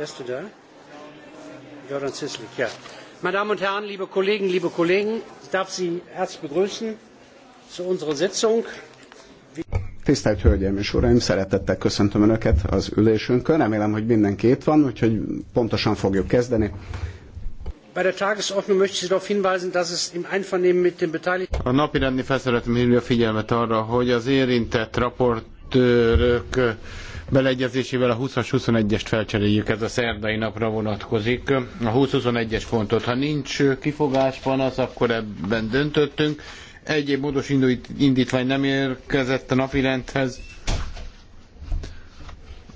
als Jordan Zislik, ja. Meine Damen und Herren, liebe Kollegen, liebe Kollegen, ich darf Sie herzlich begrüßen zu unserer Sitzung. Tisztelt Hölgyeim és Uraim, szeretettel köszöntöm Önöket az ülésünkön. Remélem, hogy mindenki itt van, úgyhogy pontosan fogjuk kezdeni. A napirendi fel szeretném hívni a figyelmet arra, hogy az érintett raport raportőrök beleegyezésével a 20-as 21-est felcseréljük, ez a szerdai napra vonatkozik. A 20-21-es fontot ha nincs kifogás, panasz, akkor ebben döntöttünk. Egyéb módos indítvány nem érkezett a napirendhez.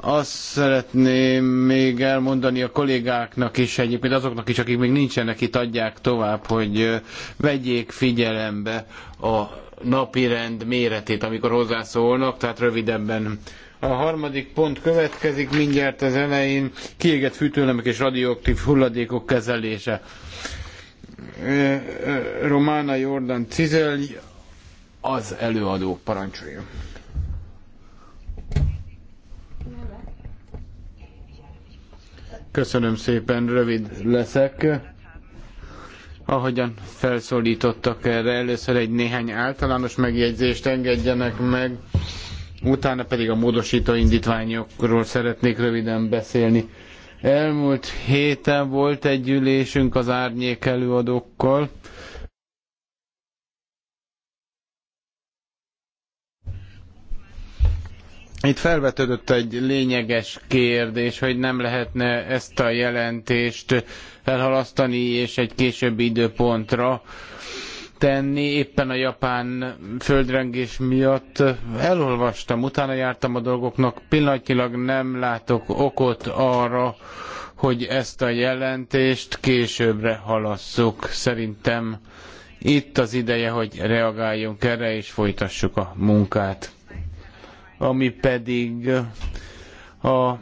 Azt szeretném még elmondani a kollégáknak is, egyébként azoknak is, akik még nincsenek itt, adják tovább, hogy vegyék figyelembe a napirend méretét, amikor hozzászólnak, tehát rövidebben. A harmadik pont következik mindjárt az elején, kiégett fűtőlemek és radioaktív hulladékok kezelése. Romána Jordan Cizel az előadó parancsolja. Köszönöm szépen, rövid leszek ahogyan felszólítottak erre. Először egy néhány általános megjegyzést engedjenek meg, utána pedig a módosító indítványokról szeretnék röviden beszélni. Elmúlt héten volt egy ülésünk az árnyék előadókkal, Itt felvetődött egy lényeges kérdés, hogy nem lehetne ezt a jelentést elhalasztani és egy későbbi időpontra tenni, éppen a japán földrengés miatt elolvastam, utána jártam a dolgoknak, pillanatnyilag nem látok okot arra, hogy ezt a jelentést későbbre halasszuk. Szerintem itt az ideje, hogy reagáljunk erre és folytassuk a munkát ami pedig a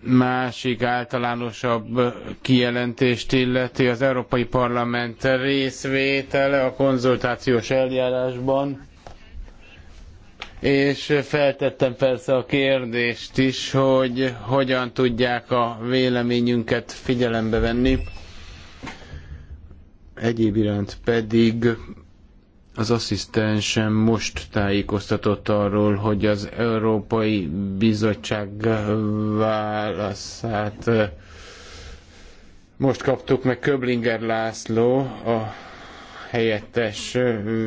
másik általánosabb kijelentést illeti az Európai Parlament részvétele a konzultációs eljárásban, és feltettem persze a kérdést is, hogy hogyan tudják a véleményünket figyelembe venni. Egyéb iránt pedig az asszisztensem most tájékoztatott arról, hogy az Európai Bizottság válaszát most kaptuk meg Köblinger László, a helyettes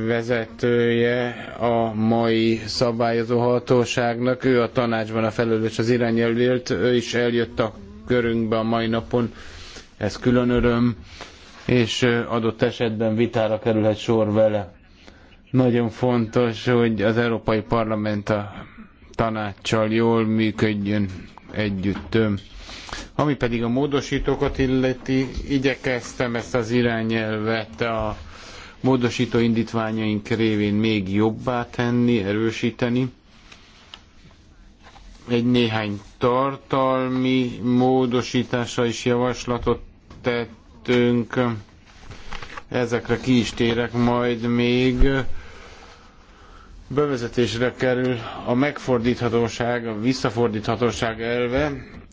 vezetője a mai szabályozó hatóságnak. Ő a tanácsban a felelős az irányelvért, ő is eljött a körünkbe a mai napon. Ez külön öröm, és adott esetben vitára kerülhet sor vele nagyon fontos, hogy az Európai Parlament a tanácssal jól működjön együtt. Ami pedig a módosítókat illeti, igyekeztem ezt az irányelvet a módosító indítványaink révén még jobbá tenni, erősíteni. Egy néhány tartalmi módosításra is javaslatot tettünk. Ezekre ki is térek majd még bevezetésre kerül a megfordíthatóság, a visszafordíthatóság elve.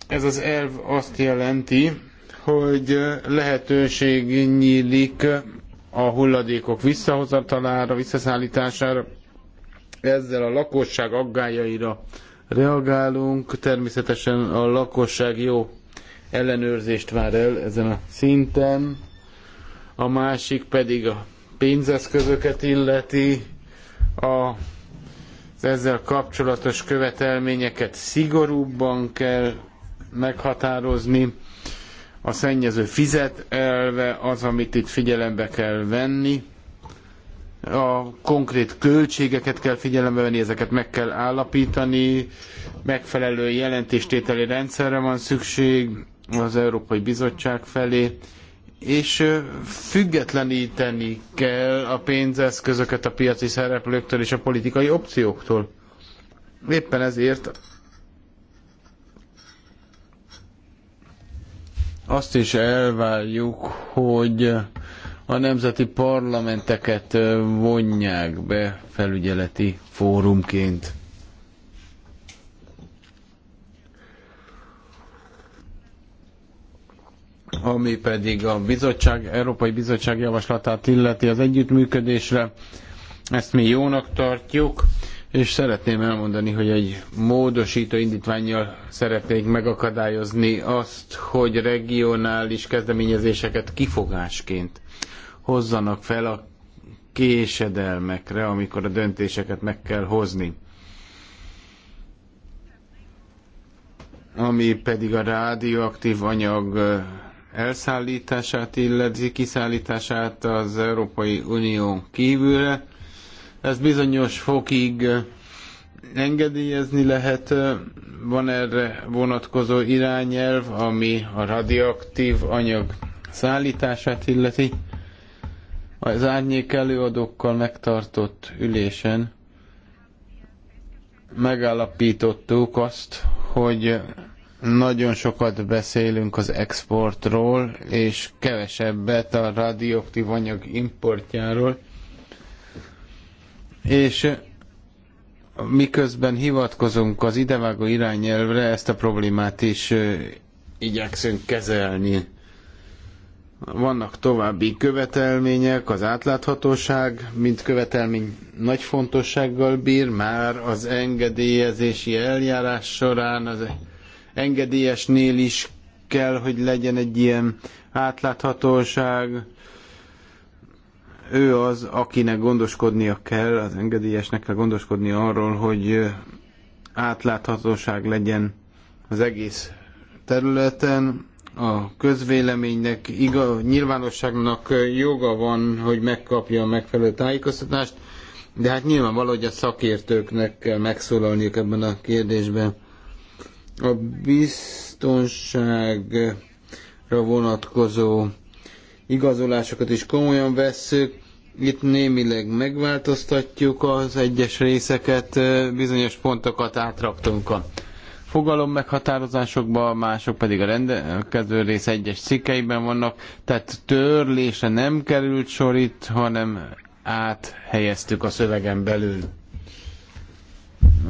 Ez az elv azt jelenti, hogy lehetőség nyílik a hulladékok visszahozatalára, visszaszállítására. Ezzel a lakosság aggájaira reagálunk. Természetesen a lakosság jó ellenőrzést vár el ezen a szinten. A másik pedig a pénzeszközöket illeti, a ezzel kapcsolatos követelményeket szigorúbban kell meghatározni. A szennyező fizet elve az, amit itt figyelembe kell venni. A konkrét költségeket kell figyelembe venni, ezeket meg kell állapítani. Megfelelő jelentéstételi rendszerre van szükség az Európai Bizottság felé és függetleníteni kell a pénzeszközöket a piaci szereplőktől és a politikai opcióktól. Éppen ezért azt is elvárjuk, hogy a nemzeti parlamenteket vonják be felügyeleti fórumként. ami pedig a bizottság, Európai Bizottság javaslatát illeti az együttműködésre. Ezt mi jónak tartjuk, és szeretném elmondani, hogy egy módosító indítványjal szeretnék megakadályozni azt, hogy regionális kezdeményezéseket kifogásként hozzanak fel a késedelmekre, amikor a döntéseket meg kell hozni. Ami pedig a rádióaktív anyag elszállítását illeti, kiszállítását az Európai Unión kívülre. Ez bizonyos fokig engedélyezni lehet. Van erre vonatkozó irányelv, ami a radioaktív anyag szállítását illeti. Az árnyék előadókkal megtartott ülésen megállapítottuk azt, hogy nagyon sokat beszélünk az exportról, és kevesebbet a radioaktív anyag importjáról. És miközben hivatkozunk az idevágó irányelvre, ezt a problémát is igyekszünk kezelni. Vannak további követelmények, az átláthatóság, mint követelmény nagy fontossággal bír, már az engedélyezési eljárás során az engedélyesnél is kell, hogy legyen egy ilyen átláthatóság. Ő az, akinek gondoskodnia kell, az engedélyesnek kell gondoskodni arról, hogy átláthatóság legyen az egész területen. A közvéleménynek, igaz, nyilvánosságnak joga van, hogy megkapja a megfelelő tájékoztatást, de hát nyilván valahogy a szakértőknek kell megszólalniuk ebben a kérdésben a biztonságra vonatkozó igazolásokat is komolyan vesszük. Itt némileg megváltoztatjuk az egyes részeket, bizonyos pontokat átraktunk a fogalom meghatározásokba, mások pedig a rendelkező rész egyes cikkeiben vannak, tehát törlése nem került sor itt, hanem áthelyeztük a szövegen belül.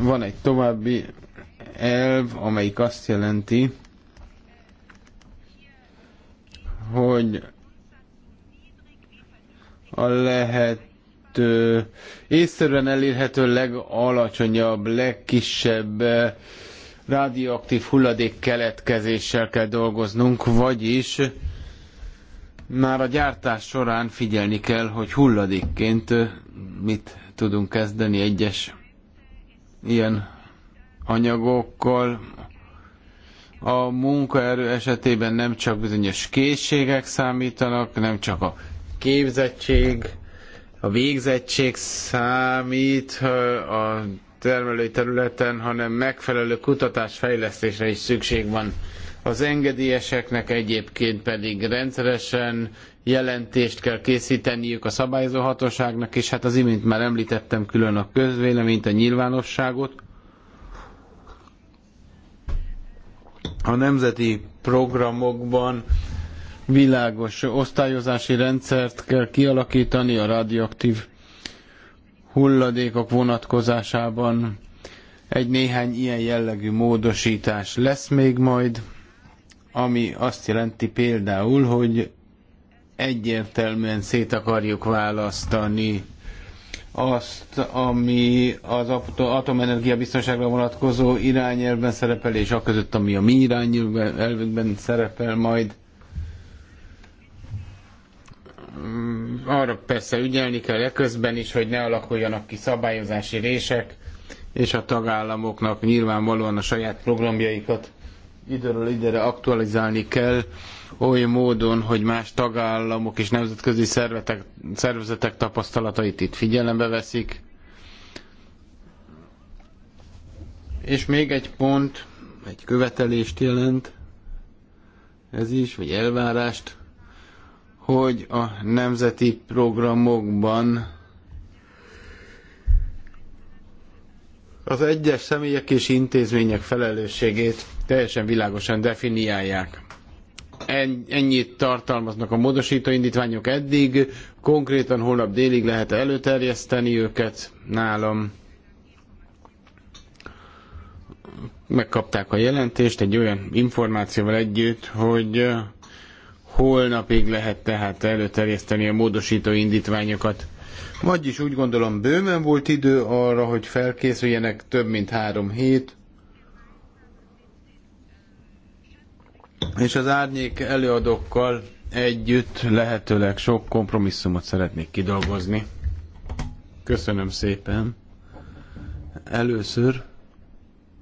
Van egy további elv, amelyik azt jelenti, hogy a lehető észszerűen elérhető legalacsonyabb, legkisebb eh, radioaktív hulladék keletkezéssel kell dolgoznunk, vagyis már a gyártás során figyelni kell, hogy hulladékként eh, mit tudunk kezdeni egyes ilyen anyagokkal. A munkaerő esetében nem csak bizonyos készségek számítanak, nem csak a képzettség, a végzettség számít a termelői területen, hanem megfelelő kutatás fejlesztésre is szükség van. Az engedélyeseknek egyébként pedig rendszeresen jelentést kell készíteniük a szabályozó hatóságnak, és hát az imént már említettem külön a közvéleményt, a nyilvánosságot. a nemzeti programokban világos osztályozási rendszert kell kialakítani a radioaktív hulladékok vonatkozásában. Egy néhány ilyen jellegű módosítás lesz még majd, ami azt jelenti például, hogy egyértelműen szét akarjuk választani azt, ami az atomenergia biztonságra vonatkozó irányelvben szerepel, és aközött, ami a mi irányelvünkben szerepel majd. Mm, arra persze ügyelni kell eközben is, hogy ne alakuljanak ki szabályozási rések, és a tagállamoknak nyilvánvalóan a saját programjaikat időről időre aktualizálni kell, oly módon, hogy más tagállamok és nemzetközi szervetek, szervezetek tapasztalatait itt figyelembe veszik. És még egy pont, egy követelést jelent, ez is, vagy elvárást, hogy a nemzeti programokban az egyes személyek és intézmények felelősségét teljesen világosan definiálják ennyit tartalmaznak a módosító indítványok eddig, konkrétan holnap délig lehet előterjeszteni őket nálam. Megkapták a jelentést egy olyan információval együtt, hogy holnapig lehet tehát előterjeszteni a módosító indítványokat. Vagyis úgy gondolom bőven volt idő arra, hogy felkészüljenek több mint három hét, és az árnyék előadókkal együtt lehetőleg sok kompromisszumot szeretnék kidolgozni. Köszönöm szépen. Először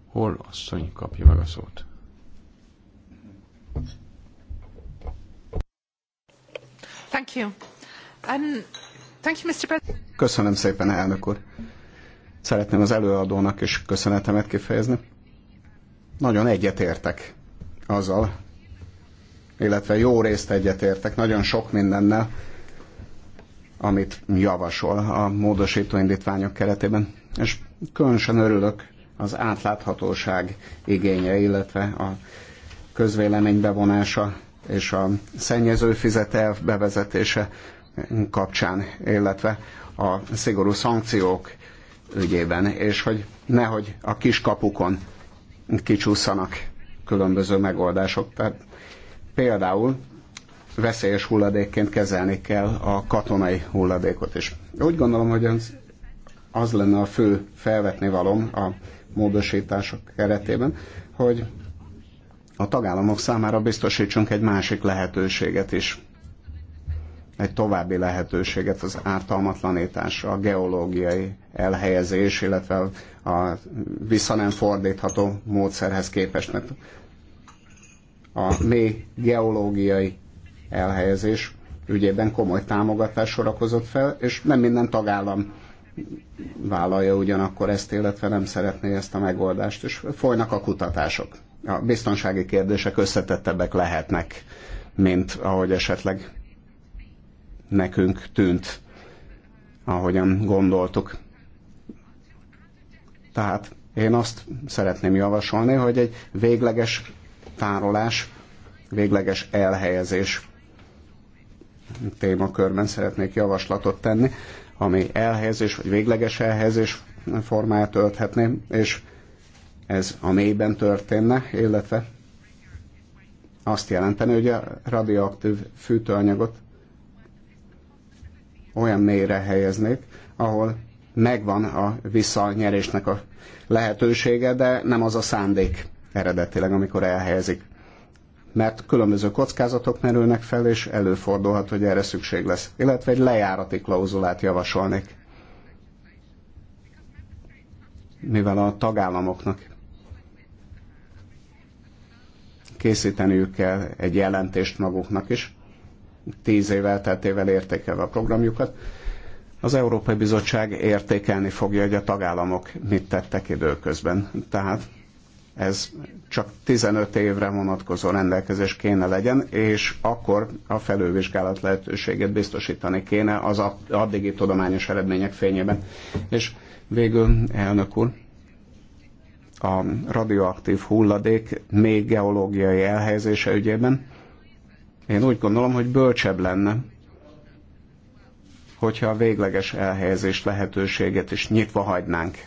hol asszony kapja meg a szót? Thank you. Um, thank you, Mr. President. Köszönöm szépen, elnök úr. Szeretném az előadónak is köszönetemet kifejezni. Nagyon egyetértek azzal, illetve jó részt egyetértek nagyon sok mindennel, amit javasol a módosító indítványok keretében. És különösen örülök az átláthatóság igénye, illetve a közvélemény bevonása és a szennyező fizetelv bevezetése kapcsán, illetve a szigorú szankciók ügyében, és hogy nehogy a kiskapukon kicsúszanak különböző megoldások. Tehát Például veszélyes hulladékként kezelni kell a katonai hulladékot is. Úgy gondolom, hogy az, az lenne a fő felvetni valom a módosítások keretében, hogy a tagállamok számára biztosítsunk egy másik lehetőséget is, egy további lehetőséget az ártalmatlanításra, a geológiai elhelyezés, illetve a vissza nem fordítható módszerhez képest. Mert a mély geológiai elhelyezés ügyében komoly támogatás sorakozott fel, és nem minden tagállam vállalja ugyanakkor ezt, illetve nem szeretné ezt a megoldást, és folynak a kutatások. A biztonsági kérdések összetettebbek lehetnek, mint ahogy esetleg nekünk tűnt, ahogyan gondoltuk. Tehát én azt szeretném javasolni, hogy egy végleges tárolás, végleges elhelyezés témakörben szeretnék javaslatot tenni, ami elhelyezés vagy végleges elhelyezés formáját ölthetné, és ez a mélyben történne, illetve azt jelenteni, hogy a radioaktív fűtőanyagot olyan mélyre helyeznék, ahol megvan a visszanyerésnek a lehetősége, de nem az a szándék eredetileg, amikor elhelyezik. Mert különböző kockázatok merülnek fel, és előfordulhat, hogy erre szükség lesz. Illetve egy lejárati klauzulát javasolnék. Mivel a tagállamoknak készíteniük kell egy jelentést maguknak is, tíz év elteltével értékelve a programjukat, az Európai Bizottság értékelni fogja, hogy a tagállamok mit tettek időközben. Tehát ez csak 15 évre vonatkozó rendelkezés kéne legyen, és akkor a felővizsgálat lehetőséget biztosítani kéne az addigi tudományos eredmények fényében. És végül, elnök úr, a radioaktív hulladék még geológiai elhelyezése ügyében, én úgy gondolom, hogy bölcsebb lenne, hogyha a végleges elhelyezés lehetőséget is nyitva hagynánk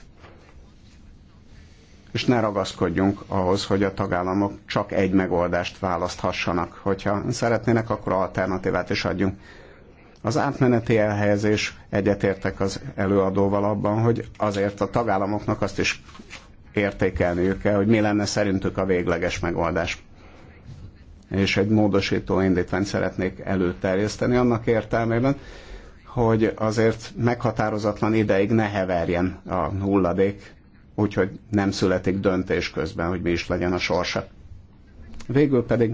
és ne ragaszkodjunk ahhoz, hogy a tagállamok csak egy megoldást választhassanak. Hogyha szeretnének, akkor alternatívát is adjunk. Az átmeneti elhelyezés egyetértek az előadóval abban, hogy azért a tagállamoknak azt is értékelniük kell, hogy mi lenne szerintük a végleges megoldás. És egy módosító indítványt szeretnék előterjeszteni annak értelmében, hogy azért meghatározatlan ideig ne heverjen a hulladék úgyhogy nem születik döntés közben, hogy mi is legyen a sorsa. Végül pedig,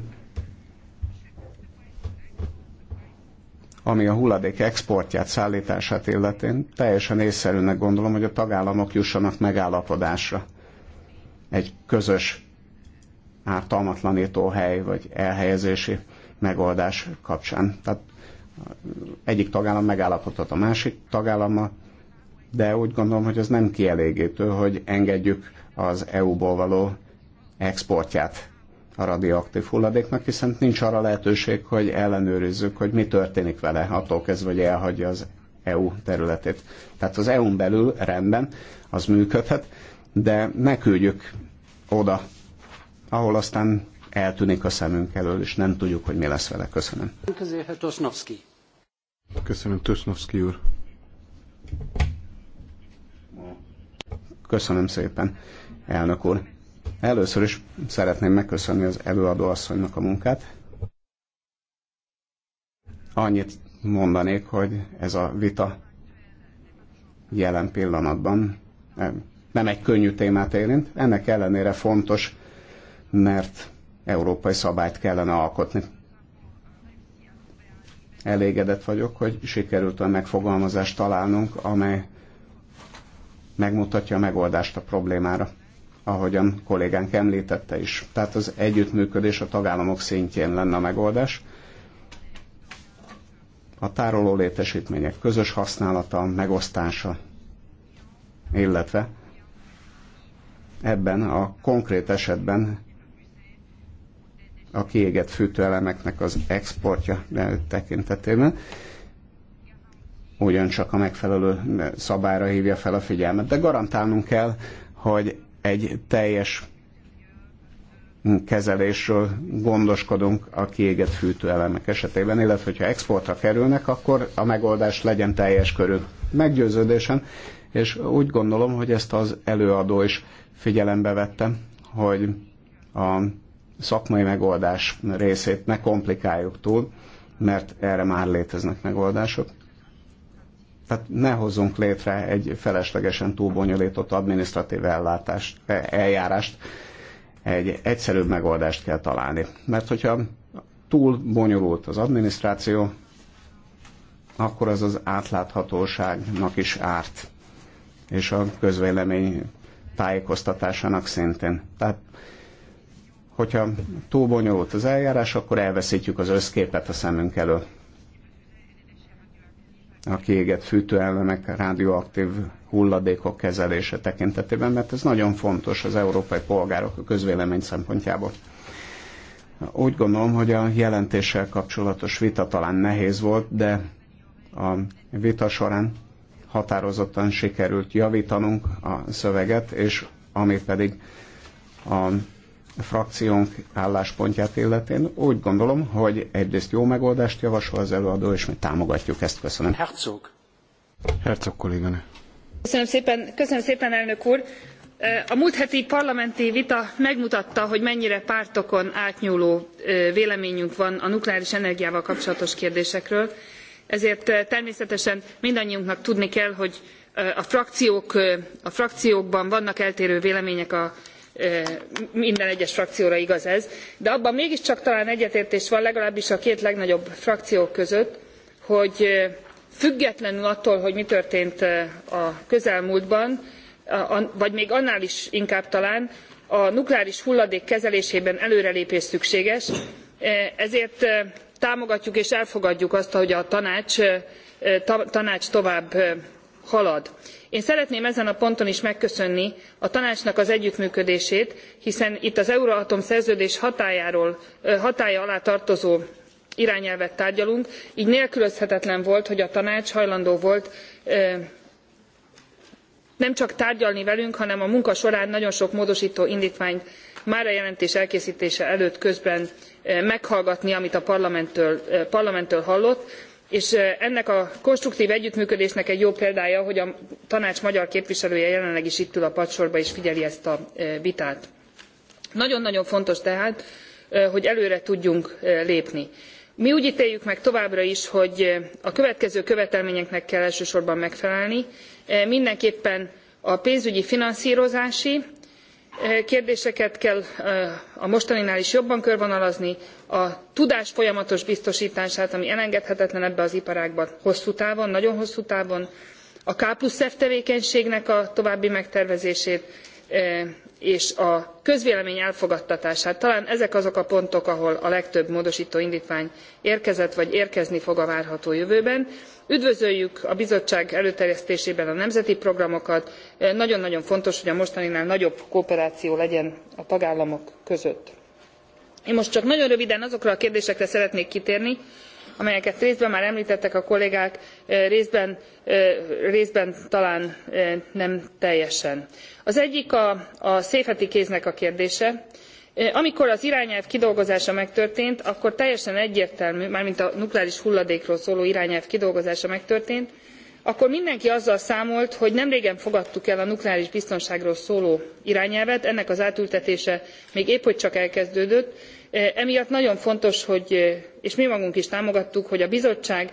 ami a hulladék exportját, szállítását illetén, teljesen észszerűnek gondolom, hogy a tagállamok jussanak megállapodásra. Egy közös ártalmatlanító hely vagy elhelyezési megoldás kapcsán. Tehát egyik tagállam megállapodhat a másik tagállammal, de úgy gondolom, hogy ez nem kielégítő, hogy engedjük az EU-ból való exportját a radioaktív hulladéknak, hiszen nincs arra lehetőség, hogy ellenőrizzük, hogy mi történik vele, attól kezdve, hogy elhagyja az EU területét. Tehát az EU-n belül rendben, az működhet, de ne küldjük oda, ahol aztán eltűnik a szemünk elől, és nem tudjuk, hogy mi lesz vele. Köszönöm. Köszönöm, Tosnovski úr. Köszönöm szépen, elnök úr. Először is szeretném megköszönni az előadó asszonynak a munkát. Annyit mondanék, hogy ez a vita jelen pillanatban eh, nem egy könnyű témát érint, ennek ellenére fontos, mert európai szabályt kellene alkotni. Elégedett vagyok, hogy sikerült a megfogalmazást találnunk, amely megmutatja a megoldást a problémára, ahogyan kollégánk említette is. Tehát az együttműködés a tagállamok szintjén lenne a megoldás. A tároló létesítmények közös használata, megosztása, illetve ebben a konkrét esetben a kiégett fűtőelemeknek az exportja eh, tekintetében ugyancsak a megfelelő szabályra hívja fel a figyelmet. De garantálnunk kell, hogy egy teljes kezelésről gondoskodunk a kiégett fűtőelemek esetében, illetve hogyha exportra kerülnek, akkor a megoldás legyen teljes körű. Meggyőződésen, és úgy gondolom, hogy ezt az előadó is figyelembe vette, hogy a szakmai megoldás részét ne komplikáljuk túl, mert erre már léteznek megoldások tehát ne hozzunk létre egy feleslegesen túlbonyolított adminisztratív ellátást, e, eljárást, egy egyszerűbb megoldást kell találni. Mert hogyha túl bonyolult az adminisztráció, akkor az az átláthatóságnak is árt, és a közvélemény tájékoztatásának szintén. Tehát, hogyha túl bonyolult az eljárás, akkor elveszítjük az összképet a szemünk elől a kiégett fűtőelemek, rádióaktív hulladékok kezelése tekintetében, mert ez nagyon fontos az európai polgárok a közvélemény szempontjából. Úgy gondolom, hogy a jelentéssel kapcsolatos vita talán nehéz volt, de a vita során határozottan sikerült javítanunk a szöveget, és ami pedig a frakciónk álláspontját illetén úgy gondolom, hogy egyrészt jó megoldást javasol az előadó, és mi támogatjuk ezt. Köszönöm. Herzog. Herzog kolléganő. Köszönöm szépen, köszönöm szépen, elnök úr. A múlt heti parlamenti vita megmutatta, hogy mennyire pártokon átnyúló véleményünk van a nukleáris energiával kapcsolatos kérdésekről. Ezért természetesen mindannyiunknak tudni kell, hogy a, frakciók, a frakciókban vannak eltérő vélemények a minden egyes frakcióra igaz ez, de abban mégiscsak talán egyetértés van legalábbis a két legnagyobb frakció között, hogy függetlenül attól, hogy mi történt a közelmúltban, vagy még annál is inkább talán, a nukleáris hulladék kezelésében előrelépés szükséges, ezért támogatjuk és elfogadjuk azt, hogy a tanács, tanács tovább halad én szeretném ezen a ponton is megköszönni a tanácsnak az együttműködését hiszen itt az euratom szerződés hatálya alá tartozó irányelvet tárgyalunk gy nélkülözhetetlen volt hogy a tanács hajlandó volt nem csak tárgyalni velünk hanem a munka során nagyon sok módostó indtványt már a jelentés elkésztése előtt közben meghallgatni amit a parlamenttől hallott és ennek a konstruktv együttműködésnek egy jó példája hogy a tanács magyar képviselője jelenleg is itt ül a padsorban és figyeli ezt a vitát. nagyon nagyon fontos tehát hogy előre tudjunk lépni. mi úgy téljük meg továbbra is hogy a következő követelményeknek kell elsősorban megfelelni mindenképpen a pénzügyi finanszrozási kérdéseket kell eh, a mostaninál is jobban körvonalazni, a tudás folyamatos biztosítását, ami elengedhetetlen ebbe az iparágban hosszú távon, nagyon hosszú távon, a K plusz F tevékenységnek a további megtervezését, eh, és a közvélemény elfogadtatását. Talán ezek azok a pontok, ahol a legtöbb módosító indítvány érkezett, vagy érkezni fog a várható jövőben. Üdvözöljük a bizottság előterjesztésében a nemzeti programokat. Nagyon-nagyon fontos, hogy a mostaninál nagyobb kooperáció legyen a tagállamok között. Én most csak nagyon röviden azokra a kérdésekre szeretnék kitérni, amelyeket részben már említettek a kollégák, részben, részben talán nem teljesen az egyik a, a széfheti kéznek a kérdése. Amikor az irányelv kidolgozása megtörtént, akkor teljesen egyértelmű, mármint a nukleáris hulladékról szóló irányelv kidolgozása megtörtént, akkor mindenki azzal számolt, hogy nemrégen fogadtuk el a nukleáris biztonságról szóló irányelvet, ennek az átültetése még épp hogy csak elkezdődött, emiatt nagyon fontos hogy és mi magunk is támogattuk hogy a bizottság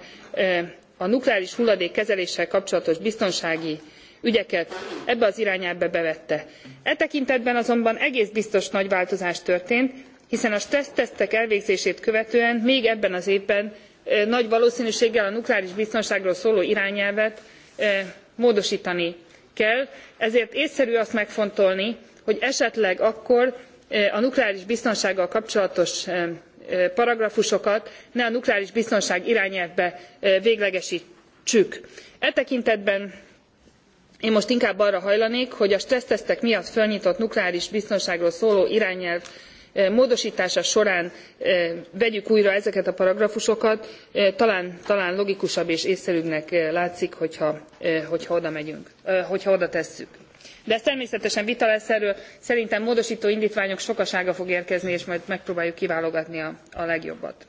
a nukleáris hulladék kezeléssel kapcsolatos biztonsági ügyeket ebbe az irányelvbe bevette. e tekintetben azonban egész biztos nagy változás történt hiszen a stressztesztek elvégzését követően még ebben az évben e, nagy valósznűséggel a nukleáris biztonságról szóló irányelvet e, módostani kell ezért ésszerű azt megfontolni hogy esetleg akkor e, a nukleáris biztonsággal kapcsolatos paragrafusokat ne a nukleáris biztonság irányelvbe véglegestsük. e tekintetben én most inkább arra hajlanék hogy a stressztesztek miatt fölnyitott nukleáris biztonságról szóló irányelv e, módostása során e, vegyük újra ezeket a paragrafusokat e, talán, talán logikusabb és ésszerűbbnek látszik hogyha, hogyha oda megyünk, hogyha oda tesszük. De ez természetesen vita lesz erről, szerintem módosító indítványok sokasága fog érkezni, és majd megpróbáljuk kiválogatni a, a legjobbat.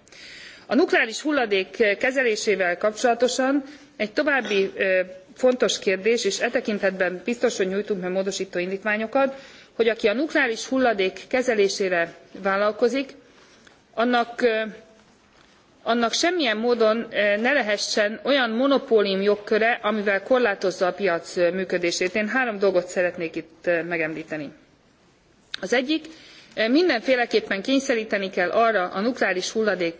A nukleáris hulladék kezelésével kapcsolatosan egy további fontos kérdés, és e tekintetben biztos, hogy nyújtunk meg módosító indítványokat, hogy aki a nukleáris hulladék kezelésére vállalkozik, annak, annak semmilyen módon ne lehessen olyan monopólium jogköre, amivel korlátozza a piac működését. Én három dolgot szeretnék itt megemlíteni. Az egyik, mindenféleképpen kényszeríteni kell arra a nukleáris hulladék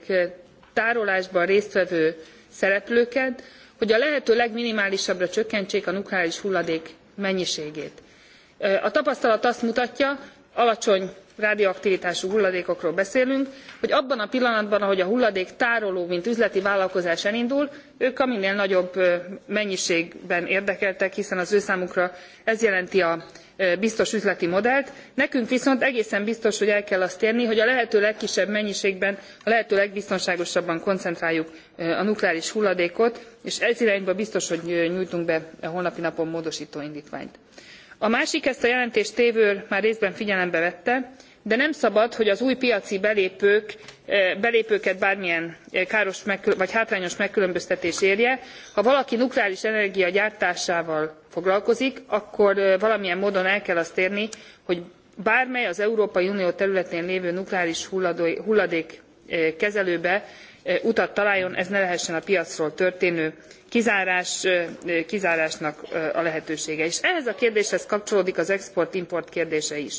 tárolásban résztvevő szereplőket, hogy a lehető legminimálisabbra csökkentsék a nukleáris hulladék mennyiségét. a tapasztalat azt mutatja alacsony radioaktivitású hulladékokról beszélünk hogy abban a pillanatban ahogy a hulladék tároló mint üzleti vállalkozás elindul ők a minél nagyobb mennyiségben érdekeltek hiszen az ő számukra ez jelenti a biztos üzleti modellt nekünk viszont egészen biztos hogy el kell azt érni hogy a lehető legkisebb mennyiségben a lehető legbiztonságosabban koncentráljuk a nukleáris hulladékot és ez irányba biztos hogy nyújtunk be a holnapi napon módostó indtványt. a másik ezt a jelentést tévő már részben figyelembe vette de nem szabad hogy az új piaci belépők belépőket bármilyen káros vagy hátrányos megkülönböztetés érje. Ha valaki nukleáris energia gyártásával foglalkozik, akkor valamilyen módon el kell azt érni, hogy bármely az Európai Unió területén lévő nukleáris hulladék kezelőbe utat találjon, ez ne lehessen a piacról történő kizárás, kizárásnak a lehetősége. És ehhez a kérdéshez kapcsolódik az export-import kérdése is.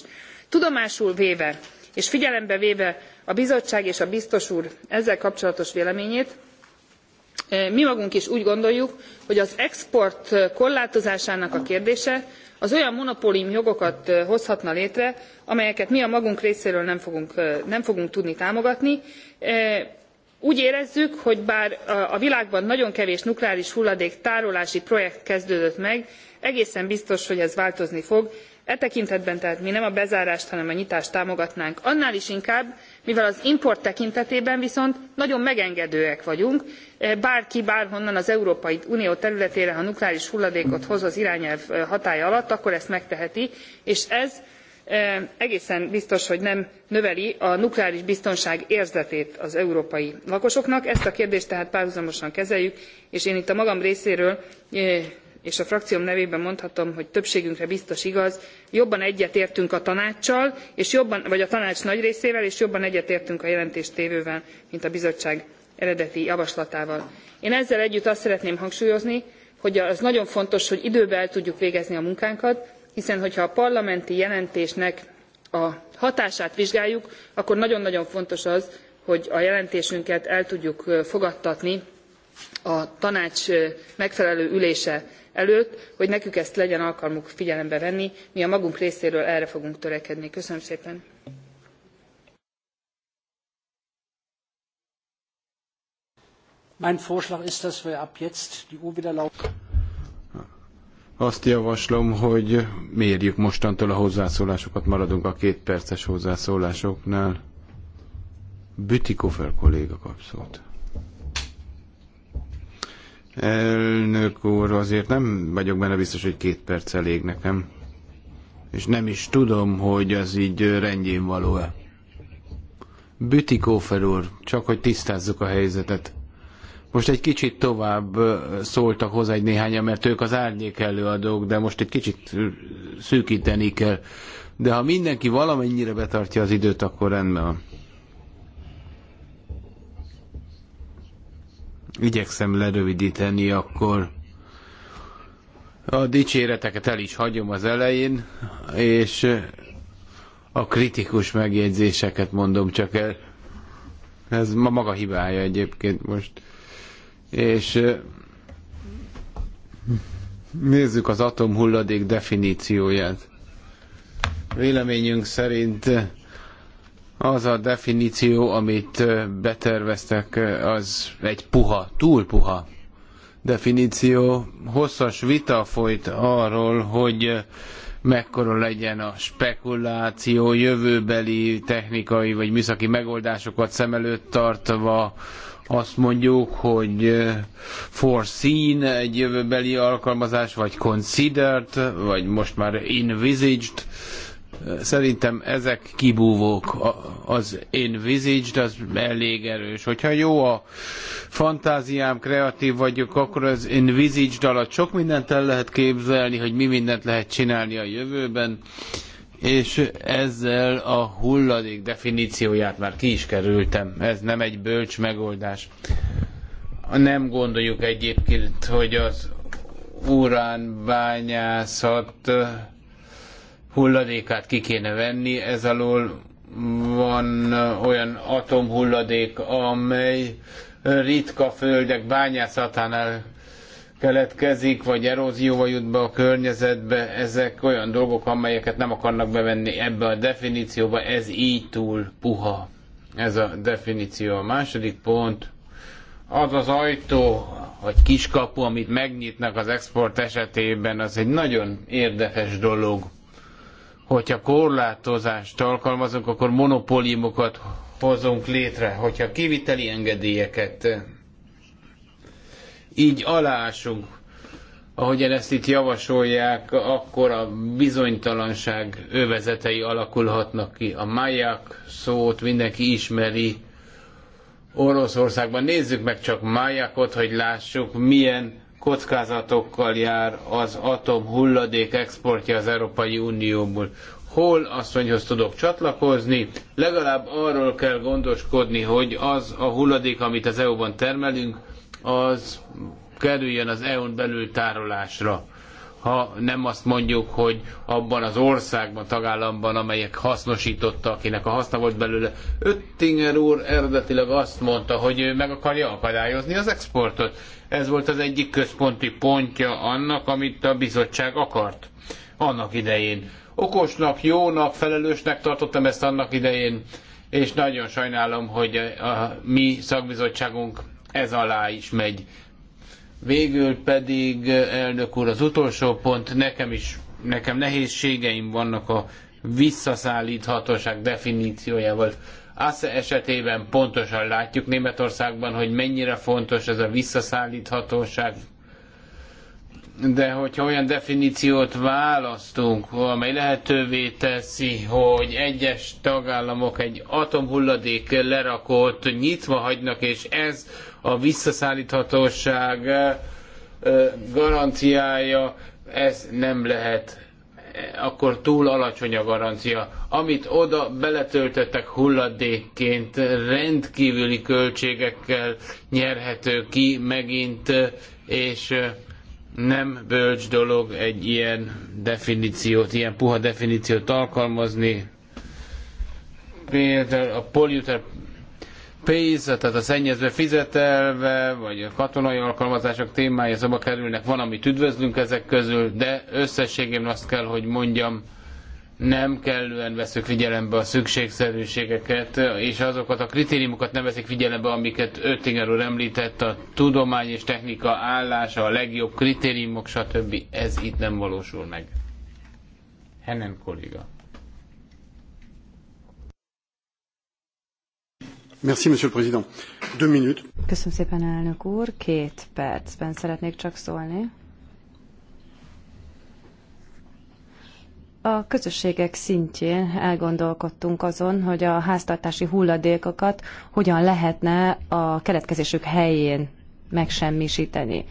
Tudomásul véve és figyelembe véve a bizottság és a biztos úr ezzel kapcsolatos véleményét e, mi magunk is úgy gondoljuk hogy az export korlátozásának a kérdése az olyan jogokat e, hozhatna létre amelyeket mi a magunk részéről nem fogunk, e, nem fogunk tudni támogatni. úgy érezzük hogy bár a világban nagyon kevés nukleáris hulladék tárolási projekt kezdődött meg egészen biztos hogy ez változni fog e tekintetben tehát mi nem a bezárást hanem a nyitást támogatnánk annál is inkább mivel az import tekintetében viszont nagyon megengedőek vagyunk eh, bárki bárhonnan az európai unió területére ha nukleáris hulladékot hoz az irányelv eh, hatálya alatt akkor ezt megteheti és ez eh, egészen biztos hogy nem növeli a nukleáris biztonság érzetét az európai lakosoknak ezt a kérdést tehát párhuzamosan kezeljük és én itt a magam részéről és a frakcióm nevében mondhatom, hogy többségünkre biztos igaz, jobban egyetértünk a tanácssal, és jobban, vagy a tanács nagy részével, és jobban egyetértünk a jelentéstévővel, mint a bizottság eredeti javaslatával. Én ezzel együtt azt szeretném hangsúlyozni, hogy az nagyon fontos, hogy időben el tudjuk végezni a munkánkat, hiszen hogyha a parlamenti jelentésnek a hatását vizsgáljuk, akkor nagyon-nagyon fontos az, hogy a jelentésünket el tudjuk fogadtatni a tanács megfelelő ülése előtt, hogy nekük ezt legyen alkalmuk figyelembe venni, mi a magunk részéről erre fogunk törekedni. Köszönöm szépen! Mein Vorschlag ist, dass wir ab jetzt die Uhr wieder Azt javaslom, hogy mérjük mostantól a hozzászólásokat, maradunk a két perces hozzászólásoknál. Bütikofer kolléga kap szót. Elnök úr, azért nem vagyok benne biztos, hogy két perc elég nekem. És nem is tudom, hogy az így rendjén való-e. Bütikófer úr, csak hogy tisztázzuk a helyzetet. Most egy kicsit tovább szóltak hozzá egy néhányan, mert ők az árnyék előadók, de most egy kicsit szűkíteni kell. De ha mindenki valamennyire betartja az időt, akkor rendben van. igyekszem lerövidíteni, akkor a dicséreteket el is hagyom az elején, és a kritikus megjegyzéseket mondom csak el. Ez ma maga hibája egyébként most. És nézzük az atomhulladék definícióját. Véleményünk szerint az a definíció, amit beterveztek, az egy puha, túl puha definíció. Hosszas vita folyt arról, hogy mekkora legyen a spekuláció, jövőbeli technikai vagy műszaki megoldásokat szem előtt tartva, azt mondjuk, hogy foreseen egy jövőbeli alkalmazás, vagy considered, vagy most már envisaged, Szerintem ezek kibúvók. Az envisaged az elég erős. Hogyha jó a fantáziám, kreatív vagyok, akkor az envisaged alatt sok mindent el lehet képzelni, hogy mi mindent lehet csinálni a jövőben és ezzel a hulladék definícióját már ki is kerültem. Ez nem egy bölcs megoldás. Nem gondoljuk egyébként, hogy az uránbányászat hulladékát ki kéne venni, ez alól van olyan atomhulladék, amely ritka földek bányászatánál keletkezik, vagy erózióval jut be a környezetbe, ezek olyan dolgok, amelyeket nem akarnak bevenni ebbe a definícióba, ez így túl puha. Ez a definíció. A második pont, az az ajtó, vagy kiskapu, amit megnyitnak az export esetében, az egy nagyon érdekes dolog hogyha korlátozást alkalmazunk, akkor monopóliumokat hozunk létre, hogyha kiviteli engedélyeket így alásunk, ahogyan ezt itt javasolják, akkor a bizonytalanság övezetei alakulhatnak ki. A máják szót mindenki ismeri Oroszországban. Nézzük meg csak májákot, hogy lássuk, milyen kockázatokkal jár az atom hulladék exportja az Európai Unióból. Hol asszonyhoz tudok csatlakozni, legalább arról kell gondoskodni, hogy az a hulladék, amit az EU-ban termelünk, az kerüljön az EU-n belül tárolásra ha nem azt mondjuk, hogy abban az országban, tagállamban, amelyek hasznosította, akinek a haszna volt belőle. Öttinger úr eredetileg azt mondta, hogy ő meg akarja akadályozni az exportot. Ez volt az egyik központi pontja annak, amit a bizottság akart annak idején. Okosnak, jónak, felelősnek tartottam ezt annak idején, és nagyon sajnálom, hogy a, a mi szakbizottságunk ez alá is megy. Végül pedig, elnök úr, az utolsó pont, nekem is, nekem nehézségeim vannak a visszaszállíthatóság definíciójával. ASZE esetében pontosan látjuk Németországban, hogy mennyire fontos ez a visszaszállíthatóság de hogyha olyan definíciót választunk, amely lehetővé teszi, hogy egyes tagállamok egy atomhulladék lerakót nyitva hagynak, és ez a visszaszállíthatóság garanciája, ez nem lehet akkor túl alacsony a garancia. Amit oda beletöltöttek hulladékként, rendkívüli költségekkel nyerhető ki megint, és nem bölcs dolog egy ilyen definíciót, ilyen puha definíciót alkalmazni. Például a polluter pays, tehát a szennyezve fizetelve, vagy a katonai alkalmazások témája szóba kerülnek, van, amit üdvözlünk ezek közül, de összességében azt kell, hogy mondjam, nem kellően veszük figyelembe a szükségszerűségeket, és azokat a kritériumokat nem veszik figyelembe, amiket Öttinger úr említett, a tudomány és technika állása, a legjobb kritériumok, stb. Ez itt nem valósul meg. Hennen kolléga. Merci, monsieur le président. Deux minutes. Köszönöm szépen, elnök úr. Két percben szeretnék csak szólni. A közösségek szintjén elgondolkodtunk azon, hogy a háztartási hulladékokat hogyan lehetne a keletkezésük helyén megsemmisíteni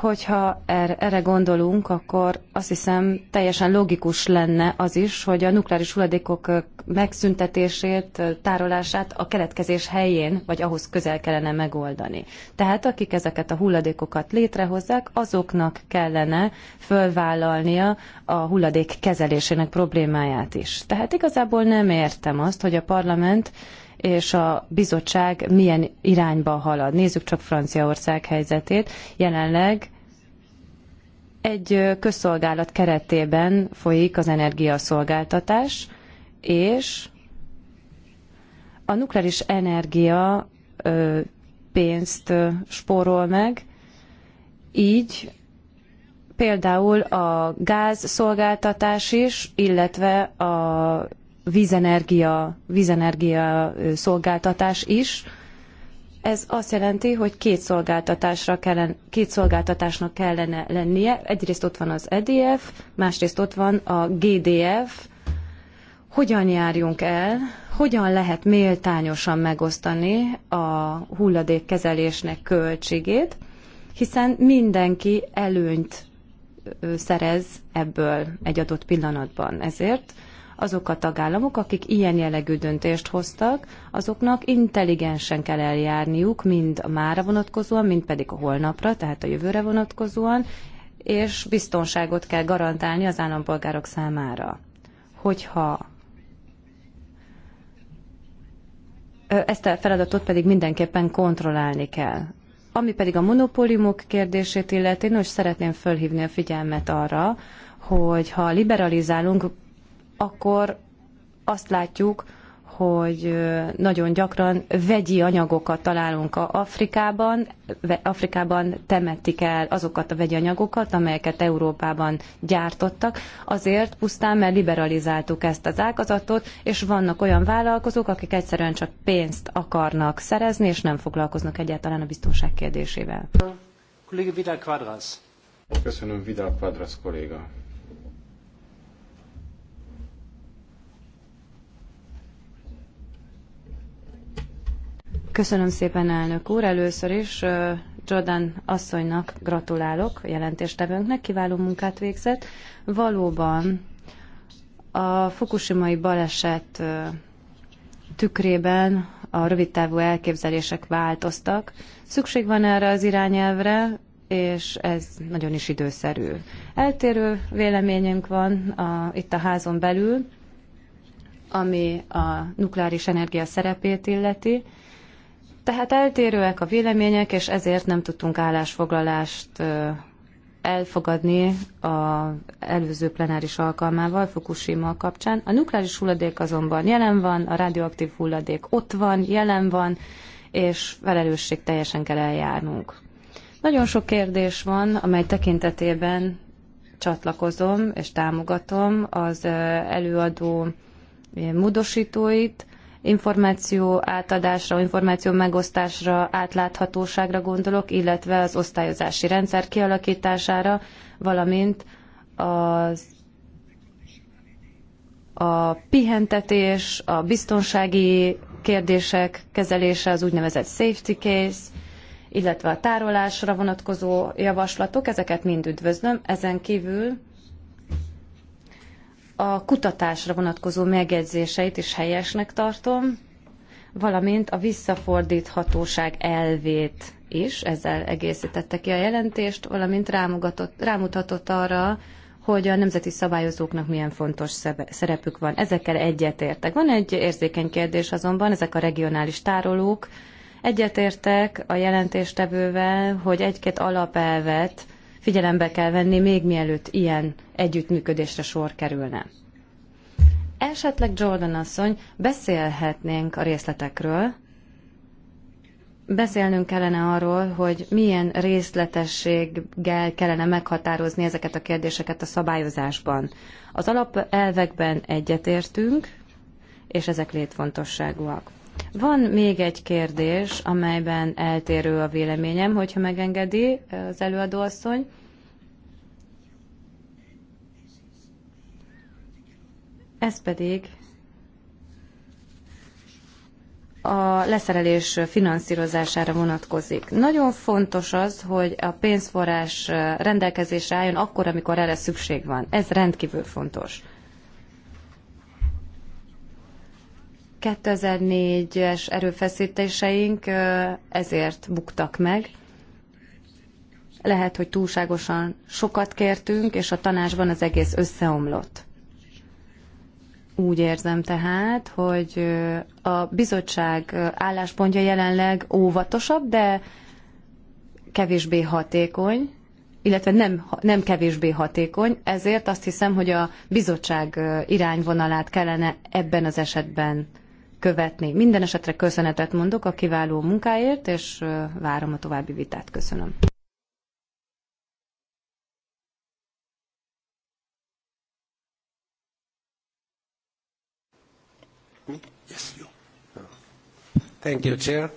hogyha er-, erre gondolunk, akkor azt hiszem teljesen logikus lenne az is, hogy a nukleáris hulladékok megszüntetését, tárolását a keletkezés helyén, vagy ahhoz közel kellene megoldani. Tehát akik ezeket a hulladékokat létrehozzák, azoknak kellene fölvállalnia a hulladék kezelésének problémáját is. Tehát igazából nem értem azt, hogy a parlament és a bizottság milyen irányba halad. Nézzük csak Franciaország helyzetét. Jelenleg egy közszolgálat keretében folyik az energiaszolgáltatás, és a nukleáris energia pénzt spórol meg, így például a gázszolgáltatás is, illetve a vízenergia, vízenergia szolgáltatás is. Ez azt jelenti, hogy két, szolgáltatásra kellene, két szolgáltatásnak kellene lennie. Egyrészt ott van az EDF, másrészt ott van a GDF. Hogyan járjunk el, hogyan lehet méltányosan megosztani a hulladékkezelésnek költségét, hiszen mindenki előnyt szerez ebből egy adott pillanatban. Ezért azok a tagállamok, akik ilyen jellegű döntést hoztak, azoknak intelligensen kell eljárniuk, mind a mára vonatkozóan, mind pedig a holnapra, tehát a jövőre vonatkozóan, és biztonságot kell garantálni az állampolgárok számára. Hogyha ezt a feladatot pedig mindenképpen kontrollálni kell. Ami pedig a monopóliumok kérdését illeti, nos szeretném fölhívni a figyelmet arra, hogy ha liberalizálunk, akkor azt látjuk, hogy nagyon gyakran vegyi anyagokat találunk a Afrikában. Afrikában temetik el azokat a vegyi anyagokat, amelyeket Európában gyártottak. Azért pusztán, mert liberalizáltuk ezt az ágazatot, és vannak olyan vállalkozók, akik egyszerűen csak pénzt akarnak szerezni, és nem foglalkoznak egyáltalán a biztonság kérdésével. Quadras. Köszönöm, Vidal Quadras kolléga. Köszönöm szépen, elnök úr. Először is Jordan asszonynak gratulálok, jelentéstevőnknek kiváló munkát végzett. Valóban a fukushimai baleset tükrében a rövidtávú elképzelések változtak. Szükség van erre az irányelvre, és ez nagyon is időszerű. Eltérő véleményünk van a, itt a házon belül, ami a nukleáris energia szerepét illeti. Tehát eltérőek a vélemények, és ezért nem tudtunk állásfoglalást elfogadni az előző plenáris alkalmával, Fukushima kapcsán. A nukleáris hulladék azonban jelen van, a radioaktív hulladék ott van, jelen van, és felelősség teljesen kell eljárnunk. Nagyon sok kérdés van, amely tekintetében csatlakozom és támogatom az előadó módosítóit, információ átadásra, információ megosztásra, átláthatóságra gondolok, illetve az osztályozási rendszer kialakítására, valamint az a pihentetés, a biztonsági kérdések kezelése, az úgynevezett safety case, illetve a tárolásra vonatkozó javaslatok, ezeket mind üdvözlöm. Ezen kívül a kutatásra vonatkozó megjegyzéseit is helyesnek tartom, valamint a visszafordíthatóság elvét is, ezzel egészítette ki a jelentést, valamint rámutatott arra, hogy a nemzeti szabályozóknak milyen fontos szerepük van. Ezekkel egyetértek. Van egy érzékeny kérdés azonban, ezek a regionális tárolók. Egyetértek a jelentéstevővel, hogy egy-két alapelvet figyelembe kell venni, még mielőtt ilyen együttműködésre sor kerülne. Esetleg Jordan asszony, beszélhetnénk a részletekről, beszélnünk kellene arról, hogy milyen részletességgel kellene meghatározni ezeket a kérdéseket a szabályozásban. Az alapelvekben egyetértünk, és ezek létfontosságúak. Van még egy kérdés, amelyben eltérő a véleményem, hogyha megengedi az előadóasszony. Ez pedig a leszerelés finanszírozására vonatkozik. Nagyon fontos az, hogy a pénzforrás rendelkezésre álljon akkor, amikor erre szükség van. Ez rendkívül fontos. 2004-es erőfeszítéseink ezért buktak meg. Lehet, hogy túlságosan sokat kértünk, és a tanácsban az egész összeomlott. Úgy érzem tehát, hogy a bizottság álláspontja jelenleg óvatosabb, de kevésbé hatékony, illetve nem, nem kevésbé hatékony, ezért azt hiszem, hogy a bizottság irányvonalát kellene ebben az esetben követni. Minden esetre köszönetet mondok a kiváló munkáért, és várom a további vitát. Köszönöm. Yes, you. Thank you, Chair.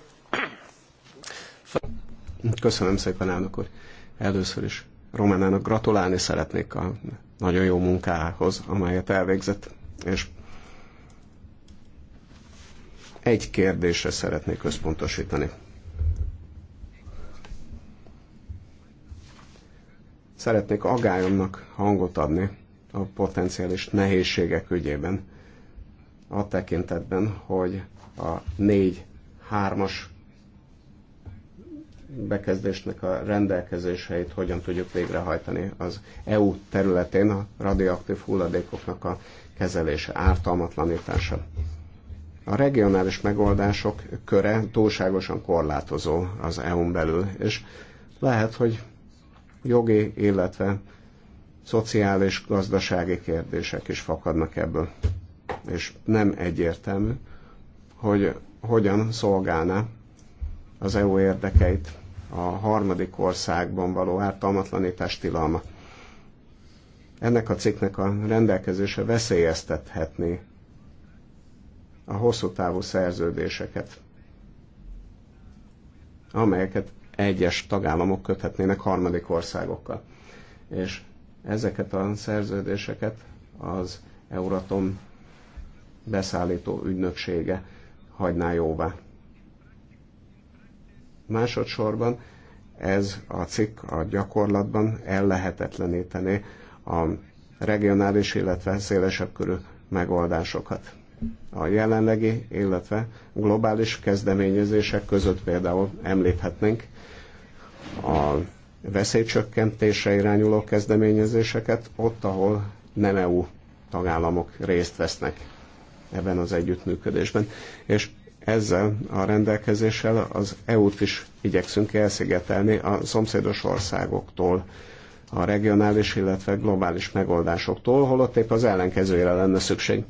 Köszönöm szépen, elnök úr. Először is Románának gratulálni szeretnék a nagyon jó munkához, amelyet elvégzett, és egy kérdésre szeretnék központosítani. Szeretnék agályomnak hangot adni a potenciális nehézségek ügyében, a tekintetben, hogy a 4-3-as bekezdésnek a rendelkezéseit hogyan tudjuk végrehajtani az EU területén a radioaktív hulladékoknak a kezelése, ártalmatlanítása a regionális megoldások köre túlságosan korlátozó az EU-n belül, és lehet, hogy jogi, illetve szociális, gazdasági kérdések is fakadnak ebből. És nem egyértelmű, hogy hogyan szolgálná az EU érdekeit a harmadik országban való ártalmatlanítás tilalma. Ennek a cikknek a rendelkezése veszélyeztethetné a hosszú távú szerződéseket, amelyeket egyes tagállamok köthetnének harmadik országokkal. És ezeket a szerződéseket az Euratom beszállító ügynöksége hagyná jóvá. Másodszorban ez a cikk a gyakorlatban ellehetetlenítené a regionális, illetve szélesebb körű megoldásokat a jelenlegi, illetve globális kezdeményezések között például említhetnénk a veszélycsökkentése irányuló kezdeményezéseket ott, ahol nem EU tagállamok részt vesznek ebben az együttműködésben. És ezzel a rendelkezéssel az EU-t is igyekszünk elszigetelni a szomszédos országoktól, a regionális, illetve globális megoldásoktól, holott épp az ellenkezőjére lenne szükség.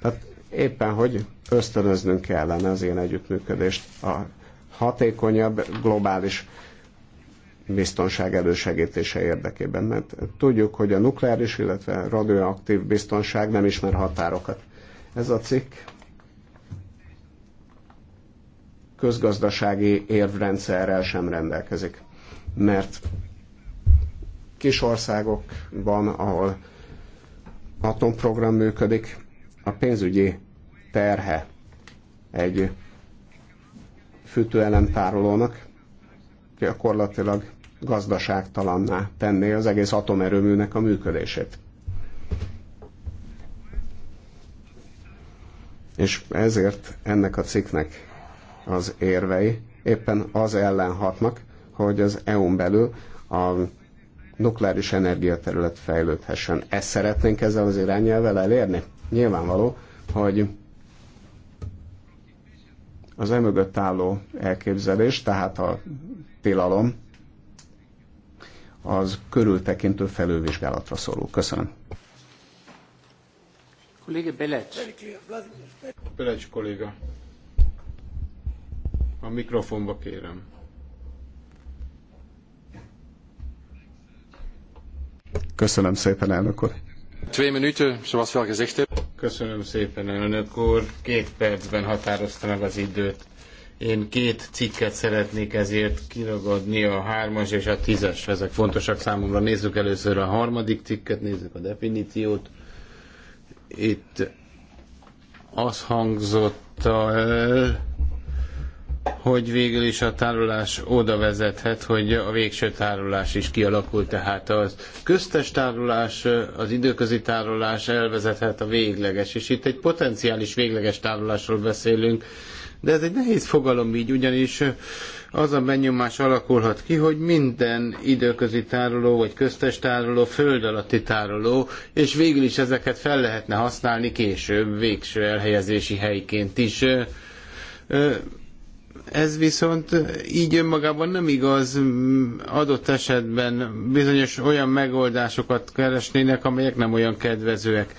Tehát éppen hogy ösztönöznünk kellene az ilyen együttműködést a hatékonyabb globális biztonság elősegítése érdekében, mert tudjuk, hogy a nukleáris, illetve radioaktív biztonság nem ismer határokat. Ez a cikk közgazdasági érvrendszerrel sem rendelkezik, mert kis országokban, ahol atomprogram működik, a pénzügyi terhe egy fűtőelemtárolónak gyakorlatilag gazdaságtalanná tenné az egész atomerőműnek a működését. És ezért ennek a cikknek az érvei éppen az ellen hatnak, hogy az EU-n belül a nukleáris energiaterület fejlődhessen. Ezt szeretnénk ezzel az irányelvel elérni? nyilvánvaló, hogy az emögött álló elképzelés, tehát a tilalom, az körültekintő felülvizsgálatra szorul. Köszönöm. Kolléga Belecs. Belecs kolléga. A mikrofonba kérem. Köszönöm szépen, elnök úr. Twee minuten, zoals gezegd Köszönöm szépen, elnök úr. Két percben határozta meg az időt. Én két cikket szeretnék ezért kiragadni, a hármas és a tízes, ezek fontosak számomra. Nézzük először a harmadik cikket, nézzük a definíciót. Itt az hangzott el, hogy végül is a tárolás oda vezethet, hogy a végső tárolás is kialakul, tehát az köztes tárolás, az időközi tárolás elvezethet a végleges, és itt egy potenciális végleges tárolásról beszélünk, de ez egy nehéz fogalom így, ugyanis az a benyomás alakulhat ki, hogy minden időközi tároló, vagy köztes tároló, föld alatti tároló, és végül is ezeket fel lehetne használni később, végső elhelyezési helyként is ez viszont így önmagában nem igaz, adott esetben bizonyos olyan megoldásokat keresnének, amelyek nem olyan kedvezőek.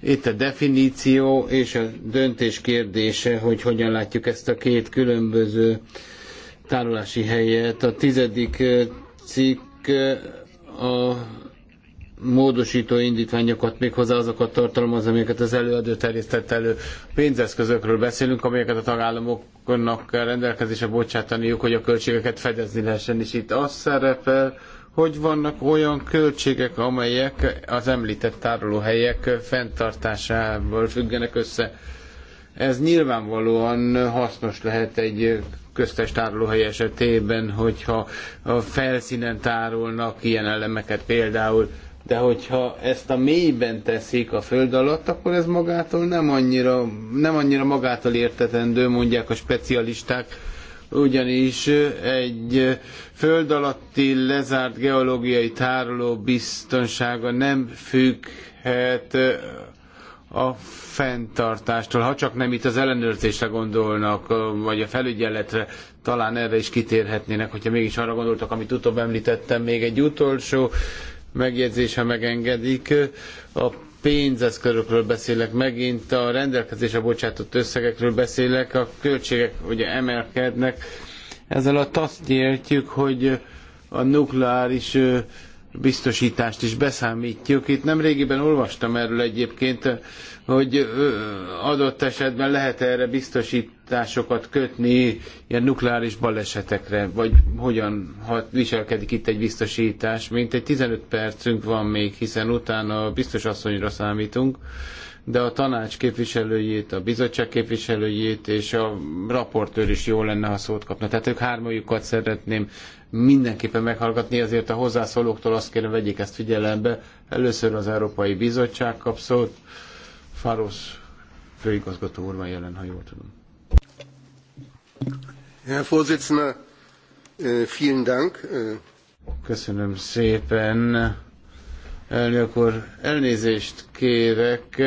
Itt a definíció és a döntés kérdése, hogy hogyan látjuk ezt a két különböző tárolási helyet. A tizedik cikk a módosító indítványokat, méghozzá azokat tartalmaz, amelyeket az előadó terjesztett elő. Pénzeszközökről beszélünk, amelyeket a tagállamoknak kell rendelkezésre bocsátaniuk, hogy a költségeket fedezni lehessen, és itt az szerepel, hogy vannak olyan költségek, amelyek az említett tárolóhelyek fenntartásából függenek össze. Ez nyilvánvalóan hasznos lehet egy köztes tárolóhely esetében, hogyha a felszínen tárolnak ilyen elemeket például, de hogyha ezt a mélyben teszik a föld alatt, akkor ez magától nem annyira, nem annyira magától értetendő, mondják a specialisták, ugyanis egy föld alatti lezárt geológiai tároló biztonsága nem függhet a fenntartástól, ha csak nem itt az ellenőrzésre gondolnak, vagy a felügyeletre, talán erre is kitérhetnének, hogyha mégis arra gondoltak, amit utóbb említettem, még egy utolsó megjegyzés, ha megengedik. A pénzeszközökről beszélek, megint a rendelkezésre bocsátott összegekről beszélek, a költségek ugye emelkednek. Ezzel alatt azt értjük, hogy a nukleáris biztosítást is beszámítjuk. Itt nem régiben olvastam erről egyébként, hogy adott esetben lehet erre biztosításokat kötni ilyen nukleáris balesetekre, vagy hogyan hat, viselkedik itt egy biztosítás. Mint egy 15 percünk van még, hiszen utána biztos asszonyra számítunk, de a tanács képviselőjét, a bizottság képviselőjét és a raportőr is jó lenne, ha szót kapna. Tehát ők hármajukat szeretném mindenképpen meghallgatni, azért a hozzászólóktól azt kérem, vegyék ezt figyelembe. Először az Európai Bizottság kap szót, Fáros főigazgató úr van jelen, ha jól tudom. Herr Vorsitzender, äh, vielen Dank. Äh. Köszönöm szépen. Elnök úr, elnézést kérek.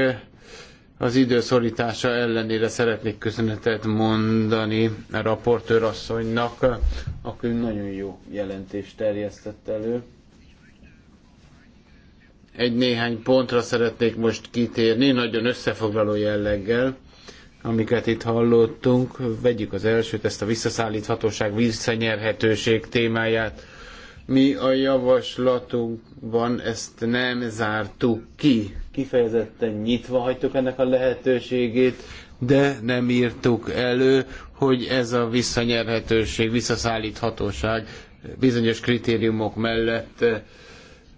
Az időszorítása ellenére szeretnék köszönetet mondani a raportőr asszonynak, aki nagyon jó jelentést terjesztett elő egy néhány pontra szeretnék most kitérni, nagyon összefoglaló jelleggel, amiket itt hallottunk. Vegyük az elsőt, ezt a visszaszállíthatóság, visszanyerhetőség témáját. Mi a javaslatunkban ezt nem zártuk ki, kifejezetten nyitva hagytuk ennek a lehetőségét, de nem írtuk elő, hogy ez a visszanyerhetőség, visszaszállíthatóság bizonyos kritériumok mellett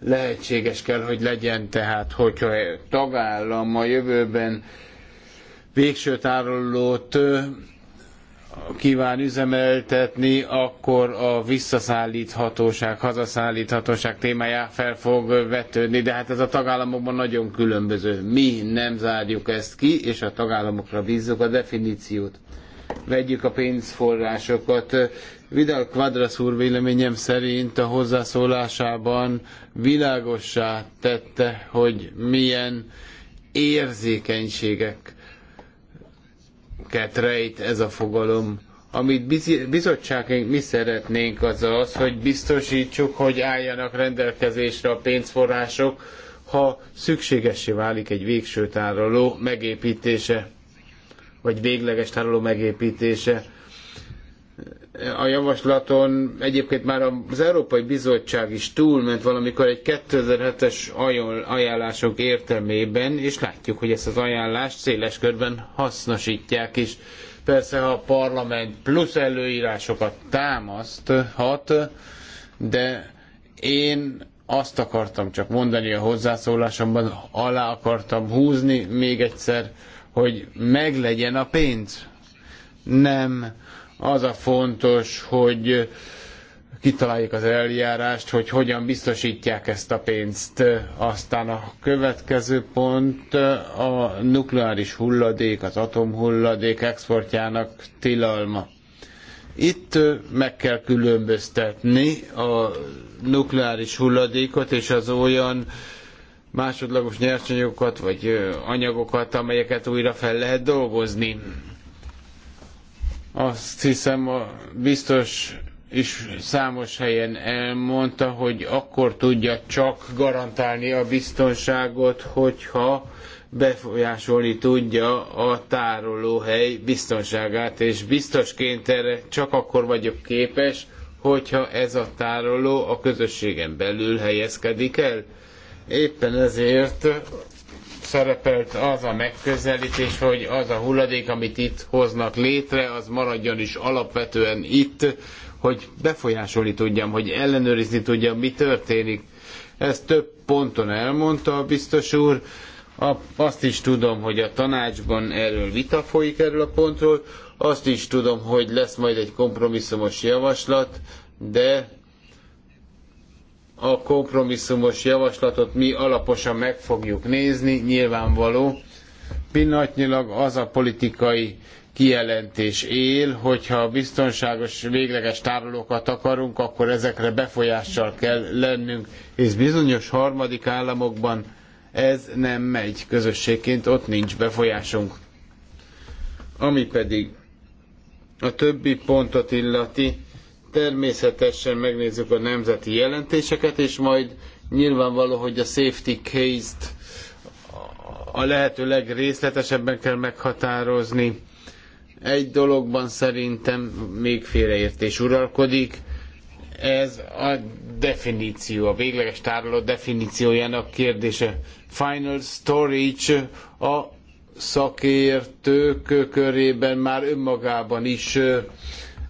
lehetséges kell, hogy legyen, tehát hogyha tagállam a jövőben végső tárolót kíván üzemeltetni, akkor a visszaszállíthatóság, hazaszállíthatóság témája fel fog vetődni, de hát ez a tagállamokban nagyon különböző. Mi nem zárjuk ezt ki, és a tagállamokra bízzuk a definíciót vegyük a pénzforrásokat. Vidal Quadras úr véleményem szerint a hozzászólásában világossá tette, hogy milyen érzékenységeket rejt ez a fogalom. Amit bizottságunk mi szeretnénk az az, hogy biztosítsuk, hogy álljanak rendelkezésre a pénzforrások, ha szükségessé válik egy végső tároló megépítése vagy végleges tároló megépítése. A javaslaton egyébként már az Európai Bizottság is túlment valamikor egy 2007-es ajánlások értelmében, és látjuk, hogy ezt az ajánlást széles körben hasznosítják is. Persze, ha a parlament plusz előírásokat támaszthat, de én azt akartam csak mondani a hozzászólásomban, alá akartam húzni még egyszer, hogy meglegyen a pénz. Nem az a fontos, hogy kitaláljuk az eljárást, hogy hogyan biztosítják ezt a pénzt. Aztán a következő pont a nukleáris hulladék, az atomhulladék exportjának tilalma. Itt meg kell különböztetni a nukleáris hulladékot és az olyan másodlagos nyersanyagokat, vagy anyagokat, amelyeket újra fel lehet dolgozni. Azt hiszem, a biztos is számos helyen elmondta, hogy akkor tudja csak garantálni a biztonságot, hogyha befolyásolni tudja a tárolóhely biztonságát, és biztosként erre csak akkor vagyok képes, hogyha ez a tároló a közösségen belül helyezkedik el Éppen ezért szerepelt az a megközelítés, hogy az a hulladék, amit itt hoznak létre, az maradjon is alapvetően itt, hogy befolyásolni tudjam, hogy ellenőrizni tudjam, mi történik. Ezt több ponton elmondta a biztos úr. Azt is tudom, hogy a tanácsban erről vita folyik erről a pontról, azt is tudom, hogy lesz majd egy kompromisszumos javaslat, de a kompromisszumos javaslatot mi alaposan meg fogjuk nézni, nyilvánvaló. Pillanatnyilag az a politikai kijelentés él, hogyha biztonságos, végleges tárolókat akarunk, akkor ezekre befolyással kell lennünk, és bizonyos harmadik államokban ez nem megy közösségként, ott nincs befolyásunk. Ami pedig a többi pontot illeti, Természetesen megnézzük a nemzeti jelentéseket, és majd nyilvánvaló, hogy a safety case-t a lehető legrészletesebben kell meghatározni. Egy dologban szerintem még félreértés uralkodik, ez a definíció, a végleges tároló definíciójának kérdése. Final storage a szakértők körében már önmagában is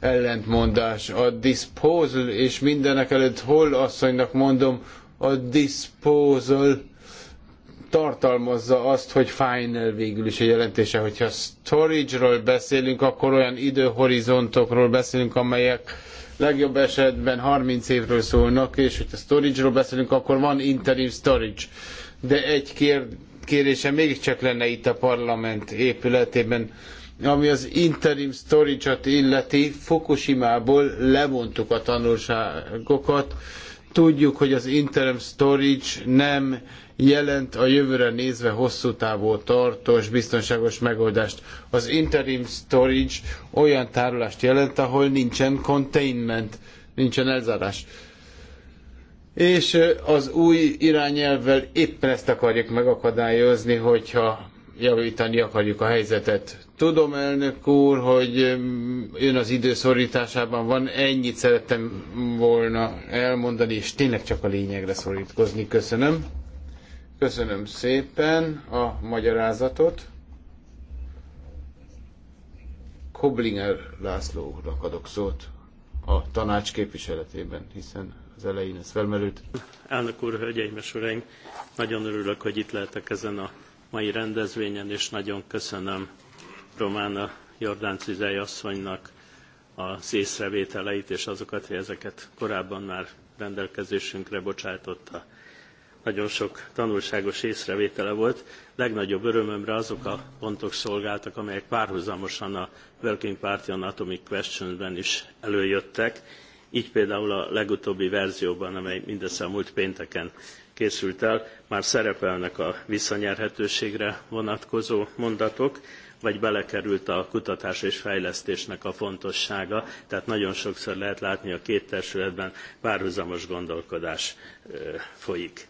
ellentmondás. A disposal, és mindenek előtt hol asszonynak mondom, a disposal tartalmazza azt, hogy final végül is a jelentése. Hogyha storage-ról beszélünk, akkor olyan időhorizontokról beszélünk, amelyek legjobb esetben 30 évről szólnak, és hogyha storage-ról beszélünk, akkor van interim storage. De egy kér, kérése mégiscsak lenne itt a parlament épületében ami az interim storage illeti, illeti, ból levontuk a tanulságokat. Tudjuk, hogy az interim storage nem jelent a jövőre nézve hosszú távú tartós, biztonságos megoldást. Az interim storage olyan tárolást jelent, ahol nincsen containment, nincsen elzárás. És az új irányelvvel éppen ezt akarjuk megakadályozni, hogyha javítani akarjuk a helyzetet. Tudom, elnök úr, hogy ön az időszorításában van, ennyit szerettem volna elmondani, és tényleg csak a lényegre szorítkozni. Köszönöm. Köszönöm szépen a magyarázatot. Koblinger László adok szót a tanács képviseletében, hiszen az elején ez felmerült. Elnök úr, hölgyeim és uraim, nagyon örülök, hogy itt lehetek ezen a mai rendezvényen, és nagyon köszönöm Romána Jordán Cizely asszonynak az észrevételeit és azokat, hogy ezeket korábban már rendelkezésünkre bocsátotta. Nagyon sok tanulságos észrevétele volt. Legnagyobb örömömre azok a pontok szolgáltak, amelyek párhuzamosan a Working Party on Atomic Questions-ben is előjöttek. Így például a legutóbbi verzióban, amely mindössze a múlt pénteken készült el, már szerepelnek a visszanyerhetőségre vonatkozó mondatok, vagy belekerült a kutatás és fejlesztésnek a fontossága, tehát nagyon sokszor lehet látni a két testületben párhuzamos gondolkodás folyik.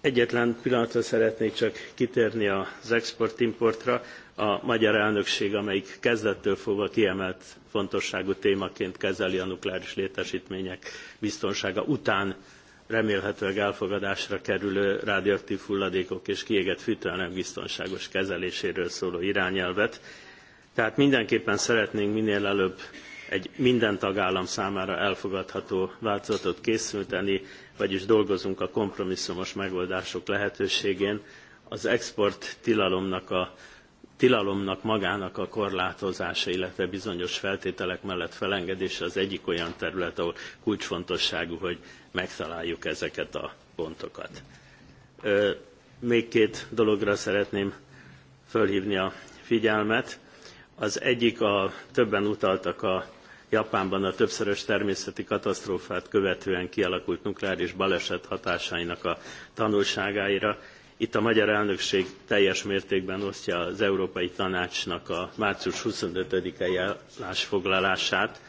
Egyetlen pillanatra szeretnék csak kitérni az export-importra. A magyar elnökség, amelyik kezdettől fogva kiemelt fontosságú témaként kezeli a nukleáris létesítmények biztonsága után remélhetőleg elfogadásra kerülő radioaktív hulladékok és kiégett fűtőelem biztonságos kezeléséről szóló irányelvet. Tehát mindenképpen szeretnénk minél előbb egy minden tagállam számára elfogadható változatot készülteni, vagyis dolgozunk a kompromisszumos megoldások lehetőségén. Az export tilalomnak a tilalomnak magának a korlátozása, illetve bizonyos feltételek mellett felengedése az egyik olyan terület, ahol kulcsfontosságú, hogy megtaláljuk ezeket a pontokat. Még két dologra szeretném fölhívni a figyelmet. Az egyik a többen utaltak a Japánban a többszörös természeti katasztrófát követően kialakult nukleáris baleset hatásainak a tanulságaira itt a magyar elnökség teljes mértékben osztja az Európai Tanácsnak a március 25-i állásfoglalását,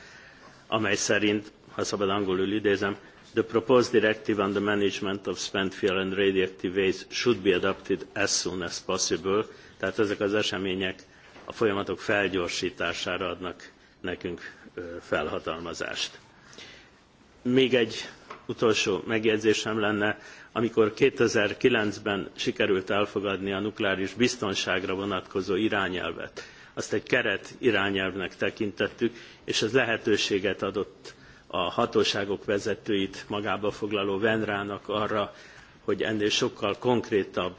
amely szerint, ha szabad angolul idézem, the proposed directive on the management of spent fuel and radioactive waste should be adopted as soon as possible. Tehát ezek az események a folyamatok felgyorsítására adnak nekünk felhatalmazást. Még egy utolsó megjegyzésem lenne, amikor 2009-ben sikerült elfogadni a nukleáris biztonságra vonatkozó irányelvet, azt egy keret irányelvnek tekintettük, és ez lehetőséget adott a hatóságok vezetőit magába foglaló Venrának arra, hogy ennél sokkal konkrétabb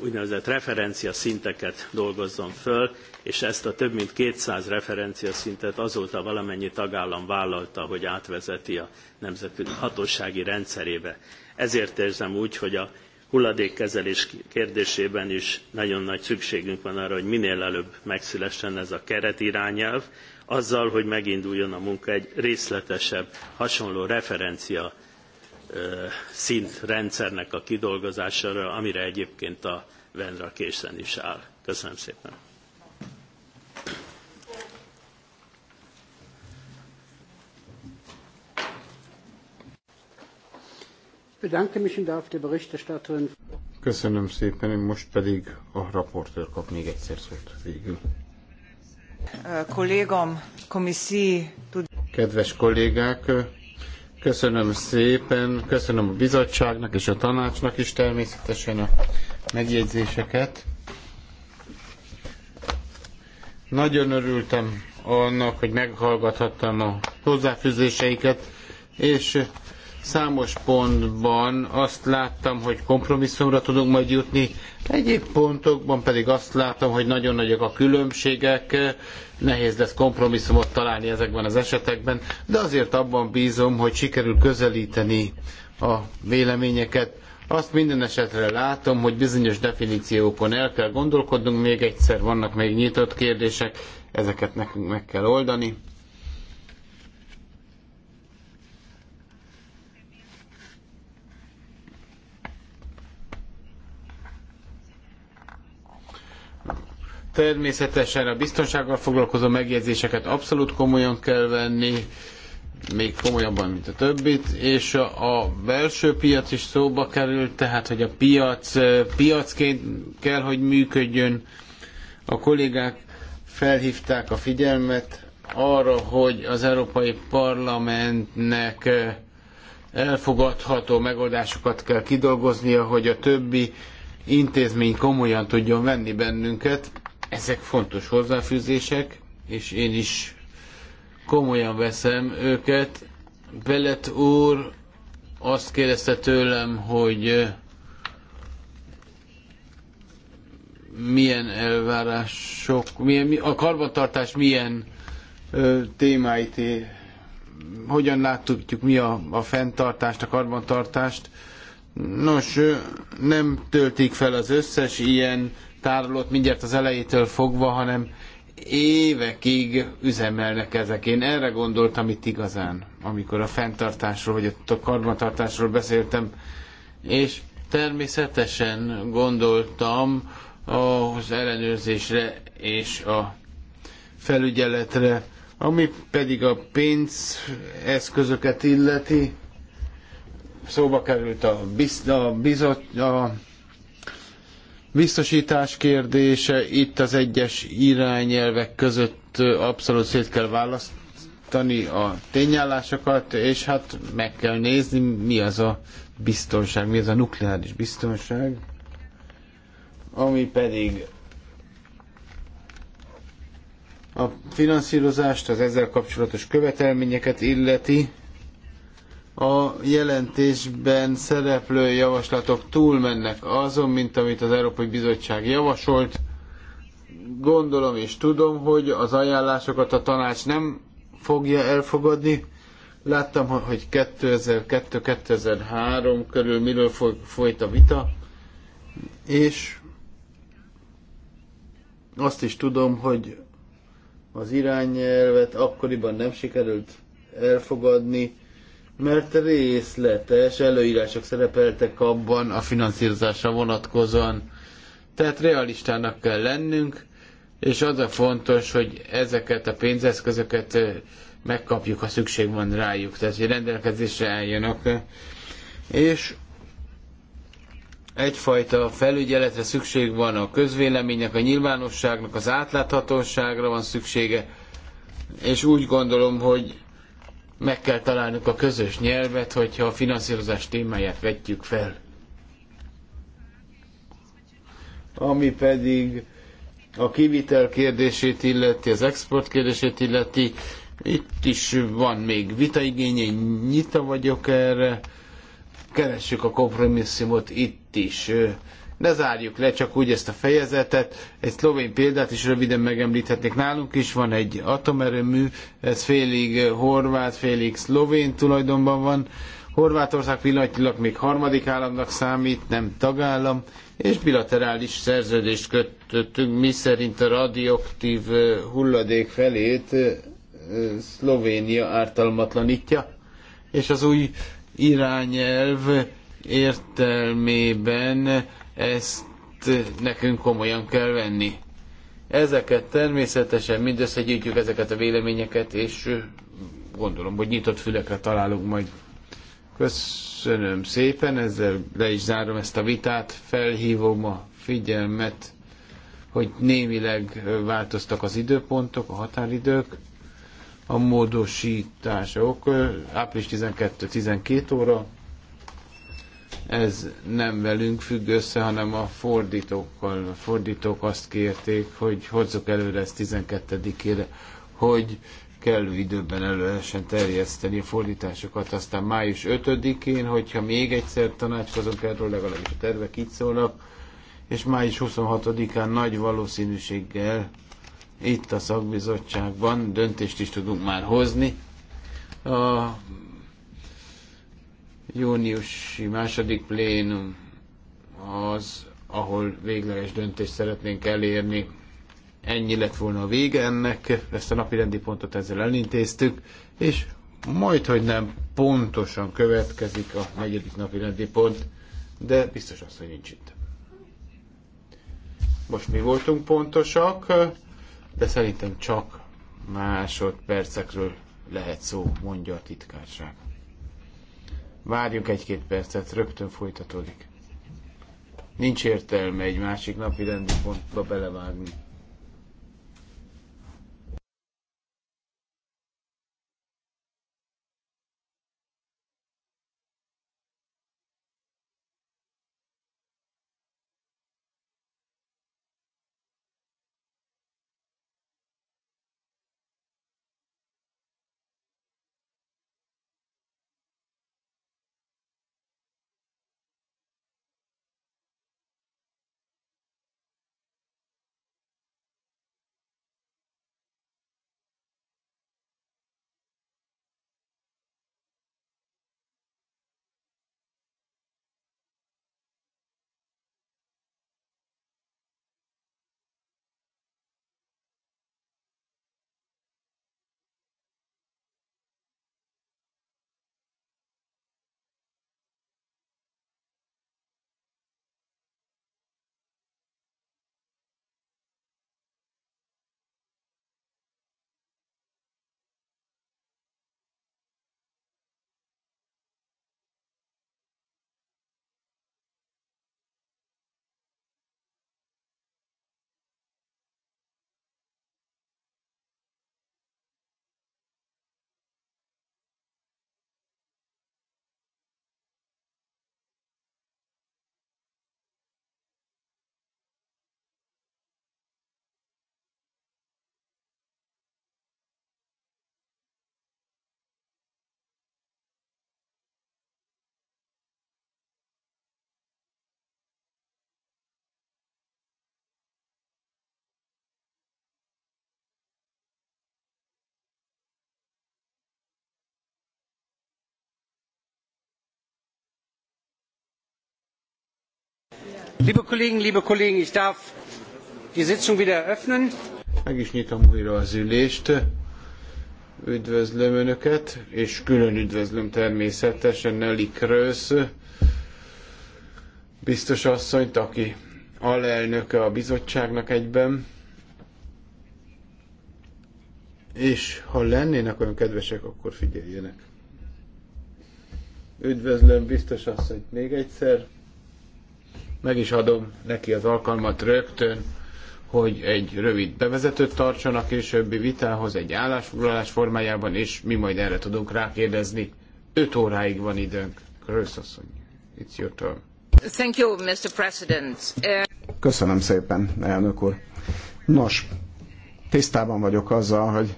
úgynevezett referencia szinteket dolgozzon föl, és ezt a több mint 200 referencia szintet azóta valamennyi tagállam vállalta, hogy átvezeti a nemzeti hatósági rendszerébe. Ezért érzem úgy, hogy a hulladékkezelés kérdésében is nagyon nagy szükségünk van arra, hogy minél előbb megszülessen ez a keretirányelv, azzal, hogy meginduljon a munka egy részletesebb, hasonló referencia rendszernek a kidolgozására, amire egyébként a Vendra készen is áll. Köszönöm szépen! bedanke mich und darf der Berichterstatterin. Köszönöm szépen, most pedig a raportőr kap még egyszer szót végül. komissi... Kedves kollégák, köszönöm szépen, köszönöm a bizottságnak és a tanácsnak is természetesen a megjegyzéseket. Nagyon örültem annak, hogy meghallgathattam a hozzáfűzéseiket, és Számos pontban azt láttam, hogy kompromisszumra tudunk majd jutni, egyéb pontokban pedig azt látom, hogy nagyon nagyok a különbségek, nehéz lesz kompromisszumot találni ezekben az esetekben, de azért abban bízom, hogy sikerül közelíteni a véleményeket. Azt minden esetre látom, hogy bizonyos definíciókon el kell gondolkodnunk, még egyszer vannak még nyitott kérdések, ezeket nekünk meg kell oldani. Természetesen a biztonsággal foglalkozó megjegyzéseket abszolút komolyan kell venni, még komolyabban, mint a többit, és a, belső piac is szóba kerül, tehát, hogy a piac eh, piacként kell, hogy működjön. A kollégák felhívták a figyelmet arra, hogy az Európai Parlamentnek eh, elfogadható megoldásokat kell kidolgoznia, hogy a többi intézmény komolyan tudjon venni bennünket. Ezek fontos hozzáfűzések, és én is komolyan veszem őket. Belet úr azt kérdezte tőlem, hogy milyen elvárások, milyen, a karbantartás milyen ö, témáit, hogyan látjuk mi a, a fenntartást, a karbantartást. Nos, nem töltik fel az összes ilyen tárolót mindjárt az elejétől fogva, hanem évekig üzemelnek ezek. Én erre gondoltam itt igazán, amikor a fenntartásról, vagy a karbantartásról beszéltem, és természetesen gondoltam az ellenőrzésre és a felügyeletre, ami pedig a eszközöket illeti, szóba került a, biz, a, bizot, a biztosítás kérdése itt az egyes irányelvek között abszolút szét kell választani a tényállásokat, és hát meg kell nézni, mi az a biztonság, mi az a nukleáris biztonság, ami pedig a finanszírozást, az ezzel kapcsolatos követelményeket illeti, a jelentésben szereplő javaslatok túlmennek azon, mint amit az Európai Bizottság javasolt. Gondolom és tudom, hogy az ajánlásokat a tanács nem fogja elfogadni. Láttam, hogy 2002-2003 körül miről folyt a vita, és azt is tudom, hogy az irányelvet akkoriban nem sikerült elfogadni, mert részletes előírások szerepeltek abban a finanszírozásra vonatkozóan. Tehát realistának kell lennünk, és az a fontos, hogy ezeket a pénzeszközöket megkapjuk, ha szükség van rájuk, tehát hogy rendelkezésre álljanak. És egyfajta felügyeletre szükség van a közvéleménynek, a nyilvánosságnak, az átláthatóságra van szüksége, és úgy gondolom, hogy meg kell találnunk a közös nyelvet, hogyha a finanszírozás témáját vetjük fel. Ami pedig a kivitel kérdését illeti, az export kérdését illeti, itt is van még vitaigénye, nyitva vagyok erre, keressük a kompromisszumot itt is. Ne zárjuk le csak úgy ezt a fejezetet. Egy szlovén példát is röviden megemlíthetnék. Nálunk is van egy atomerőmű, ez félig horvát, félig szlovén tulajdonban van. Horvátország pillanatilag még harmadik államnak számít, nem tagállam, és bilaterális szerződést kötöttünk, mi szerint a radioaktív hulladék felét Szlovénia ártalmatlanítja, és az új irányelv értelmében ezt nekünk komolyan kell venni. Ezeket természetesen mindösszegyűjtjük ezeket a véleményeket, és gondolom, hogy nyitott fülekre találunk majd. Köszönöm szépen, ezzel le is zárom ezt a vitát, felhívom a figyelmet, hogy némileg változtak az időpontok, a határidők, a módosítások április 12-12 óra, ez nem velünk függ össze, hanem a fordítókkal. A fordítók azt kérték, hogy hozzuk előre ezt 12-ére, hogy kellő időben előesen terjeszteni a fordításokat. Aztán május 5-én, hogyha még egyszer tanácskozunk erről, legalábbis a tervek így szólnak, és május 26-án nagy valószínűséggel itt a szakbizottságban döntést is tudunk már hozni. A júniusi második plénum az, ahol végleges döntést szeretnénk elérni. Ennyi lett volna a vége ennek, ezt a napi rendi pontot ezzel elintéztük, és majd, hogy nem pontosan következik a negyedik napi rendi pont, de biztos az, hogy nincs itt. Most mi voltunk pontosak, de szerintem csak másodpercekről lehet szó, mondja a titkárság. Várjunk egy-két percet, rögtön folytatódik. Nincs értelme egy másik napi rendi pontba belevágni. Liebe kolleginnen liebe Kollegen, ich darf die Sitzung wieder eröffnen. Meg is nyitom újra az ülést. Üdvözlöm Önöket, és külön üdvözlöm természetesen Nelly Krősz, biztos asszonyt, aki alelnöke a bizottságnak egyben. És ha lennének olyan kedvesek, akkor figyeljenek. Üdvözlöm biztos asszonyt még egyszer meg is adom neki az alkalmat rögtön, hogy egy rövid bevezetőt tartson a későbbi vitához egy állásfoglalás formájában, és mi majd erre tudunk rákérdezni. 5 óráig van időnk. Köszönöm. asszony, it's your turn. Thank you, Mr. President. Köszönöm szépen, elnök úr. Nos, tisztában vagyok azzal, hogy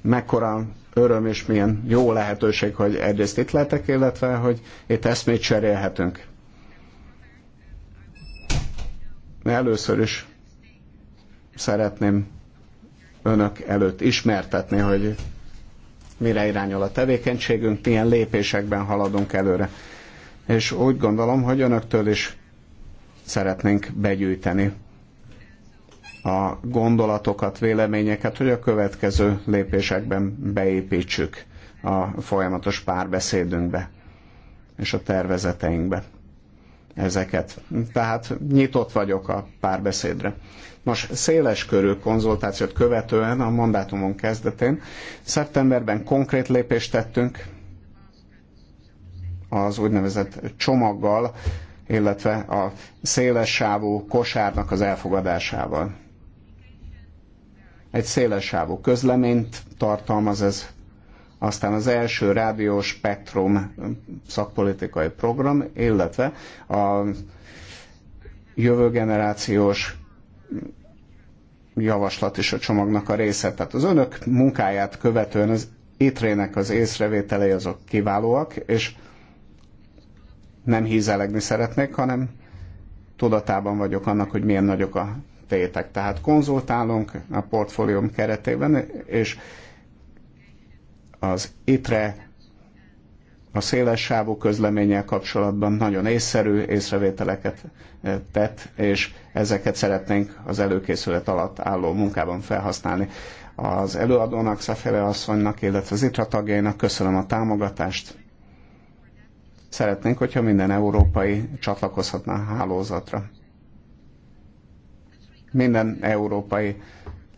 mekkora öröm és milyen jó lehetőség, hogy egyrészt itt lehetek, illetve hogy itt eszmét cserélhetünk. Először is szeretném önök előtt ismertetni, hogy mire irányul a tevékenységünk, milyen lépésekben haladunk előre. És úgy gondolom, hogy önöktől is szeretnénk begyűjteni a gondolatokat, véleményeket, hogy a következő lépésekben beépítsük a folyamatos párbeszédünkbe és a tervezeteinkbe ezeket. Tehát nyitott vagyok a párbeszédre. Nos, széles körű konzultációt követően a mandátumon kezdetén szeptemberben konkrét lépést tettünk az úgynevezett csomaggal, illetve a széles sávú kosárnak az elfogadásával. Egy szélesávú közleményt tartalmaz ez, aztán az első rádió spektrum szakpolitikai program, illetve a jövő generációs javaslat is a csomagnak a része. Tehát az önök munkáját követően az étrének az észrevételei azok kiválóak, és nem hízelegni szeretnék, hanem tudatában vagyok annak, hogy milyen nagyok a tétek. Tehát konzultálunk a portfólium keretében, és az ITRE a széles sávú közleménnyel kapcsolatban nagyon észszerű észrevételeket eh, tett, és ezeket szeretnénk az előkészület alatt álló munkában felhasználni. Az előadónak, Szefele asszonynak, illetve az ITRA tagjainak köszönöm a támogatást. Szeretnénk, hogyha minden európai csatlakozhatna a hálózatra minden európai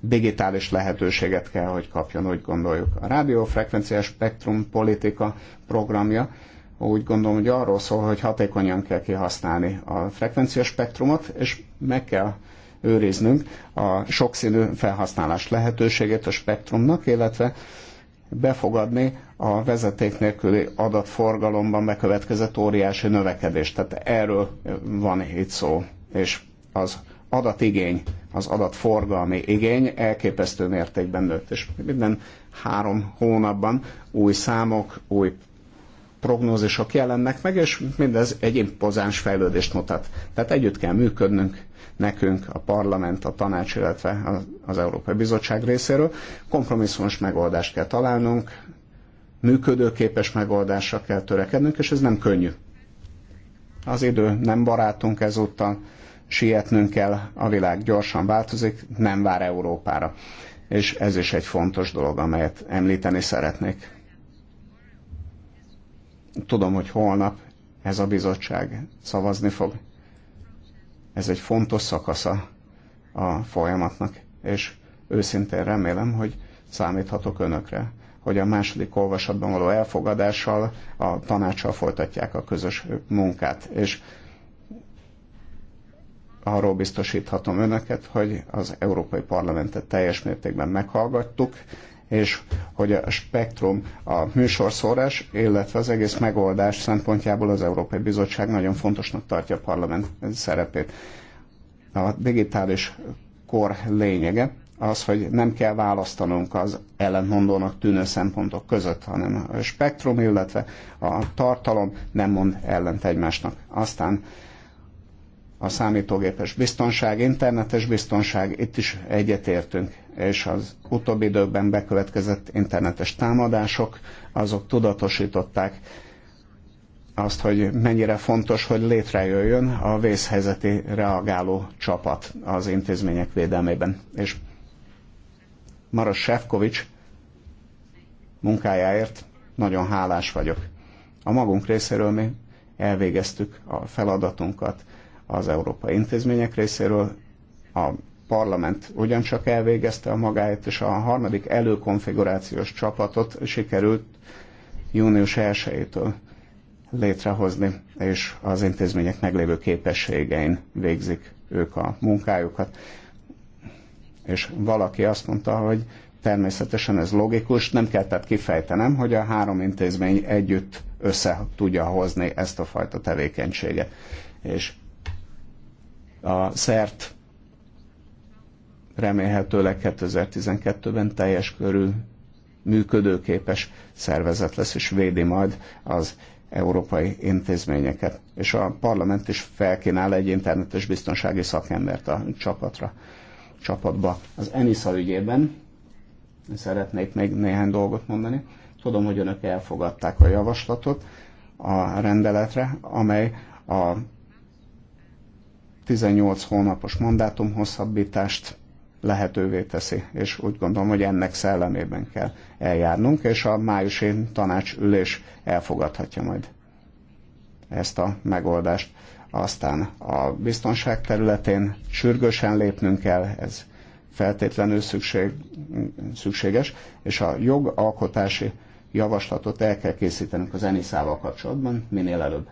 digitális lehetőséget kell, hogy kapjon, úgy gondoljuk. A rádiófrekvenciás spektrum politika programja úgy gondolom, hogy arról szól, hogy hatékonyan kell kihasználni a frekvenciás spektrumot, és meg kell őriznünk a sokszínű felhasználás lehetőségét a spektrumnak, illetve befogadni a vezeték nélküli adatforgalomban bekövetkezett óriási növekedést. Tehát erről van itt szó, és az adatigény, az adatforgalmi igény elképesztő mértékben nőtt, és minden három hónapban új számok, új prognózisok jelennek meg, és mindez egy impozáns fejlődést mutat. Tehát együtt kell működnünk nekünk, a parlament, a tanács, illetve az Európai Bizottság részéről. Kompromisszumos megoldást kell találnunk, működőképes megoldásra kell törekednünk, és ez nem könnyű. Az idő nem barátunk ezúttal, sietnünk kell, a világ gyorsan változik, nem vár Európára. És ez is egy fontos dolog, amelyet említeni szeretnék. Tudom, hogy holnap ez a bizottság szavazni fog. Ez egy fontos szakasza a folyamatnak, és őszintén remélem, hogy számíthatok önökre, hogy a második olvasatban való elfogadással a tanácssal folytatják a közös munkát, és arról biztosíthatom önöket, hogy az Európai Parlamentet teljes mértékben meghallgattuk, és hogy a spektrum a műsorszórás, illetve az egész megoldás szempontjából az Európai Bizottság nagyon fontosnak tartja a parlament szerepét. A digitális kor lényege az, hogy nem kell választanunk az ellentmondónak tűnő szempontok között, hanem a spektrum, illetve a tartalom nem mond ellent egymásnak. Aztán a számítógépes biztonság, internetes biztonság, itt is egyetértünk, és az utóbbi időkben bekövetkezett internetes támadások, azok tudatosították azt, hogy mennyire fontos, hogy létrejöjjön a vészhelyzeti reagáló csapat az intézmények védelmében. És Maros Sefkovics munkájáért nagyon hálás vagyok. A magunk részéről mi elvégeztük a feladatunkat, az európai intézmények részéről, a parlament ugyancsak elvégezte a magáét, és a harmadik előkonfigurációs csapatot sikerült június 1-től létrehozni, és az intézmények meglévő képességein végzik ők a munkájukat. És valaki azt mondta, hogy természetesen ez logikus, nem kell tehát kifejtenem, hogy a három intézmény együtt össze tudja hozni ezt a fajta tevékenységet. És a szert remélhetőleg 2012-ben teljes körű működőképes szervezet lesz, és védi majd az európai intézményeket. És a parlament is felkínál egy internetes biztonsági szakembert a csapatra, csapatba. Az ENISZA ügyében szeretnék még néhány dolgot mondani. Tudom, hogy önök elfogadták a javaslatot a rendeletre, amely a 18 hónapos mandátum hosszabbítást lehetővé teszi, és úgy gondolom, hogy ennek szellemében kell eljárnunk, és a májusi tanácsülés elfogadhatja majd ezt a megoldást. Aztán a biztonság területén sürgősen lépnünk kell, ez feltétlenül szükség, szükséges, és a jogalkotási javaslatot el kell készítenünk az eniszával kapcsolatban minél előbb.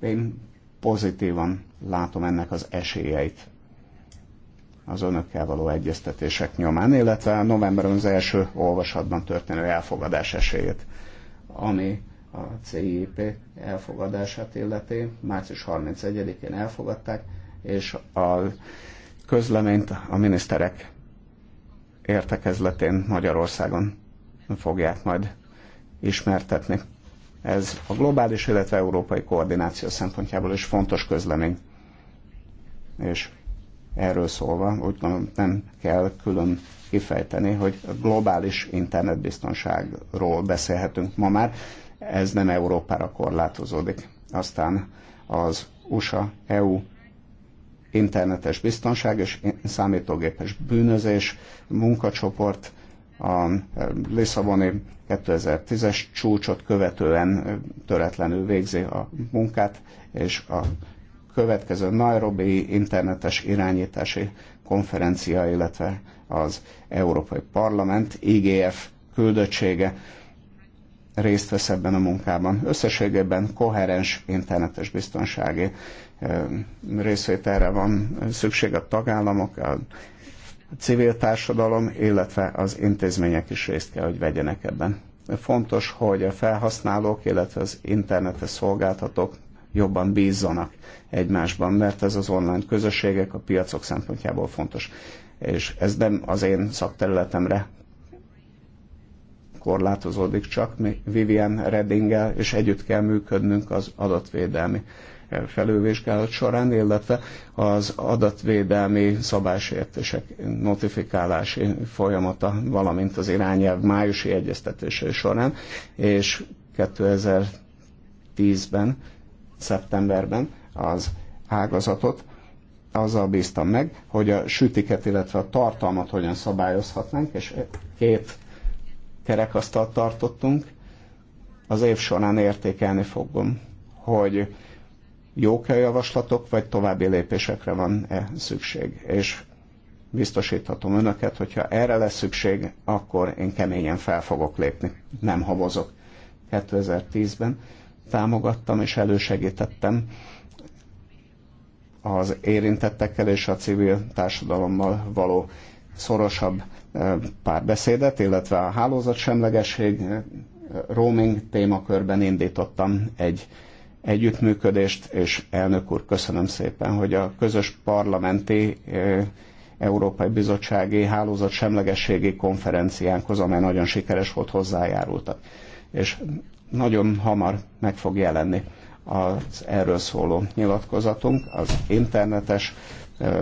Én pozitívan látom ennek az esélyeit az önökkel való egyeztetések nyomán, illetve novemberben az első olvasatban történő elfogadás esélyét, ami a CIP elfogadását illeti. Március 31-én elfogadták, és a közleményt a miniszterek értekezletén Magyarországon fogják majd ismertetni. Ez a globális, illetve európai koordináció szempontjából is fontos közlemény. És erről szólva, úgy gondolom nem kell külön kifejteni, hogy globális internetbiztonságról beszélhetünk ma már, ez nem Európára korlátozódik. Aztán az USA-EU internetes biztonság és számítógépes bűnözés munkacsoport, a Lisszaboni 2010-es csúcsot követően töretlenül végzi a munkát, és a következő Nairobi internetes irányítási konferencia, illetve az Európai Parlament IGF küldöttsége részt vesz ebben a munkában. Összességében koherens internetes biztonsági részvételre van szükség a tagállamok, a civil társadalom, illetve az intézmények is részt kell, hogy vegyenek ebben. Fontos, hogy a felhasználók, illetve az internetes szolgáltatók jobban bízzanak egymásban, mert ez az online közösségek a piacok szempontjából fontos. És ez nem az én szakterületemre korlátozódik csak, mi Vivian Reddinggel, és együtt kell működnünk az adatvédelmi felülvizsgálat során, illetve az adatvédelmi szabálysértések notifikálási folyamata, valamint az irányelv májusi egyeztetése során, és 2010-ben, szeptemberben az ágazatot azzal bíztam meg, hogy a sütiket, illetve a tartalmat hogyan szabályozhatnánk, és két kerekasztalt tartottunk. Az év során értékelni fogom, hogy jók a javaslatok, vagy további lépésekre van-e szükség. És biztosíthatom önöket, hogyha erre lesz szükség, akkor én keményen fel fogok lépni, nem habozok. 2010-ben támogattam és elősegítettem az érintettekkel és a civil társadalommal való szorosabb e, párbeszédet, illetve a hálózatsemlegesség e, roaming témakörben indítottam egy együttműködést, és elnök úr, köszönöm szépen, hogy a közös parlamenti e, Európai Bizottsági Hálózat semlegességi konferenciánkhoz, amely nagyon sikeres volt, hozzájárultak. És nagyon hamar meg fog jelenni az erről szóló nyilatkozatunk, az internetes e,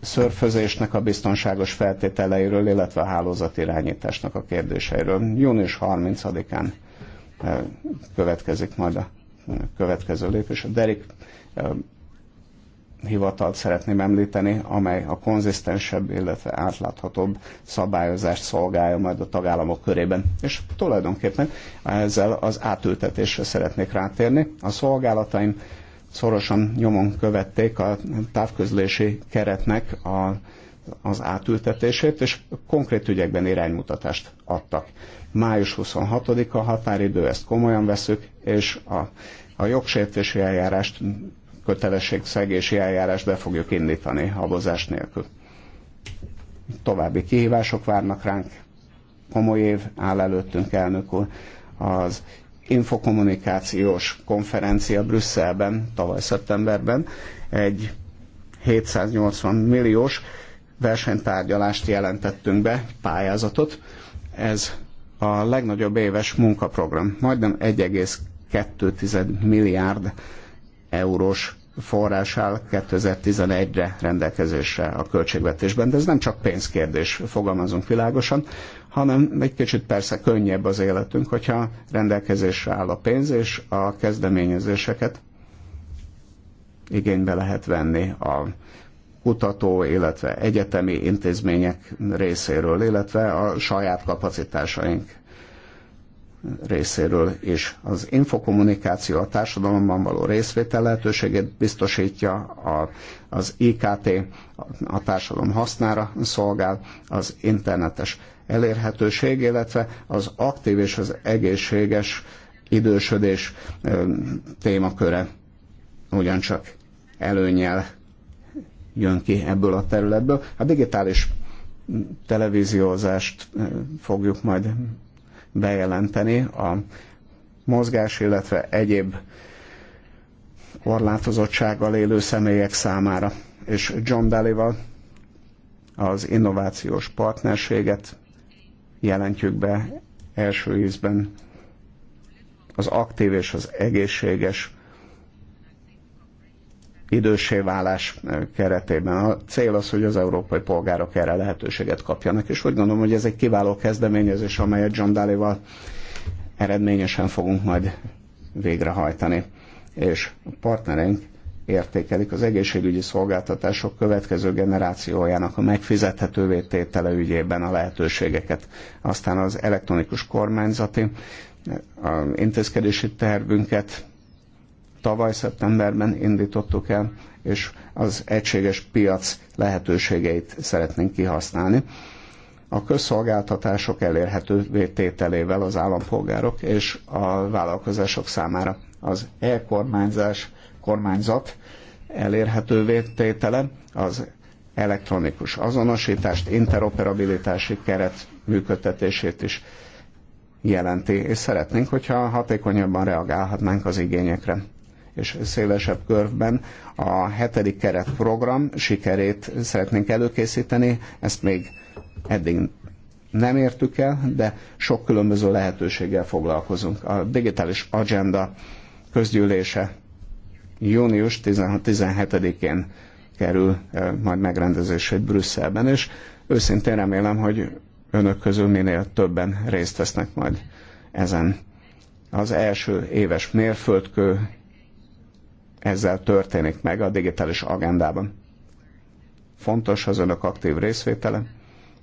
szörfözésnek a biztonságos feltételeiről, illetve a hálózatirányításnak a kérdéseiről. Június 30-án következik majd a következő lépés. A Derek hivatalt szeretném említeni, amely a konzisztensebb, illetve átláthatóbb szabályozást szolgálja majd a tagállamok körében. És tulajdonképpen ezzel az átültetésre szeretnék rátérni. A szolgálataim szorosan nyomon követték a távközlési keretnek a az átültetését, és konkrét ügyekben iránymutatást adtak. Május 26-a határidő, ezt komolyan veszük, és a, a jogsértési eljárást, kötelességszegési eljárást be fogjuk indítani habozás nélkül. További kihívások várnak ránk, komoly év áll előttünk, elnök úr. Az infokommunikációs konferencia Brüsszelben tavaly szeptemberben egy 780 milliós versenytárgyalást jelentettünk be, pályázatot. Ez a legnagyobb éves munkaprogram, majdnem 1,2 milliárd eurós forrás áll 2011-re rendelkezésre a költségvetésben, de ez nem csak pénzkérdés, fogalmazunk világosan, hanem egy kicsit persze könnyebb az életünk, hogyha rendelkezésre áll a pénz, és a kezdeményezéseket igénybe lehet venni a kutató, illetve egyetemi intézmények részéről, illetve a saját kapacitásaink részéről is. Az infokommunikáció a társadalomban való részvétel lehetőségét biztosítja, a, az IKT a társadalom hasznára szolgál, az internetes elérhetőség, illetve az aktív és az egészséges idősödés témaköre ugyancsak előnyel jön ki ebből a területből. A digitális televíziózást eh, fogjuk majd bejelenteni. A mozgás, illetve egyéb korlátozottsággal élő személyek számára. És John Dalival az innovációs partnerséget jelentjük be első ízben. Az aktív és az egészséges idősé válás keretében. A cél az, hogy az európai polgárok erre lehetőséget kapjanak, és úgy gondolom, hogy ez egy kiváló kezdeményezés, amelyet John daly eredményesen fogunk majd végrehajtani. És a partnereink értékelik az egészségügyi szolgáltatások következő generációjának a megfizethetővé tétele ügyében a lehetőségeket. Aztán az elektronikus kormányzati a intézkedési tervünket Tavaly szeptemberben indítottuk el, és az egységes piac lehetőségeit szeretnénk kihasználni. A közszolgáltatások elérhető tételével az állampolgárok és a vállalkozások számára az e-kormányzás kormányzat elérhető tétele, az elektronikus azonosítást, interoperabilitási keret működtetését is jelenti, és szeretnénk, hogyha hatékonyabban reagálhatnánk az igényekre és szélesebb körben a hetedik keretprogram sikerét szeretnénk előkészíteni. Ezt még eddig nem értük el, de sok különböző lehetőséggel foglalkozunk. A digitális agenda közgyűlése június 16-17-én kerül majd megrendezésre Brüsszelben, és őszintén remélem, hogy önök közül minél többen részt vesznek majd ezen. Az első éves mérföldkő ezzel történik meg a digitális agendában. Fontos az önök aktív részvétele,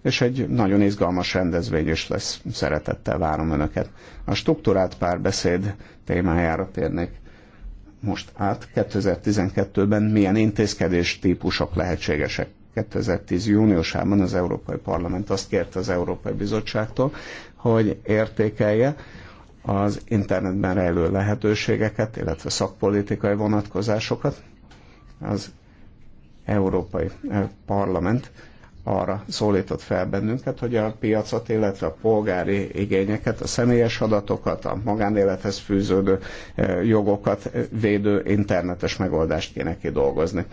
és egy nagyon izgalmas rendezvény is lesz. Szeretettel várom önöket. A struktúrált párbeszéd témájára térnék most át. 2012-ben milyen intézkedés típusok lehetségesek? 2010. júniusában az Európai Parlament azt kérte az Európai Bizottságtól, hogy értékelje az internetben rejlő lehetőségeket, illetve szakpolitikai vonatkozásokat az Európai eh, Parlament arra szólított fel bennünket, hogy a piacot, illetve a polgári igényeket, a személyes adatokat, a magánélethez fűződő eh, jogokat eh, védő internetes megoldást kéne kidolgozni.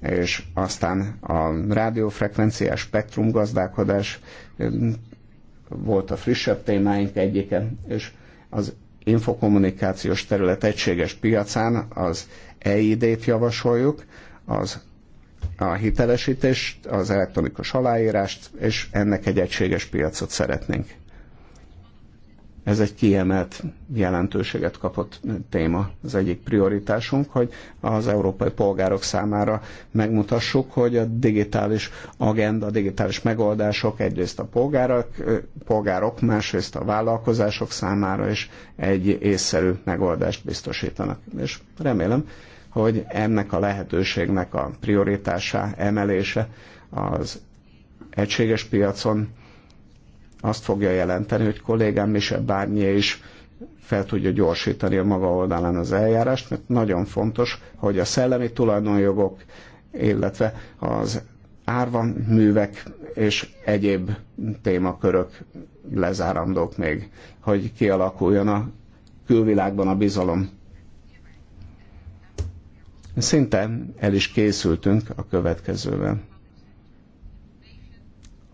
És aztán a rádiófrekvenciás spektrum gazdálkodás volt a frissebb témáink egyike, és az infokommunikációs terület egységes piacán az EID-t javasoljuk, az a hitelesítést, az elektronikus aláírást, és ennek egy egységes piacot szeretnénk ez egy kiemelt jelentőséget kapott téma. Az egyik prioritásunk, hogy az európai polgárok számára megmutassuk, hogy a digitális agenda, a digitális megoldások egyrészt a polgárok, polgárok másrészt a vállalkozások számára is egy észszerű megoldást biztosítanak. És remélem, hogy ennek a lehetőségnek a prioritásá, emelése az egységes piacon azt fogja jelenteni, hogy kollégám Michel Barnier is fel tudja gyorsítani a maga oldalán az eljárást, mert nagyon fontos, hogy a szellemi tulajdonjogok, illetve az árva művek és egyéb témakörök lezárandók még, hogy kialakuljon a külvilágban a bizalom. Szinte el is készültünk a következővel.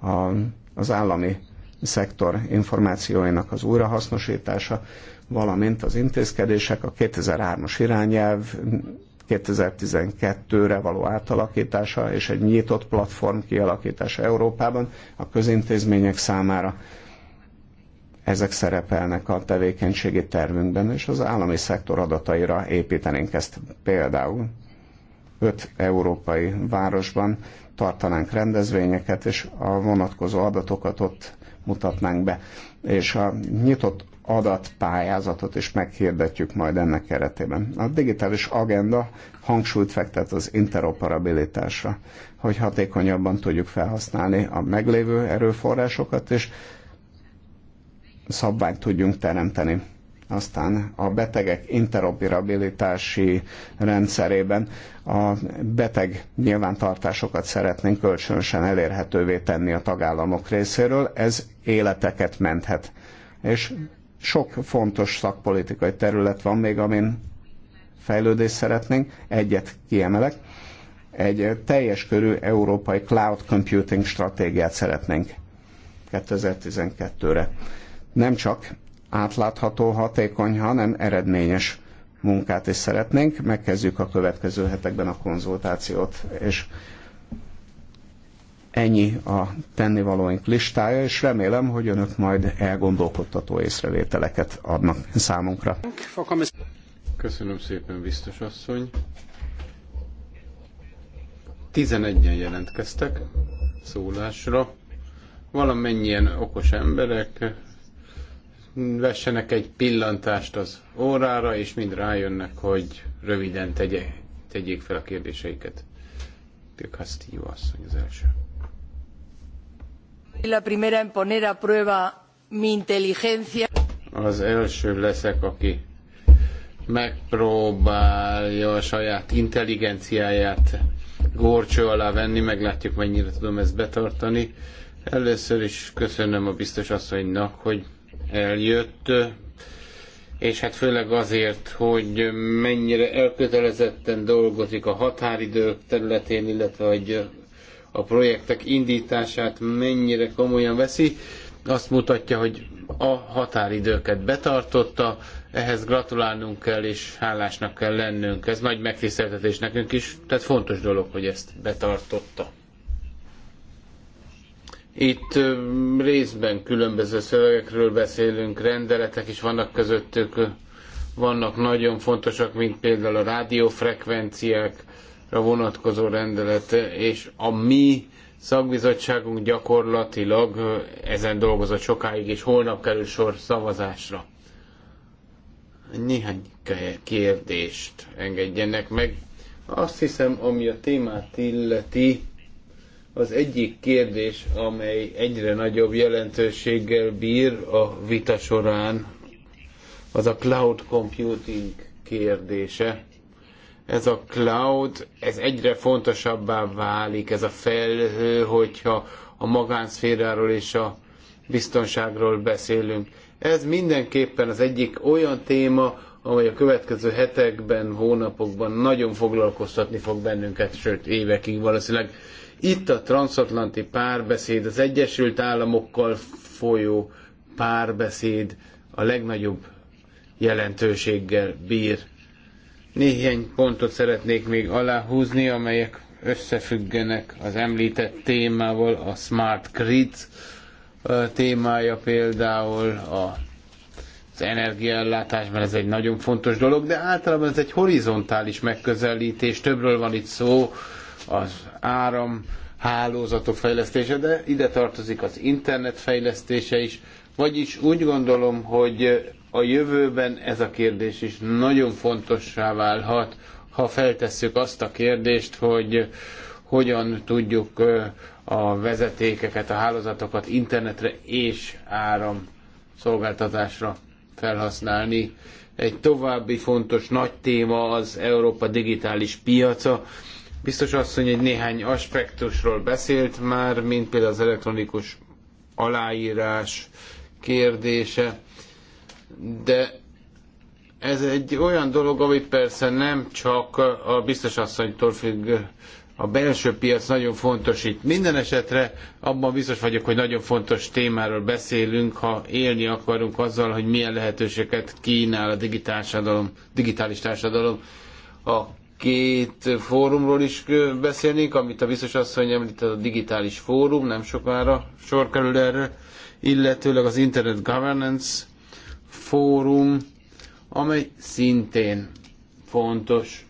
A, az állami szektor információinak az újrahasznosítása, valamint az intézkedések, a 2003-as irányelv 2012-re való átalakítása és egy nyitott platform kialakítása Európában a közintézmények számára. Ezek szerepelnek a tevékenységi tervünkben, és az állami szektor adataira építenénk ezt például. Öt európai városban tartanánk rendezvényeket, és a vonatkozó adatokat ott mutatnánk be, és a nyitott adatpályázatot is meghirdetjük majd ennek keretében. A digitális agenda hangsúlyt fektet az interoperabilitásra, hogy hatékonyabban tudjuk felhasználni a meglévő erőforrásokat, és szabványt tudjunk teremteni aztán a betegek interoperabilitási rendszerében a beteg nyilvántartásokat szeretnénk kölcsönösen elérhetővé tenni a tagállamok részéről. Ez életeket menthet. És sok fontos szakpolitikai terület van még, amin fejlődést szeretnénk. Egyet kiemelek. Egy teljes körű európai cloud computing stratégiát szeretnénk 2012-re. Nem csak átlátható, hatékony, hanem eredményes munkát is szeretnénk. Megkezdjük a következő hetekben a konzultációt, és ennyi a tennivalóink listája, és remélem, hogy önök majd elgondolkodtató észrevételeket adnak számunkra. Köszönöm szépen, biztos asszony. 11-en jelentkeztek szólásra. Valamennyien okos emberek, vessenek egy pillantást az órára, és mind rájönnek, hogy röviden tegye, tegyék fel a kérdéseiket. Pio Castillo asszony az első. La primera en poner a prueba mi inteligencia. Az első leszek, aki megpróbálja a saját intelligenciáját górcső alá venni, meglátjuk mennyire tudom ezt betartani. Először is köszönöm a biztos asszonynak, hogy eljött, és hát főleg azért, hogy mennyire elkötelezetten dolgozik a határidők területén, illetve hogy a projektek indítását mennyire komolyan veszi, azt mutatja, hogy a határidőket betartotta, ehhez gratulálnunk kell és hálásnak kell lennünk. Ez nagy megtiszteltetés nekünk is, tehát fontos dolog, hogy ezt betartotta. Itt részben különböző szövegekről beszélünk, rendeletek is vannak közöttük, vannak nagyon fontosak, mint például a rádiófrekvenciákra vonatkozó rendelet, és a mi szakbizottságunk gyakorlatilag ezen dolgozott sokáig, és holnap kerül sor szavazásra. Néhány kérdést engedjenek meg. Azt hiszem, ami a témát illeti, az egyik kérdés, amely egyre nagyobb jelentőséggel bír a vita során, az a cloud computing kérdése. Ez a cloud, ez egyre fontosabbá válik, ez a felhő, hogyha a magánszféráról és a biztonságról beszélünk. Ez mindenképpen az egyik olyan téma, amely a következő hetekben, hónapokban nagyon foglalkoztatni fog bennünket, sőt évekig valószínűleg itt a transatlanti párbeszéd, az Egyesült Államokkal folyó párbeszéd a legnagyobb jelentőséggel bír. Néhány pontot szeretnék még aláhúzni, amelyek összefüggenek az említett témával, a Smart Grid témája például, a, az energiaellátás, mert ez egy nagyon fontos dolog, de általában ez egy horizontális megközelítés, többről van itt szó, az áram hálózatok fejlesztése, de ide tartozik az internet fejlesztése is. Vagyis úgy gondolom, hogy a jövőben ez a kérdés is nagyon fontossá válhat, ha feltesszük azt a kérdést, hogy hogyan tudjuk a vezetékeket, a hálózatokat internetre és áram szolgáltatásra felhasználni. Egy további fontos nagy téma az Európa digitális piaca. Biztos asszony egy néhány aspektusról beszélt már, mint például az elektronikus aláírás kérdése, de ez egy olyan dolog, ami persze nem csak a biztos asszonytól függ, a belső piac nagyon fontos itt. Minden esetre abban biztos vagyok, hogy nagyon fontos témáról beszélünk, ha élni akarunk azzal, hogy milyen lehetőséget kínál a digitális társadalom. Digitális társadalom. A két fórumról is beszélnék, amit a biztos asszony említett, a digitális fórum, nem sokára sor kerül erre, illetőleg az Internet Governance fórum, amely szintén fontos.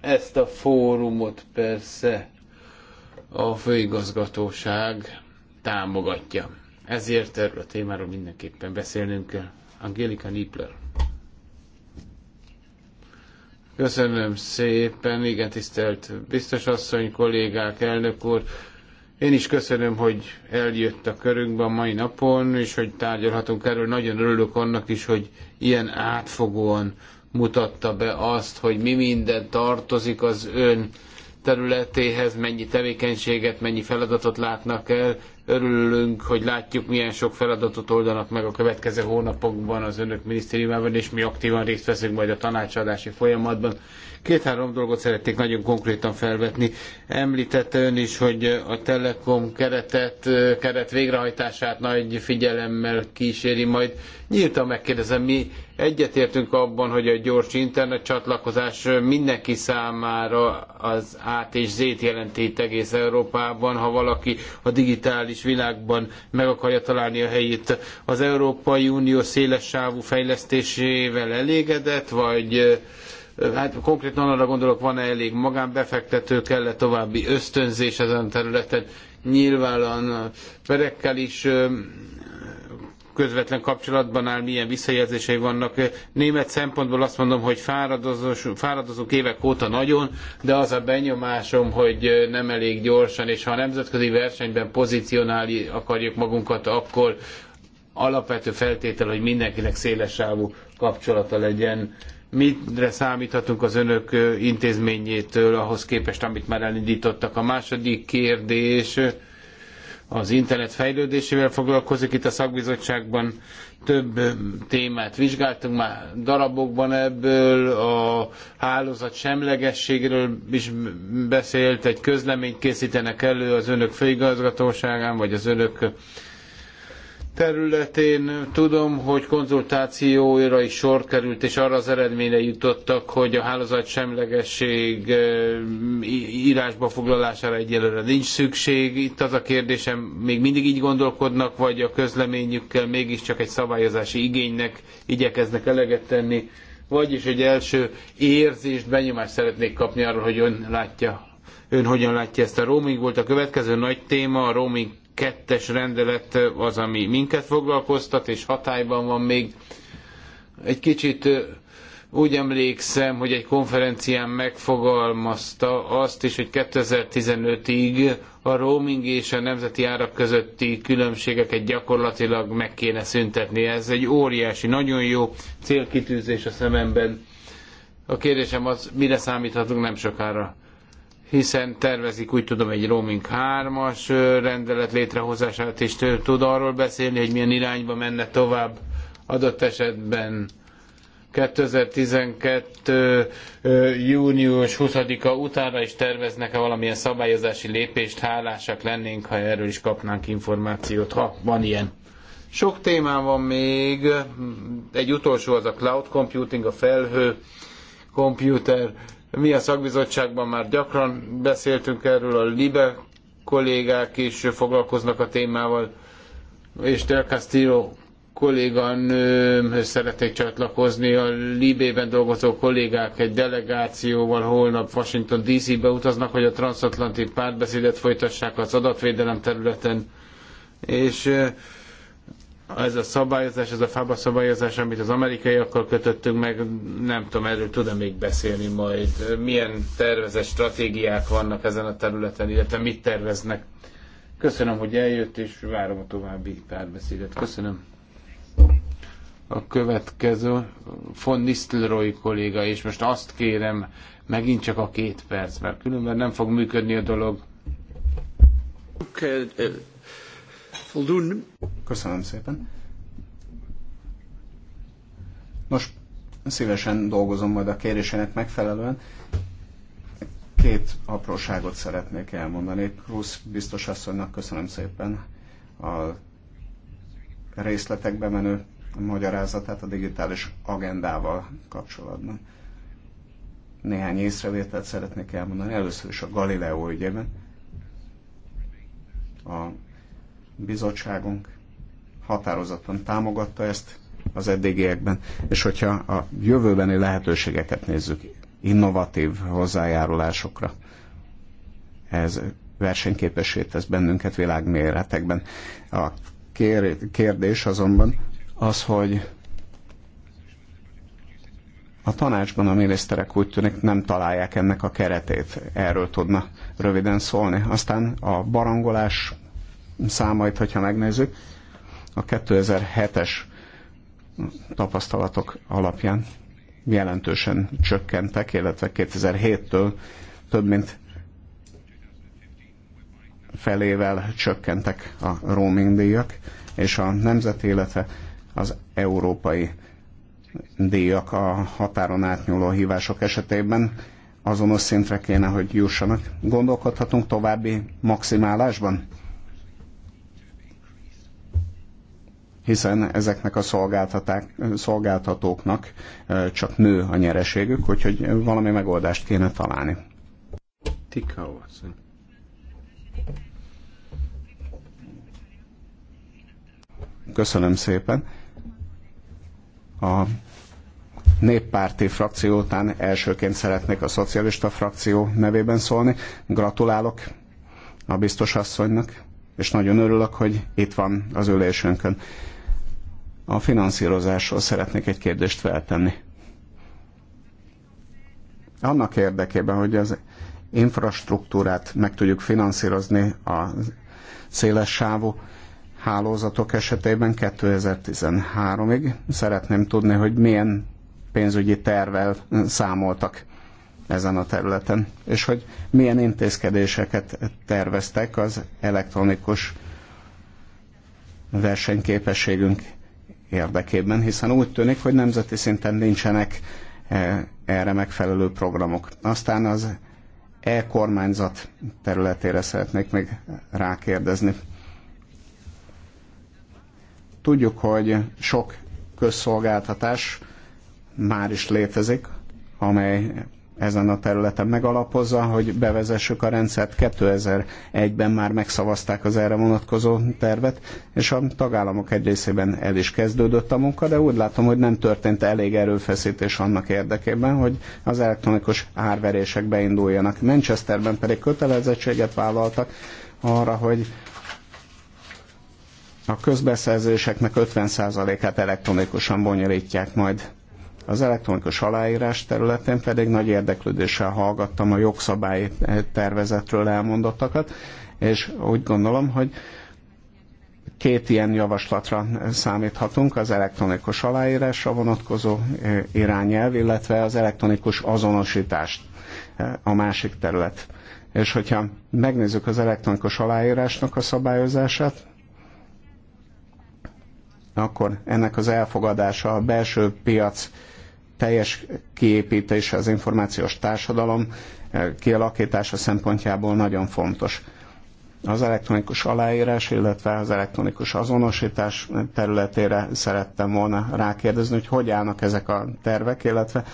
Ezt a fórumot persze a főigazgatóság támogatja. Ezért erről a témáról mindenképpen beszélnünk kell. Angelika Nippler. Köszönöm szépen, igen, tisztelt biztos asszony, kollégák, elnök úr. Én is köszönöm, hogy eljött a körünkbe a mai napon, és hogy tárgyalhatunk erről. Nagyon örülök annak is, hogy ilyen átfogóan mutatta be azt, hogy mi minden tartozik az ön területéhez, mennyi tevékenységet, mennyi feladatot látnak el. Örülünk, hogy látjuk, milyen sok feladatot oldanak meg a következő hónapokban az önök minisztériumában, és mi aktívan részt veszünk majd a tanácsadási folyamatban. Két-három dolgot szeretnék nagyon konkrétan felvetni. Említette ön is, hogy a Telekom keretet, keret végrehajtását nagy figyelemmel kíséri majd. Nyíltan megkérdezem, mi egyetértünk abban, hogy a gyors internet csatlakozás mindenki számára az át és zét jelenti itt egész Európában, ha valaki a digitális világban meg akarja találni a helyét. Az Európai Unió széles sávú fejlesztésével elégedett, vagy Hát konkrétan arra gondolok, van-e elég magánbefektető, kell-e további ösztönzés ezen a területen. Nyilván perekkel is közvetlen kapcsolatban áll, milyen visszajelzései vannak. Német szempontból azt mondom, hogy fáradozunk évek óta nagyon, de az a benyomásom, hogy nem elég gyorsan, és ha a nemzetközi versenyben pozícionálni akarjuk magunkat, akkor alapvető feltétel, hogy mindenkinek szélessávú kapcsolata legyen Mire számíthatunk az önök intézményétől ahhoz képest, amit már elindítottak? A második kérdés az internet fejlődésével foglalkozik itt a szakbizottságban. Több témát vizsgáltunk már darabokban ebből, a hálózat semlegességről is beszélt, egy közleményt készítenek elő az önök főigazgatóságán, vagy az önök területén tudom, hogy konzultációra is sor került, és arra az eredményre jutottak, hogy a hálózat semlegesség írásba foglalására egyelőre nincs szükség. Itt az a kérdésem, még mindig így gondolkodnak, vagy a közleményükkel mégiscsak egy szabályozási igénynek igyekeznek eleget tenni, vagyis egy első érzést, benyomást szeretnék kapni arról, hogy ön látja ön hogyan látja ezt a roaming volt a következő nagy téma, a roaming kettes rendelet az, ami minket foglalkoztat, és hatályban van még. Egy kicsit úgy emlékszem, hogy egy konferencián megfogalmazta azt is, hogy 2015-ig a roaming és a nemzeti árak közötti különbségeket gyakorlatilag meg kéne szüntetni. Ez egy óriási, nagyon jó célkitűzés a szememben. A kérdésem az, mire számíthatunk nem sokára? hiszen tervezik úgy tudom egy roaming 3-as rendelet létrehozását, és tud arról beszélni, hogy milyen irányba menne tovább adott esetben 2012. június 20-a utánra is terveznek-e valamilyen szabályozási lépést, hálásak lennénk, ha erről is kapnánk információt, ha van ilyen. Sok témán van még, egy utolsó az a cloud computing, a felhő, computer, mi a szakbizottságban már gyakran beszéltünk erről, a LIBE kollégák is foglalkoznak a témával, és Del Castillo kolléganőmhöz szeretnék csatlakozni. A Libében dolgozó kollégák egy delegációval holnap Washington DC-be utaznak, hogy a transatlanti párbeszédet folytassák az adatvédelem területen. És ez a szabályozás, ez a fába szabályozás, amit az amerikaiakkal kötöttünk meg, nem tudom, erről tud-e még beszélni majd, milyen tervezett stratégiák vannak ezen a területen, illetve mit terveznek. Köszönöm, hogy eljött, és várom a további párbeszédet. Köszönöm. A következő von Nistelrooy kolléga, és most azt kérem, megint csak a két perc, mert különben nem fog működni a dolog. Okay. Köszönöm szépen. Nos, szívesen dolgozom majd a kérésének megfelelően. Két apróságot szeretnék elmondani. Krusz biztos asszonynak köszönöm szépen a részletekbe menő magyarázatát a digitális agendával kapcsolatban. Néhány észrevételt szeretnék elmondani. Először is a Galileo ügyében. A bizottságunk határozottan támogatta ezt az eddigiekben, és hogyha a jövőbeni lehetőségeket nézzük, innovatív hozzájárulásokra, ez versenyképessé tesz bennünket világméretekben. A kérdés azonban az, hogy a tanácsban a miniszterek úgy tűnik nem találják ennek a keretét. Erről tudna röviden szólni. Aztán a barangolás számait, hogyha megnézzük, a 2007-es tapasztalatok alapján jelentősen csökkentek, illetve 2007-től több mint felével csökkentek a roaming díjak, és a nemzeti, illetve az európai díjak a határon átnyúló hívások esetében azonos szintre kéne, hogy jussanak. Gondolkodhatunk további maximálásban? hiszen ezeknek a szolgáltatóknak csak nő a nyereségük, úgyhogy valami megoldást kéne találni. Köszönöm szépen. A néppárti frakció után elsőként szeretnék a szocialista frakció nevében szólni. Gratulálok a biztos asszonynak, és nagyon örülök, hogy itt van az ülésünkön. A finanszírozásról szeretnék egy kérdést feltenni. Annak érdekében, hogy az infrastruktúrát meg tudjuk finanszírozni a széles sávú hálózatok esetében 2013-ig. Szeretném tudni, hogy milyen pénzügyi tervel számoltak ezen a területen, és hogy milyen intézkedéseket terveztek az elektronikus versenyképességünk érdekében, hiszen úgy tűnik, hogy nemzeti szinten nincsenek e, erre megfelelő programok. Aztán az e-kormányzat területére szeretnék még rákérdezni. Tudjuk, hogy sok közszolgáltatás már is létezik, amely ezen a területen megalapozza, hogy bevezessük a rendszert. 2001-ben már megszavazták az erre vonatkozó tervet, és a tagállamok egy részében el is kezdődött a munka, de úgy látom, hogy nem történt elég erőfeszítés annak érdekében, hogy az elektronikus árverések beinduljanak. Manchesterben pedig kötelezettséget vállaltak arra, hogy a közbeszerzéseknek 50%-át elektronikusan bonyolítják majd az elektronikus aláírás területén pedig nagy érdeklődéssel hallgattam a jogszabály eh, tervezetről elmondottakat, és úgy gondolom, hogy két ilyen javaslatra számíthatunk, az elektronikus aláírásra vonatkozó eh, irányelv, illetve az elektronikus azonosítást eh, a másik terület. És hogyha megnézzük az elektronikus aláírásnak a szabályozását, akkor ennek az elfogadása a belső piac teljes kiépítése az információs társadalom eh, kialakítása szempontjából nagyon fontos. Az elektronikus aláírás, illetve az elektronikus azonosítás területére szerettem volna rákérdezni, hogy hogy állnak ezek a tervek, illetve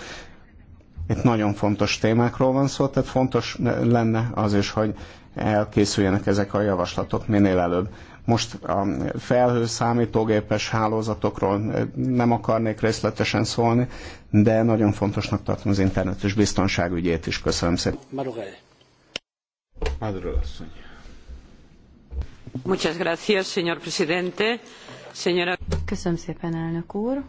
itt nagyon fontos témákról van szó, tehát fontos lenne az is, hogy elkészüljenek ezek a javaslatok minél előbb. Most a felhő számítógépes hálózatokról eh, nem akarnék részletesen szólni, de nagyon fontosnak tartom az internetes biztonságügyét is. Köszönöm szépen. Madurell. Madurell asszony. Muchas gracias, señor presidente. Señora... Köszönöm szépen, elnök úr.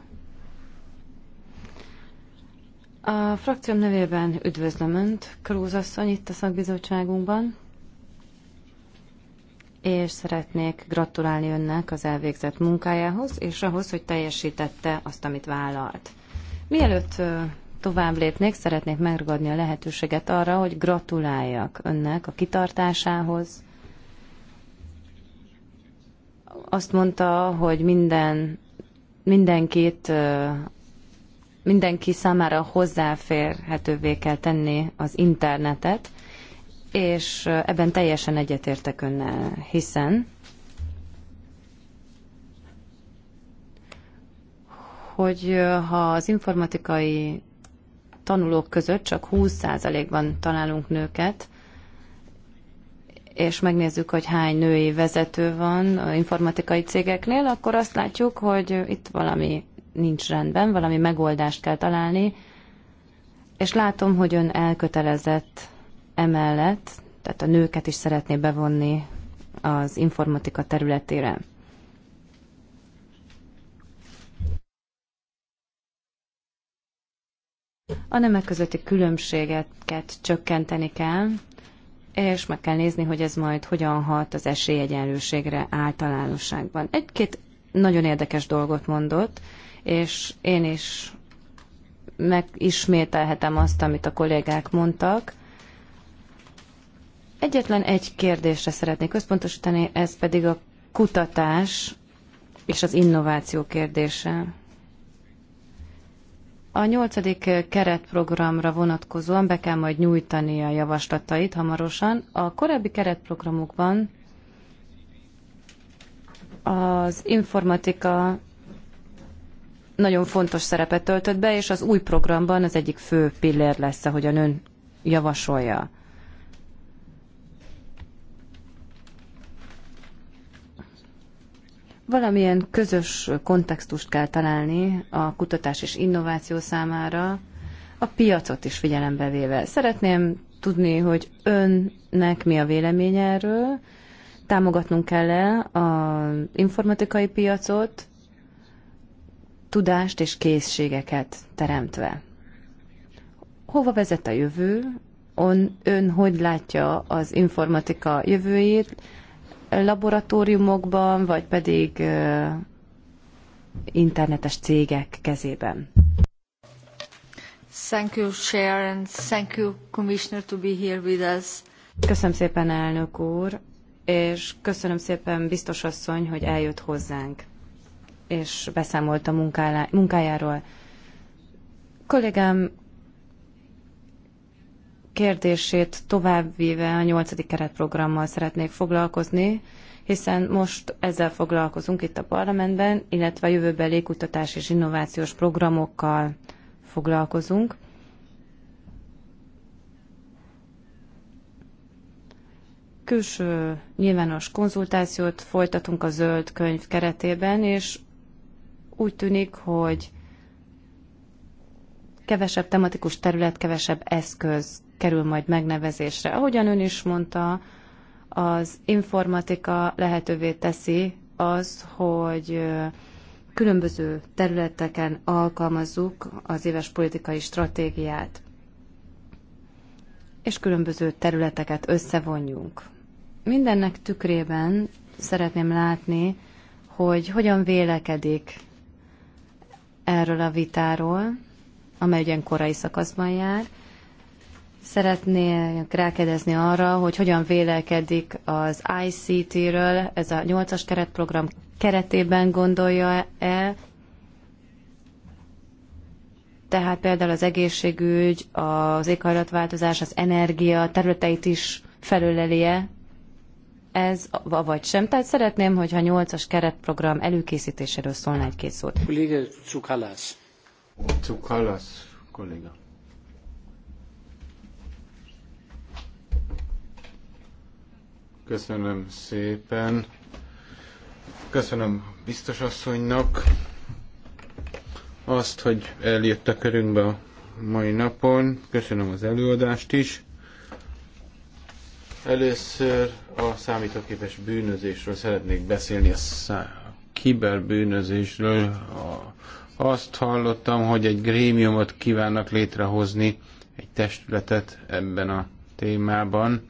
A frakcióm nevében üdvözlöm Önt, Krúz asszony itt a szakbizottságunkban, és szeretnék gratulálni Önnek az elvégzett munkájához, és ahhoz, hogy teljesítette azt, amit vállalt. Mielőtt tovább lépnék, szeretnék megragadni a lehetőséget arra, hogy gratuláljak önnek a kitartásához. Azt mondta, hogy minden, mindenkit, mindenki számára hozzáférhetővé kell tenni az internetet, és ebben teljesen egyetértek önnel, hiszen hogy ha az informatikai tanulók között csak 20%-ban találunk nőket, és megnézzük, hogy hány női vezető van a informatikai cégeknél, akkor azt látjuk, hogy itt valami nincs rendben, valami megoldást kell találni, és látom, hogy ön elkötelezett emellett, tehát a nőket is szeretné bevonni az informatika területére. A nemek közötti különbségeket csökkenteni kell, és meg kell nézni, hogy ez majd hogyan hat az esélyegyenlőségre általánosságban. Egy-két nagyon érdekes dolgot mondott, és én is megismételhetem azt, amit a kollégák mondtak. Egyetlen egy kérdésre szeretnék összpontosítani, ez pedig a kutatás és az innováció kérdése. A nyolcadik keretprogramra vonatkozóan be kell majd nyújtani a javaslatait hamarosan. A korábbi keretprogramokban az informatika nagyon fontos szerepet töltött be, és az új programban az egyik fő pillér lesz, ahogyan ön javasolja. Valamilyen közös kontextust kell találni a kutatás és innováció számára, a piacot is figyelembe véve. Szeretném tudni, hogy önnek mi a véleménye erről, támogatnunk kell -e az informatikai piacot, tudást és készségeket teremtve. Hova vezet a jövő? On, ön hogy látja az informatika jövőjét? laboratóriumokban, vagy pedig internetes cégek kezében. Thank you, Chair, and thank you, Commissioner, to be here with us. Köszönöm szépen, elnök úr, és köszönöm szépen, biztos asszony, hogy eljött hozzánk, és beszámolt a munkájáról. Kollégám kérdését továbbvéve a nyolcadik keretprogrammal szeretnék foglalkozni, hiszen most ezzel foglalkozunk itt a parlamentben, illetve a jövőbeli kutatás és innovációs programokkal foglalkozunk. Külső nyilvános konzultációt folytatunk a zöld könyv keretében, és úgy tűnik, hogy kevesebb tematikus terület, kevesebb eszköz kerül majd megnevezésre. Ahogyan ön is mondta, az informatika lehetővé teszi az, hogy különböző területeken alkalmazzuk az éves politikai stratégiát, és különböző területeket összevonjunk. Mindennek tükrében szeretném látni, hogy hogyan vélekedik erről a vitáról, amely ugyan korai szakaszban jár, Szeretnék rákedezni arra, hogy hogyan vélekedik az ICT-ről, ez a 8-as keretprogram keretében gondolja-e, tehát például az egészségügy, az éghajlatváltozás, az energia területeit is felölelie ez, vagy sem. Tehát szeretném, hogyha 8-as keretprogram előkészítéséről szólna egy-két szót. Kolléga Cukalász. Cukalász kolléga. Köszönöm szépen. Köszönöm biztos asszonynak azt, hogy eljött a körünkbe a mai napon. Köszönöm az előadást is. Először a számítógépes bűnözésről szeretnék beszélni, a kiberbűnözésről. A, azt hallottam, hogy egy grémiumot kívánnak létrehozni, egy testületet ebben a témában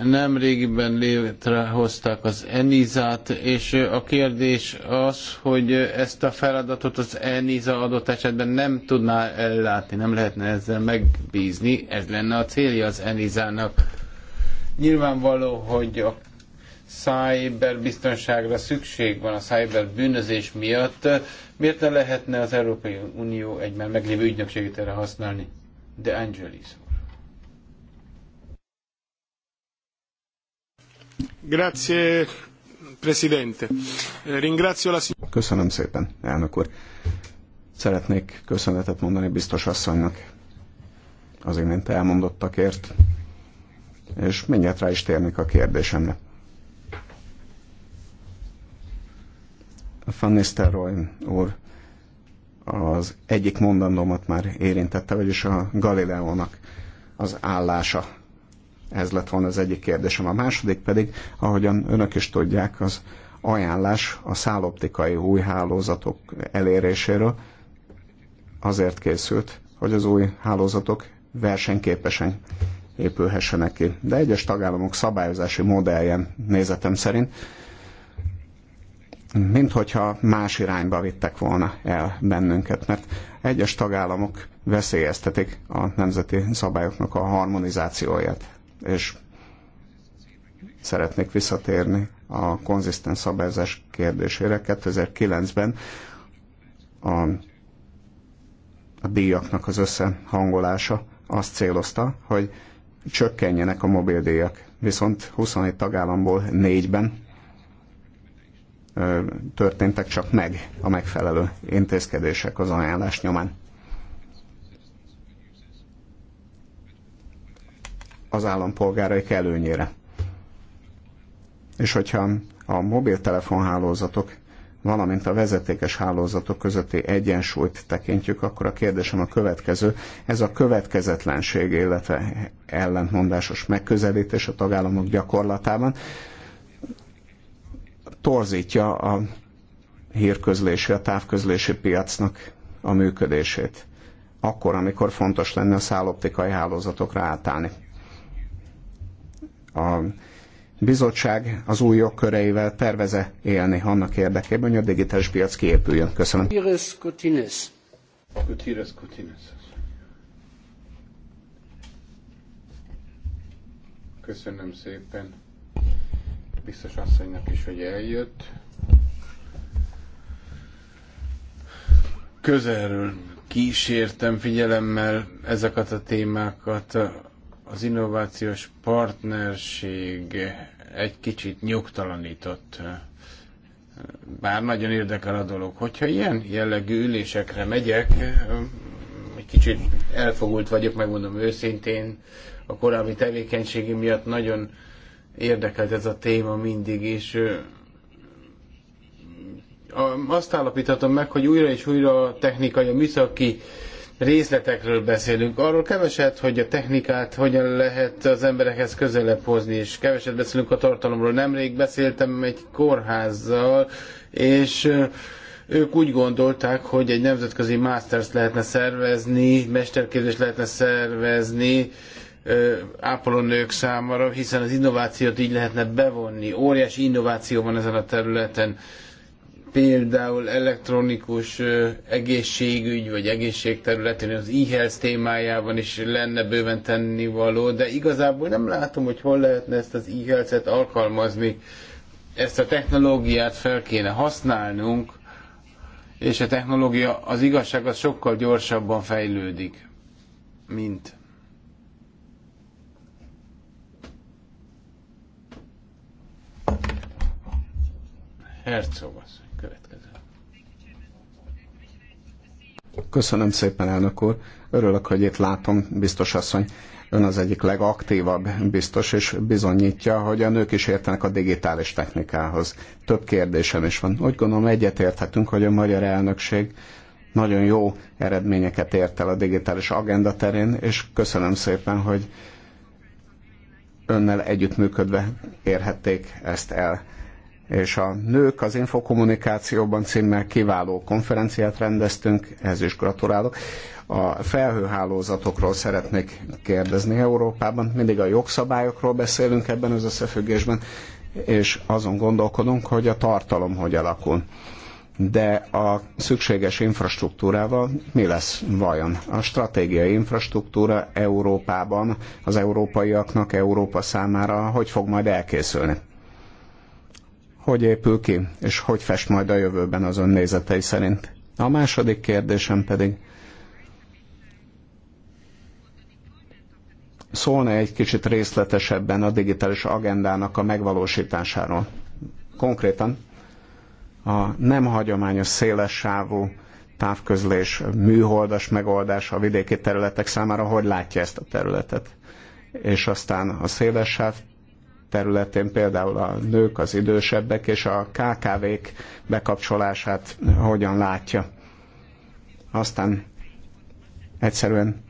nemrégiben létrehozták az Enizát, és a kérdés az, hogy ezt a feladatot az Eniza adott esetben nem tudná ellátni, nem lehetne ezzel megbízni, ez lenne a célja az Enizának. Nyilvánvaló, hogy a cyberbiztonságra szükség van a cyber bűnözés miatt. Miért ne lehetne az Európai Unió egy már meglévő ügynökségét erre használni? De Angelis Grazie, Presidente. Eh, ringrazio la... Köszönöm szépen, elnök úr. Szeretnék köszönetet mondani biztos asszonynak az imént elmondottakért, és mindjárt rá is térnék a kérdésemre. Van Nistelrooy úr az egyik mondandómat már érintette, vagyis a Galileónak az állása ez lett volna az egyik kérdésem. A második pedig, ahogyan önök is tudják, az ajánlás a száloptikai új hálózatok eléréséről azért készült, hogy az új hálózatok versenyképesen épülhessenek ki. De egyes tagállamok szabályozási modelljen nézetem szerint, hogyha más irányba vittek volna el bennünket, mert egyes tagállamok veszélyeztetik a nemzeti szabályoknak a harmonizációját és szeretnék visszatérni a konzisztens szabályozás kérdésére. 2009-ben a, a díjaknak az összehangolása azt célozta, hogy csökkenjenek a mobildíjak. Viszont 27 tagállamból négyben történtek csak meg a megfelelő intézkedések az ajánlás nyomán. az állampolgáraik előnyére. És hogyha a mobiltelefonhálózatok, valamint a vezetékes hálózatok közötti egyensúlyt tekintjük, akkor a kérdésem a következő. Ez a következetlenség, illetve ellentmondásos megközelítés a tagállamok gyakorlatában torzítja a hírközlési, a távközlési piacnak a működését. Akkor, amikor fontos lenne a szálloptikai hálózatokra átállni a bizottság az új jogköreivel terveze élni annak érdekében, hogy a digitális piac kiépüljön. Köszönöm. Gutierrez Cortines. Gutierrez Cortines. Köszönöm szépen biztos asszonynak is, hogy eljött. Közelről kísértem figyelemmel ezeket a témákat az innovációs partnerség egy kicsit nyugtalanított, bár nagyon érdekel a dolog. Hogyha ilyen jellegű ülésekre megyek, egy kicsit elfogult vagyok, megmondom őszintén, a korábbi tevékenységi miatt nagyon érdekelt ez a téma mindig, és azt állapíthatom meg, hogy újra és újra a technikai, a műszaki részletekről beszélünk. Arról keveset, hogy a technikát hogyan lehet az emberekhez közelebb hozni, és keveset beszélünk a tartalomról. Nemrég beszéltem egy kórházzal, és ők úgy gondolták, hogy egy nemzetközi masters lehetne szervezni, mesterképzést lehetne szervezni, ápolónők számára, hiszen az innovációt így lehetne bevonni. Óriási innováció van ezen a területen például elektronikus egészségügy vagy egészségterületén az e-health témájában is lenne bőven tennivaló, de igazából nem látom, hogy hol lehetne ezt az e-health-et alkalmazni. Ezt a technológiát fel kéne használnunk, és a technológia, az igazság az sokkal gyorsabban fejlődik, mint Herzog az. Köszönöm szépen, elnök úr. Örülök, hogy itt látom, biztos asszony. Ön az egyik legaktívabb biztos, és bizonyítja, hogy a nők is értenek a digitális technikához. Több kérdésem is van. Úgy gondolom egyetérthetünk, hogy a magyar elnökség nagyon jó eredményeket ért el a digitális agenda terén, és köszönöm szépen, hogy önnel együttműködve érhették ezt el és a Nők az Infokommunikációban címmel kiváló konferenciát rendeztünk, ehhez is gratulálok. A felhőhálózatokról szeretnék kérdezni Európában, mindig a jogszabályokról beszélünk ebben az összefüggésben, és azon gondolkodunk, hogy a tartalom hogy alakul. De a szükséges infrastruktúrával mi lesz vajon? A stratégiai infrastruktúra Európában az európaiaknak, Európa számára hogy fog majd elkészülni? hogy épül ki, és hogy fest majd a jövőben azon nézetei szerint. A második kérdésem pedig szólna egy kicsit részletesebben a digitális agendának a megvalósításáról. Konkrétan a nem hagyományos széles sávú távközlés, műholdas megoldás a vidéki területek számára, hogy látja ezt a területet. És aztán a széles sáv területén, például a nők, az idősebbek és a KKV-k bekapcsolását hogyan látja. Aztán egyszerűen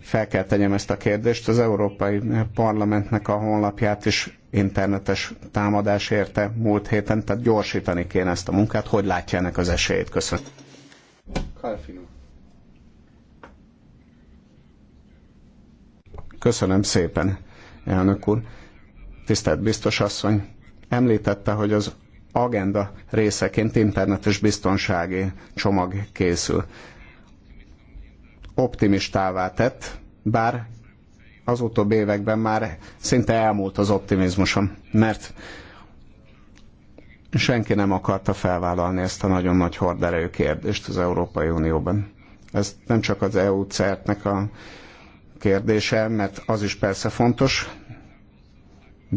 fel kell tegyem ezt a kérdést, az Európai Parlamentnek a honlapját is internetes támadás érte múlt héten, tehát gyorsítani kéne ezt a munkát. Hogy látja ennek az esélyét? Köszönöm. Köszönöm szépen, elnök úr. Tisztelt biztos asszony, említette, hogy az agenda részeként internetes biztonsági csomag készül. Optimistává tett, bár az utóbbi években már szinte elmúlt az optimizmusom, mert senki nem akarta felvállalni ezt a nagyon nagy horderejű kérdést az Európai Unióban. Ez nem csak az EU-CERT-nek a kérdése, mert az is persze fontos,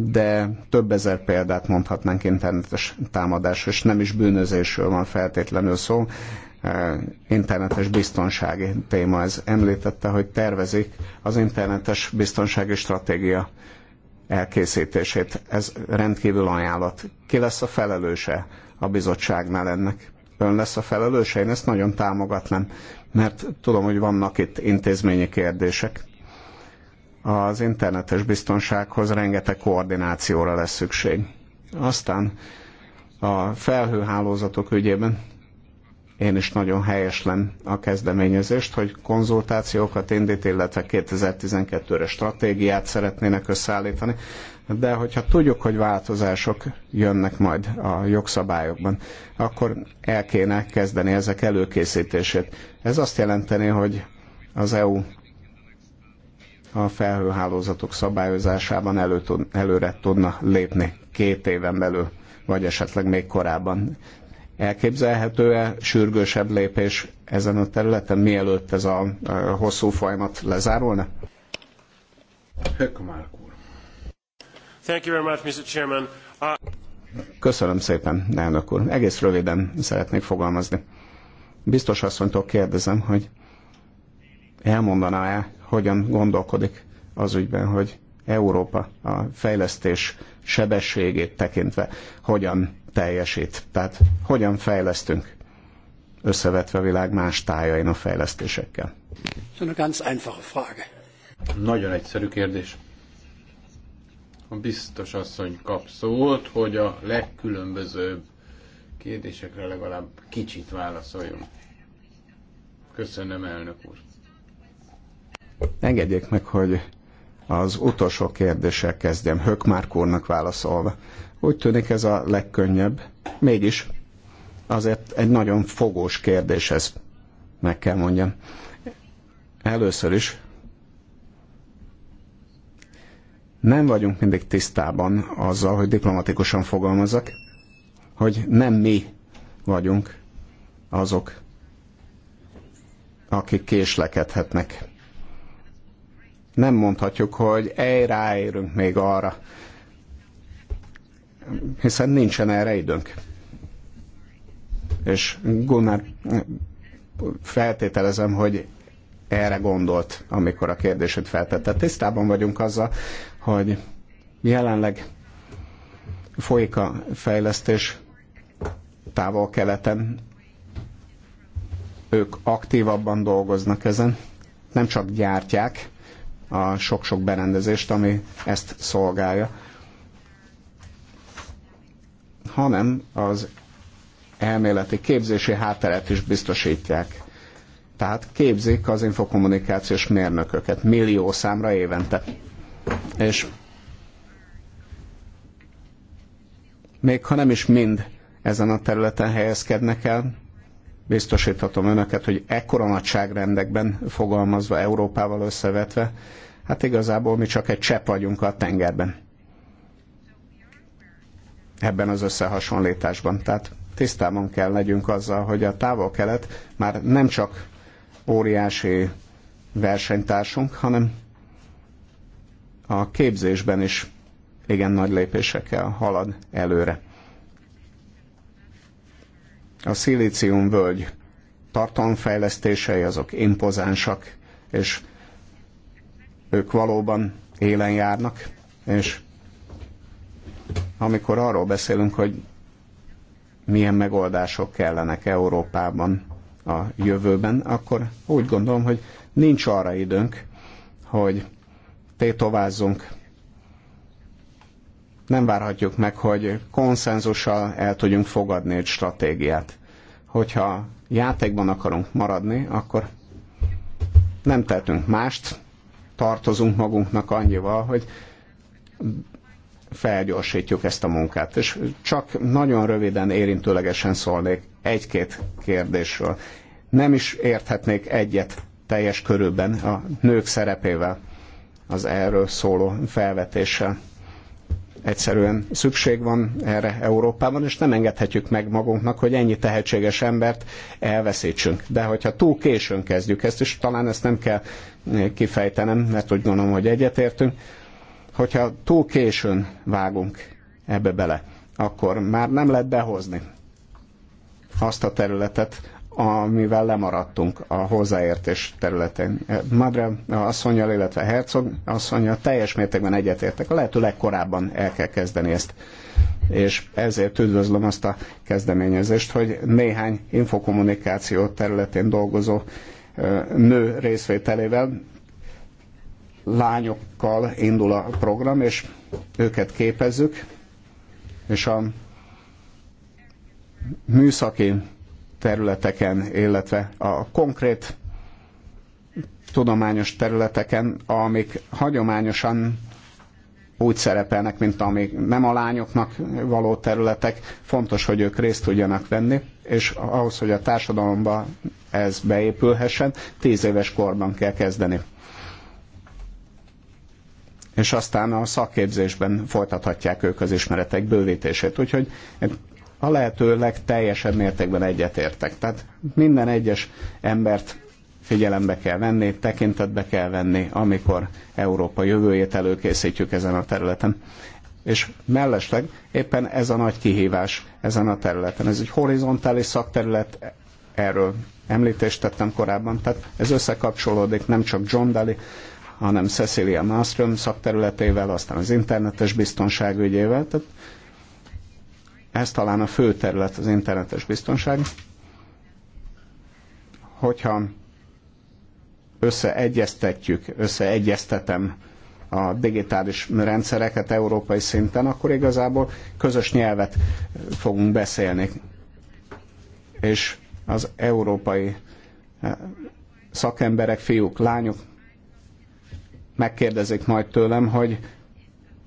de több ezer példát mondhatnánk internetes támadásról, és nem is bűnözésről van feltétlenül szó. E, internetes biztonsági téma ez. Említette, hogy tervezik az internetes biztonsági stratégia elkészítését. Ez rendkívül ajánlat. Ki lesz a felelőse a bizottságnál ennek? Ön lesz a felelőse? Én ezt nagyon támogatnám, mert tudom, hogy vannak itt intézményi kérdések az internetes biztonsághoz rengeteg koordinációra lesz szükség. Aztán a felhőhálózatok ügyében én is nagyon helyeslem a kezdeményezést, hogy konzultációkat indít, illetve 2012-re stratégiát szeretnének összeállítani, de hogyha tudjuk, hogy változások jönnek majd a jogszabályokban, akkor el kéne kezdeni ezek előkészítését. Ez azt jelenteni, hogy az EU a felhőhálózatok szabályozásában elő, előre tudna lépni két éven belül, vagy esetleg még korábban. Elképzelhető-e sürgősebb lépés ezen a területen, mielőtt ez a, a hosszú folyamat lezárulna? Uh, Köszönöm szépen, elnök úr. Egész röviden szeretnék fogalmazni. Biztos asszonytól kérdezem, hogy elmondaná-e hogyan gondolkodik az ügyben, hogy Európa a fejlesztés sebességét tekintve hogyan teljesít. Tehát hogyan fejlesztünk összevetve a világ más tájain a fejlesztésekkel. Nagyon egyszerű kérdés. A biztos asszony kap szót, hogy a legkülönbözőbb kérdésekre legalább kicsit válaszoljon. Köszönöm, elnök úr. Engedjék meg, hogy az utolsó kérdéssel kezdjem, Hökmárk úrnak válaszolva. Úgy tűnik ez a legkönnyebb, mégis azért egy nagyon fogós kérdés ez, meg kell mondjam. Először is nem vagyunk mindig tisztában azzal, hogy diplomatikusan fogalmazok, hogy nem mi vagyunk azok, akik késlekedhetnek nem mondhatjuk, hogy ej, ráérünk még arra, hiszen nincsen erre időnk. És Gunnar, feltételezem, hogy erre gondolt, amikor a kérdését feltette. Tisztában vagyunk azzal, hogy jelenleg folyik a fejlesztés távol-keleten. Ők aktívabban dolgoznak ezen, nem csak gyártják, a sok-sok berendezést, ami ezt szolgálja, hanem az elméleti képzési hátteret is biztosítják. Tehát képzik az infokommunikációs mérnököket millió számra évente. És még ha nem is mind ezen a területen helyezkednek el, biztosíthatom önöket, hogy ekkora nagyságrendekben fogalmazva, Európával összevetve, hát igazából mi csak egy csepp vagyunk a tengerben. Ebben az összehasonlításban. Tehát tisztában kell legyünk azzal, hogy a távol-kelet már nem csak óriási versenytársunk, hanem a képzésben is igen nagy lépésekkel halad előre. A szilícium völgy tartalomfejlesztései azok impozánsak, és ők valóban élen járnak, és amikor arról beszélünk, hogy milyen megoldások kellenek Európában a jövőben, akkor úgy gondolom, hogy nincs arra időnk, hogy tétovázzunk nem várhatjuk meg, hogy konszenzussal el tudjunk fogadni egy stratégiát. Hogyha játékban akarunk maradni, akkor nem tehetünk mást, tartozunk magunknak annyival, hogy felgyorsítjuk ezt a munkát. És csak nagyon röviden, érintőlegesen szólnék egy-két kérdésről. Nem is érthetnék egyet teljes körülben a nők szerepével az erről szóló felvetéssel. Egyszerűen szükség van erre Európában, és nem engedhetjük meg magunknak, hogy ennyi tehetséges embert elveszítsünk. De hogyha túl későn kezdjük ezt, és talán ezt nem kell eh, kifejtenem, mert úgy gondolom, hogy egyetértünk, hogyha túl későn vágunk ebbe bele, akkor már nem lehet behozni azt a területet, amivel lemaradtunk a hozzáértés területén. Madre asszonyjal, illetve Herzog asszonya teljes mértékben egyetértek. A lehető legkorábban el kell kezdeni ezt. És ezért üdvözlöm azt a kezdeményezést, hogy néhány infokommunikáció területén dolgozó nő részvételével lányokkal indul a program, és őket képezzük, és a műszaki területeken, illetve a konkrét tudományos területeken, amik hagyományosan úgy szerepelnek, mint amik nem a lányoknak való területek, fontos, hogy ők részt tudjanak venni, és ahhoz, hogy a társadalomba ez beépülhessen, tíz éves korban kell kezdeni. És aztán a szakképzésben folytathatják ők az ismeretek bővítését. Úgyhogy a lehető legteljesebb mértékben egyetértek. Tehát minden egyes embert figyelembe kell venni, tekintetbe kell venni, amikor Európa jövőjét előkészítjük ezen a területen. És mellesleg éppen ez a nagy kihívás ezen a területen. Ez egy horizontális szakterület, erről említést tettem korábban, tehát ez összekapcsolódik nem csak John Daly, hanem Cecilia Malmström szakterületével, aztán az internetes biztonságügyével, tehát ez talán a fő terület az internetes biztonság. Hogyha összeegyeztetjük, összeegyeztetem a digitális rendszereket európai szinten, akkor igazából közös nyelvet fogunk beszélni. És az európai eh, szakemberek, fiúk, lányok megkérdezik majd tőlem, hogy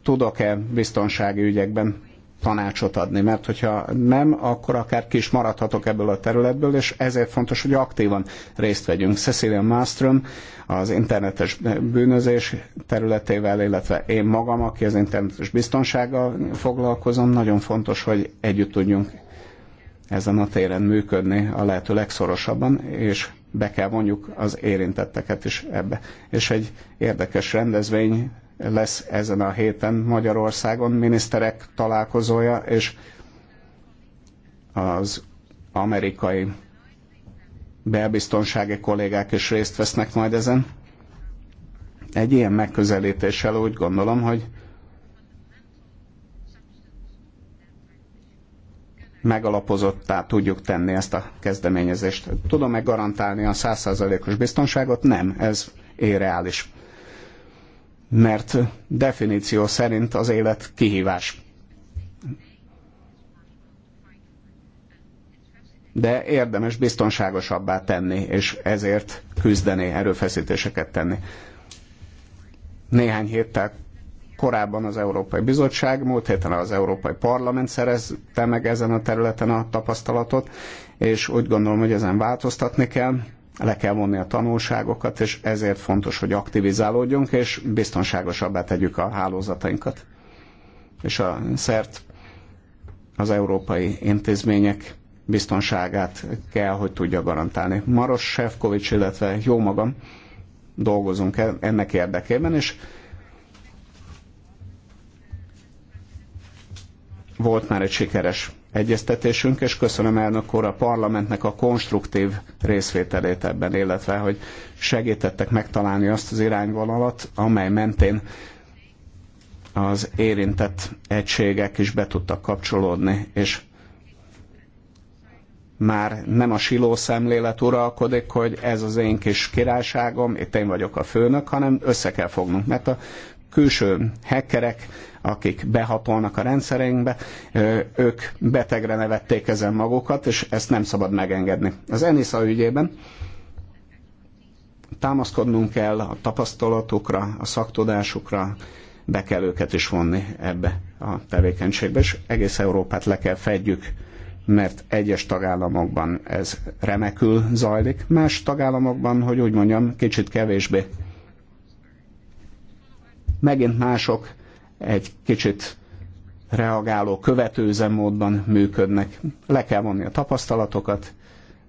tudok-e biztonsági ügyekben tanácsot adni, mert hogyha nem, akkor akár ki is maradhatok ebből a területből, és ezért fontos, hogy aktívan részt vegyünk. Cecilia Malmström az internetes bűnözés területével, illetve én magam, aki az internetes biztonsággal foglalkozom, nagyon fontos, hogy együtt tudjunk ezen a téren működni a lehető legszorosabban, és be kell vonjuk az érintetteket is ebbe. És egy érdekes rendezvény lesz ezen a héten Magyarországon miniszterek találkozója, és az amerikai belbiztonsági kollégák is részt vesznek majd ezen. Egy ilyen megközelítéssel úgy gondolom, hogy megalapozottá tudjuk tenni ezt a kezdeményezést. Tudom-e garantálni a 100%-os biztonságot? Nem, ez irreális mert definíció szerint az élet kihívás. De érdemes biztonságosabbá tenni, és ezért küzdeni, erőfeszítéseket tenni. Néhány héttel korábban az Európai Bizottság, múlt héten az Európai Parlament szerezte meg ezen a területen a tapasztalatot, és úgy gondolom, hogy ezen változtatni kell le kell vonni a tanulságokat, és ezért fontos, hogy aktivizálódjunk, és biztonságosabbá tegyük a hálózatainkat. És a szert az európai intézmények biztonságát kell, hogy tudja garantálni. Maros Sefcovics, illetve jó magam dolgozunk e- ennek érdekében, és volt már egy sikeres egyeztetésünk, és köszönöm elnök úr a parlamentnek a konstruktív részvételét ebben, illetve hogy segítettek megtalálni azt az irányvonalat, amely mentén az érintett egységek is be tudtak kapcsolódni, és már nem a siló szemlélet uralkodik, hogy ez az én kis királyságom, itt én vagyok a főnök, hanem össze kell fognunk, mert a külső hackerek, akik behatolnak a rendszerünkbe, ők betegre nevették ezen magukat, és ezt nem szabad megengedni. Az Enisa ügyében támaszkodnunk kell a tapasztalatukra, a szaktudásukra, be kell őket is vonni ebbe a tevékenységbe, és egész Európát le kell fedjük, mert egyes tagállamokban ez remekül zajlik, más tagállamokban, hogy úgy mondjam, kicsit kevésbé. Megint mások egy kicsit reagáló, követő üzemmódban működnek. Le kell vonni a tapasztalatokat,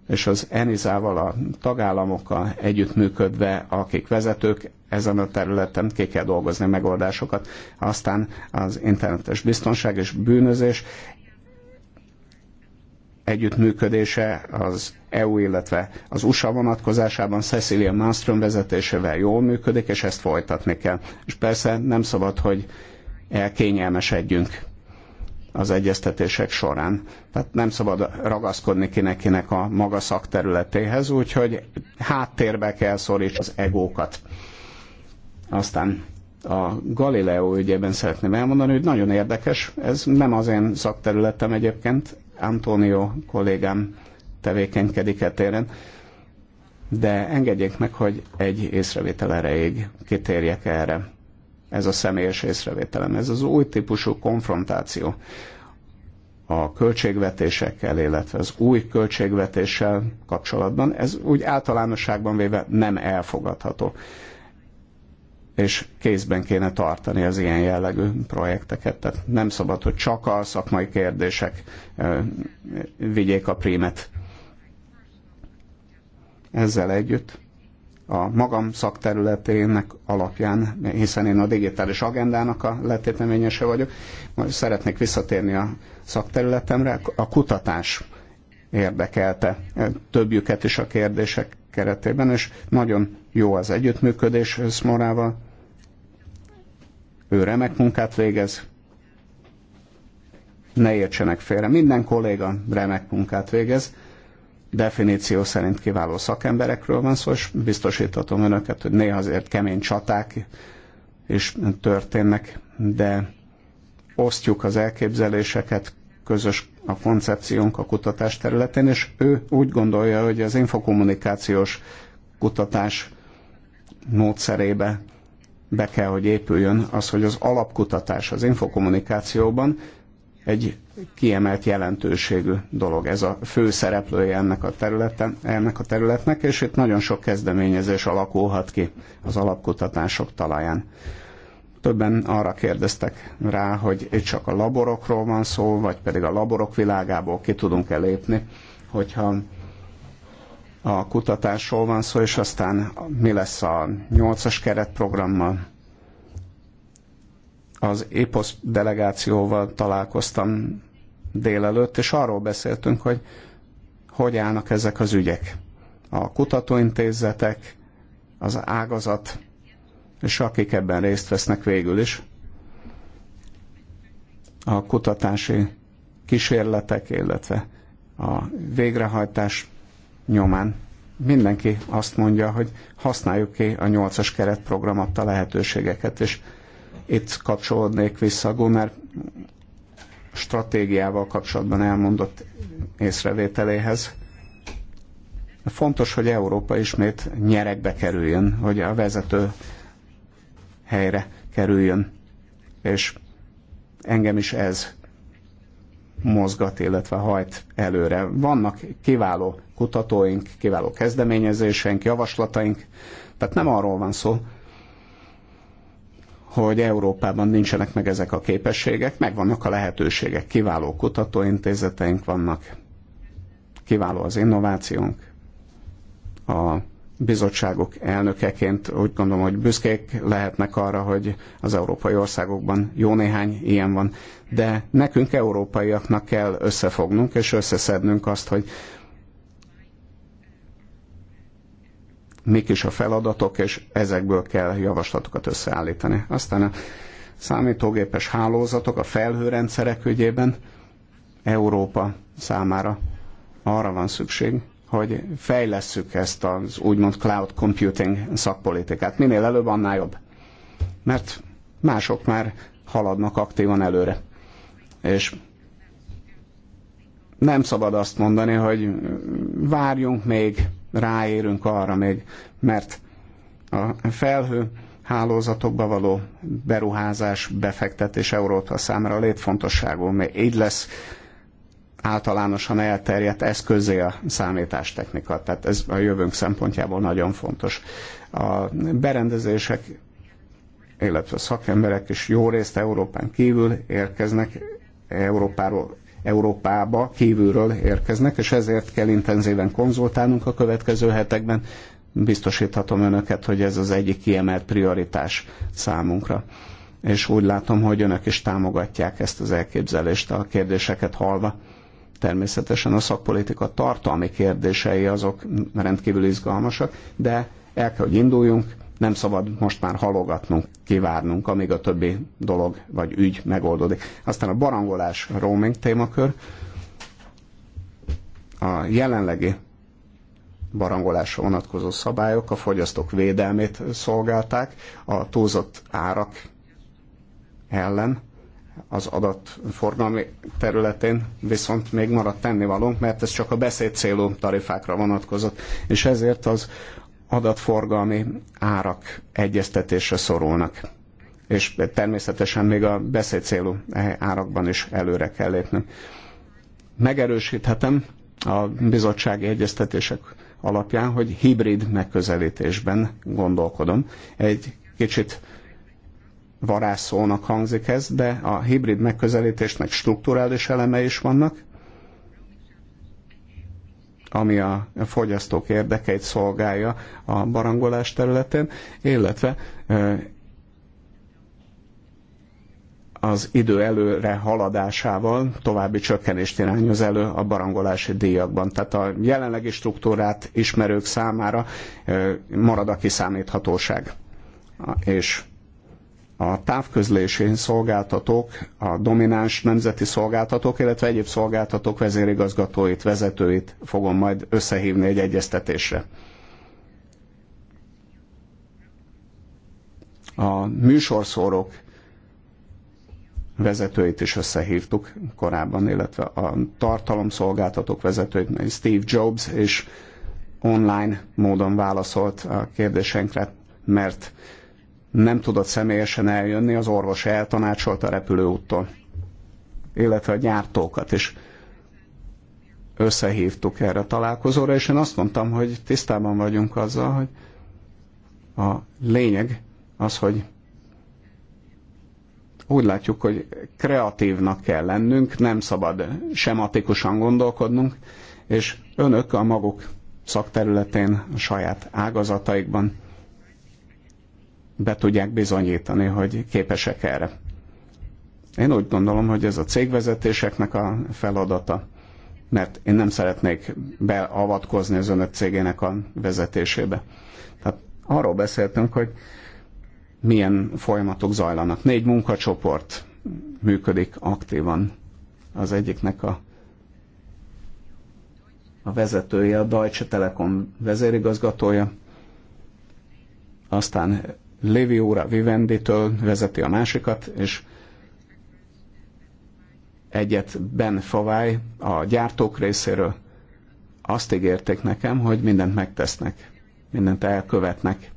és az Enizával, a tagállamokkal együttműködve, akik vezetők, ezen a területen ki kell dolgozni megoldásokat. Aztán az internetes biztonság és bűnözés együttműködése az EU, illetve az USA vonatkozásában Cecilia Malmström vezetésével jól működik, és ezt folytatni kell. És persze nem szabad, hogy elkényelmesedjünk az egyeztetések során. Tehát nem szabad ragaszkodni kinekinek a maga szakterületéhez, úgyhogy háttérbe kell szoríts az egókat. Aztán a Galileo ügyében szeretném elmondani, hogy nagyon érdekes, ez nem az én szakterületem egyébként, Antonio kollégám tevékenykedik e téren. de engedjék meg, hogy egy észrevétel erejéig kitérjek erre. Ez a személyes észrevételem, ez az új típusú konfrontáció a költségvetésekkel, illetve az új költségvetéssel kapcsolatban, ez úgy általánosságban véve nem elfogadható és kézben kéne tartani az ilyen jellegű projekteket. Tehát nem szabad, hogy csak a szakmai kérdések vigyék a prímet. Ezzel együtt a magam szakterületének alapján, hiszen én a digitális agendának a letéteményese vagyok, majd szeretnék visszatérni a szakterületemre, a kutatás érdekelte többjüket is a kérdések keretében, és nagyon jó az együttműködés Szmorával, ő remek munkát végez, ne értsenek félre, minden kolléga remek munkát végez, definíció szerint kiváló szakemberekről van szó, és biztosíthatom önöket, hogy néha azért kemény csaták is történnek, de osztjuk az elképzeléseket, közös a koncepciónk a kutatás területén, és ő úgy gondolja, hogy az infokommunikációs kutatás módszerébe be kell, hogy épüljön az, hogy az alapkutatás az infokommunikációban egy kiemelt jelentőségű dolog. Ez a fő szereplője ennek a, területen, ennek a területnek, és itt nagyon sok kezdeményezés alakulhat ki az alapkutatások talaján. Többen arra kérdeztek rá, hogy itt csak a laborokról van szó, vagy pedig a laborok világából ki tudunk-e lépni, hogyha a kutatásról van szó, és aztán mi lesz a nyolcas keretprogrammal. Az EPOS delegációval találkoztam délelőtt, és arról beszéltünk, hogy hogy állnak ezek az ügyek. A kutatóintézetek, az ágazat, és akik ebben részt vesznek végül is. A kutatási kísérletek, illetve a végrehajtás nyomán mindenki azt mondja, hogy használjuk ki a nyolcas keretprogramat keretprogram adta lehetőségeket, és itt kapcsolódnék vissza a Gunnar stratégiával kapcsolatban elmondott észrevételéhez. Fontos, hogy Európa ismét nyerekbe kerüljön, hogy a vezető helyre kerüljön, és engem is ez mozgat, illetve hajt előre. Vannak kiváló kutatóink, kiváló kezdeményezéseink, javaslataink, tehát nem arról van szó, hogy Európában nincsenek meg ezek a képességek, megvannak a lehetőségek, kiváló kutatóintézeteink vannak, kiváló az innovációnk. A bizottságok elnökeként úgy gondolom, hogy büszkék lehetnek arra, hogy az európai országokban jó néhány ilyen van de nekünk európaiaknak kell összefognunk és összeszednünk azt, hogy mik is a feladatok, és ezekből kell javaslatokat összeállítani. Aztán a számítógépes hálózatok, a felhőrendszerek ügyében Európa számára arra van szükség, hogy fejlesszük ezt az úgymond cloud computing szakpolitikát. Minél előbb, annál jobb. Mert mások már haladnak aktívan előre. És nem szabad azt mondani, hogy várjunk még, ráérünk arra még, mert a felhő hálózatokba való beruházás, befektetés Európa számára létfontosságú, mert így lesz általánosan elterjedt eszközé a számítástechnika. Tehát ez a jövőnk szempontjából nagyon fontos. A berendezések, illetve a szakemberek is jó részt Európán kívül érkeznek Európáról, Európába kívülről érkeznek, és ezért kell intenzíven konzultálnunk a következő hetekben. Biztosíthatom önöket, hogy ez az egyik kiemelt prioritás számunkra. És úgy látom, hogy önök is támogatják ezt az elképzelést a kérdéseket halva. Természetesen a szakpolitika tartalmi kérdései azok rendkívül izgalmasak, de el kell, hogy induljunk, nem szabad most már halogatnunk, kivárnunk, amíg a többi dolog vagy ügy megoldódik. Aztán a barangolás roaming témakör. A jelenlegi barangolásra vonatkozó szabályok a fogyasztók védelmét szolgálták a túlzott árak ellen, az adat forgalmi területén viszont még maradt tennivalónk, mert ez csak a beszéd célú tarifákra vonatkozott, és ezért az adatforgalmi árak egyeztetésre szorulnak. És természetesen még a beszédcélú árakban is előre kell lépni. Megerősíthetem a bizottsági egyeztetések alapján, hogy hibrid megközelítésben gondolkodom. Egy kicsit varázszónak hangzik ez, de a hibrid megközelítésnek strukturális elemei is vannak, ami a fogyasztók érdekeit szolgálja a barangolás területén, illetve az idő előre haladásával további csökkenést irányoz elő a barangolási díjakban. Tehát a jelenlegi struktúrát ismerők számára marad a kiszámíthatóság. És a távközlési szolgáltatók, a domináns nemzeti szolgáltatók, illetve egyéb szolgáltatók vezérigazgatóit, vezetőit fogom majd összehívni egy egyeztetésre. A műsorszórók vezetőit is összehívtuk korábban, illetve a tartalomszolgáltatók vezetőit, Steve Jobs és online módon válaszolt a kérdésenkre, mert nem tudott személyesen eljönni, az orvos eltanácsolta a repülőúttól, illetve a gyártókat is összehívtuk erre a találkozóra, és én azt mondtam, hogy tisztában vagyunk azzal, hogy a lényeg az, hogy úgy látjuk, hogy kreatívnak kell lennünk, nem szabad sematikusan gondolkodnunk, és önök a maguk szakterületén, a saját ágazataikban be tudják bizonyítani, hogy képesek erre. Én úgy gondolom, hogy ez a cégvezetéseknek a feladata, mert én nem szeretnék beavatkozni az önök cégének a vezetésébe. Tehát arról beszéltünk, hogy milyen folyamatok zajlanak. Négy munkacsoport működik aktívan. Az egyiknek a, a vezetője, a Deutsche Telekom vezérigazgatója, aztán Lévi úra Vivenditől vezeti a másikat, és egyet Ben Favály a gyártók részéről azt ígérték nekem, hogy mindent megtesznek, mindent elkövetnek,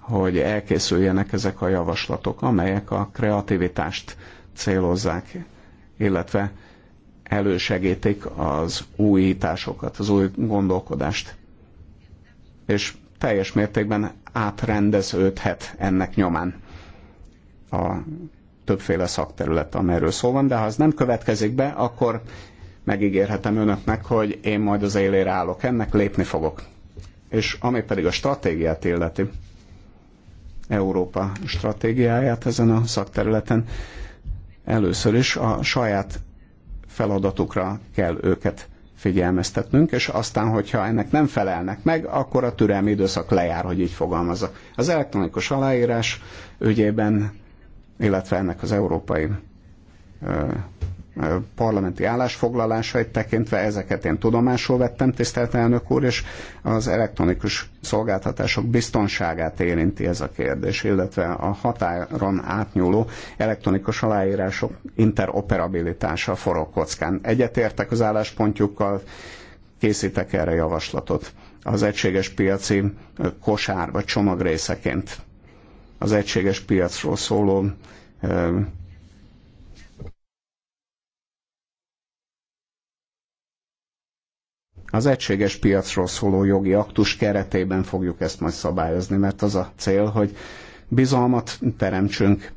hogy elkészüljenek ezek a javaslatok, amelyek a kreativitást célozzák, illetve elősegítik az újításokat, az új gondolkodást. És teljes mértékben átrendeződhet ennek nyomán a többféle szakterület, amelyről szó van, de ha az nem következik be, akkor megígérhetem önöknek, hogy én majd az élére állok ennek, lépni fogok. És ami pedig a stratégiát illeti, Európa stratégiáját ezen a szakterületen, először is a saját feladatukra kell őket figyelmeztetnünk, és aztán, hogyha ennek nem felelnek meg, akkor a türelmi időszak lejár, hogy így fogalmazza. Az elektronikus aláírás ügyében, illetve ennek az európai parlamenti állásfoglalásait tekintve ezeket én tudomásul vettem, tisztelt elnök úr, és az elektronikus szolgáltatások biztonságát érinti ez a kérdés, illetve a határon átnyúló elektronikus aláírások interoperabilitása forog kockán. Egyetértek az álláspontjukkal, készítek erre javaslatot az egységes piaci kosár vagy csomag részeként. Az egységes piacról szóló Az egységes piacról szóló jogi aktus keretében fogjuk ezt majd szabályozni, mert az a cél, hogy bizalmat teremtsünk,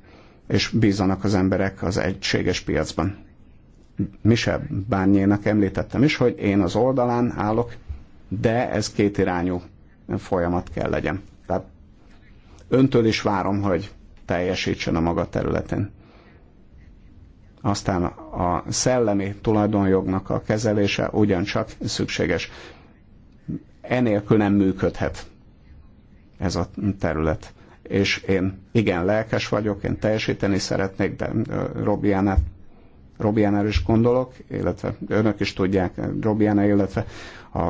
és bízanak az emberek az egységes piacban. Michel Bárnyénak említettem is, hogy én az oldalán állok, de ez kétirányú folyamat kell legyen. Tehát öntől is várom, hogy teljesítsen a maga területén. Aztán a szellemi tulajdonjognak a kezelése ugyancsak szükséges. Enélkül nem működhet ez a terület. És én igen lelkes vagyok, én teljesíteni szeretnék, de Robiana, is gondolok, illetve önök is tudják, Robiana, illetve a,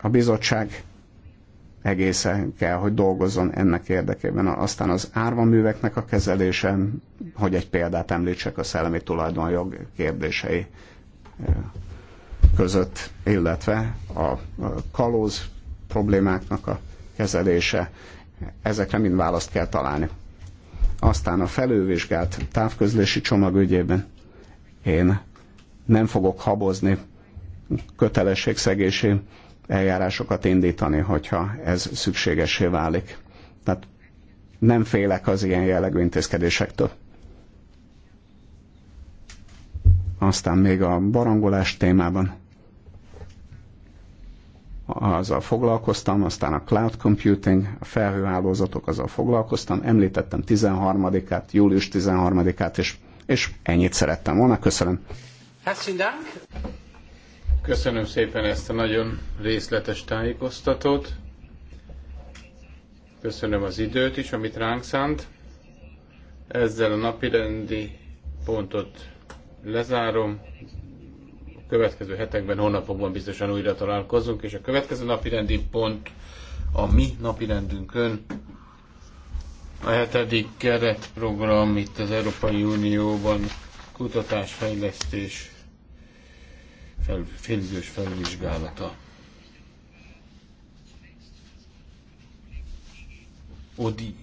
a bizottság egészen kell, hogy dolgozzon ennek érdekében. Aztán az árvaműveknek a kezelése, hogy egy példát említsek a szellemi tulajdonjog kérdései eh, között, illetve a kalóz problémáknak a kezelése, ezekre mind választ kell találni. Aztán a felővizsgált távközlési csomag ügyében én nem fogok habozni kötelességszegési eljárásokat indítani, hogyha ez szükségesé válik. Tehát nem félek az ilyen jellegű intézkedésektől. Aztán még a barangolás témában azzal foglalkoztam, aztán a cloud computing, a felhőhálózatok, azzal foglalkoztam, említettem 13-át, július 13-át, és, és ennyit szerettem volna. Köszönöm. Köszönöm. Köszönöm szépen ezt a nagyon részletes tájékoztatót. Köszönöm az időt is, amit ránk szánt. Ezzel a napirendi pontot lezárom. A következő hetekben, hónapokban biztosan újra találkozunk, és a következő napirendi pont a mi napirendünkön a hetedik keretprogram itt az Európai Unióban kutatásfejlesztés fel, félidős felvizsgálata. Odi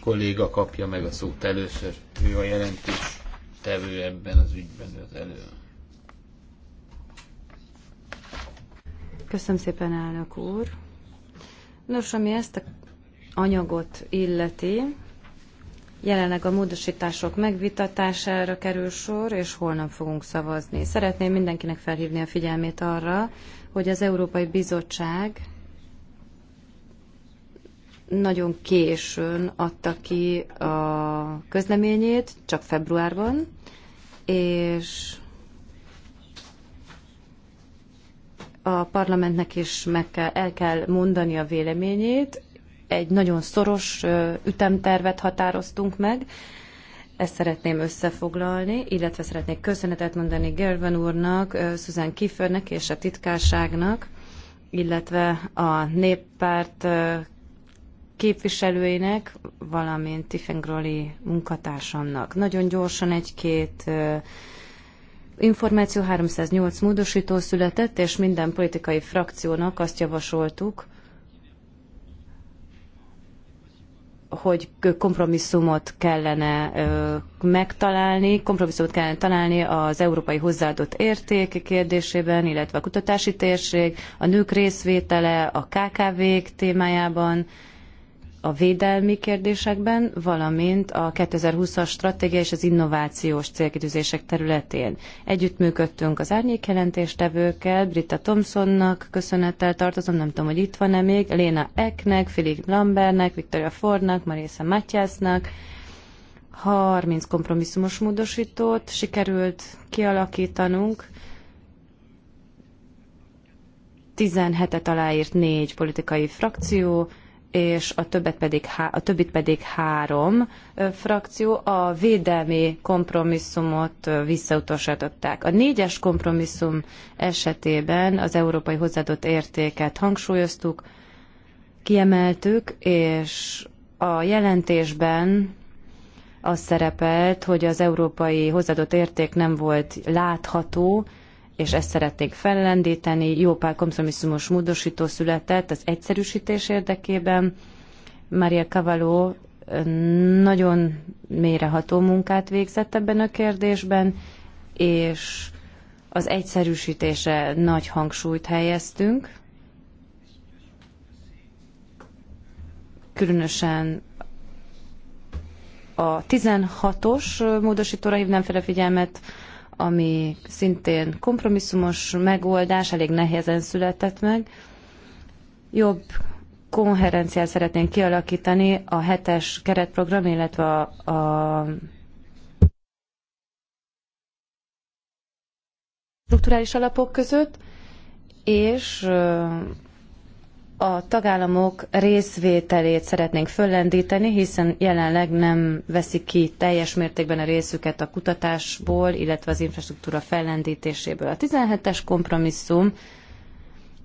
kolléga kapja meg a szót először. Ő a jelentés tevő ebben az ügyben az elő. Köszönöm szépen, elnök úr. Nos, ami ezt a anyagot illeti, Jelenleg a módosítások megvitatására kerül sor, és holnap fogunk szavazni. Szeretném mindenkinek felhívni a figyelmét arra, hogy az Európai Bizottság nagyon későn adta ki a közleményét, csak februárban, és a parlamentnek is meg kell, el kell mondani a véleményét, egy nagyon szoros ütemtervet határoztunk meg. Ezt szeretném összefoglalni, illetve szeretnék köszönetet mondani Gerben úrnak, Susan Kiförnek és a titkárságnak, illetve a néppárt képviselőinek, valamint Tiffen Groli munkatársamnak. Nagyon gyorsan egy-két információ 308 módosító született, és minden politikai frakciónak azt javasoltuk, hogy kompromisszumot kellene megtalálni, kompromisszumot kellene találni az európai hozzáadott érték kérdésében, illetve a kutatási térség, a nők részvétele, a KKV-k témájában, a védelmi kérdésekben, valamint a 2020-as stratégia és az innovációs célkitűzések területén. Együttműködtünk az árnyékjelentéstevőkkel, Britta Thomsonnak köszönettel tartozom, nem tudom, hogy itt van-e még, Léna Eknek, Philip Lambernek, Victoria Fordnak, Marisa Matyásznak, 30 kompromisszumos módosítót sikerült kialakítanunk, 17-et aláírt négy politikai frakció, és a, többet pedig há- a többit pedig három frakció a védelmi kompromisszumot visszautasították. A négyes kompromisszum esetében az európai hozzáadott értéket hangsúlyoztuk, kiemeltük, és a jelentésben az szerepelt, hogy az európai hozzáadott érték nem volt látható, és ezt szerették fellendíteni. Jó pár kompromisszumos módosító született az egyszerűsítés érdekében. Maria Cavallo nagyon mélyreható munkát végzett ebben a kérdésben, és az egyszerűsítése nagy hangsúlyt helyeztünk. Különösen a 16-os módosítóra hívnám fel a figyelmet, ami szintén kompromisszumos megoldás, elég nehézen született meg. Jobb konherenciát szeretnénk kialakítani a hetes keretprogram, illetve a, a strukturális alapok között, és a tagállamok részvételét szeretnénk föllendíteni, hiszen jelenleg nem veszik ki teljes mértékben a részüket a kutatásból, illetve az infrastruktúra fellendítéséből. A 17-es kompromisszum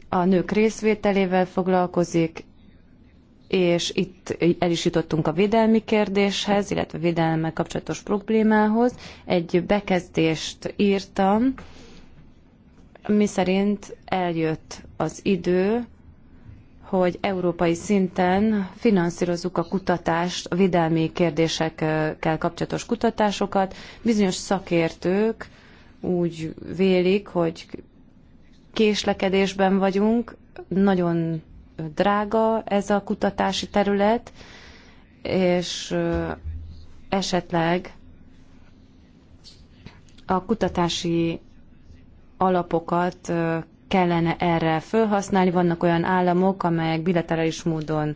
a nők részvételével foglalkozik, és itt el is jutottunk a védelmi kérdéshez, illetve védelemmel kapcsolatos problémához. Egy bekezdést írtam, miszerint eljött az idő, hogy európai szinten finanszírozzuk a kutatást, a védelmi kérdésekkel kapcsolatos kutatásokat. Bizonyos szakértők úgy vélik, hogy késlekedésben vagyunk, nagyon drága ez a kutatási terület, és esetleg a kutatási alapokat kellene erre felhasználni. Vannak olyan államok, amelyek bilaterális módon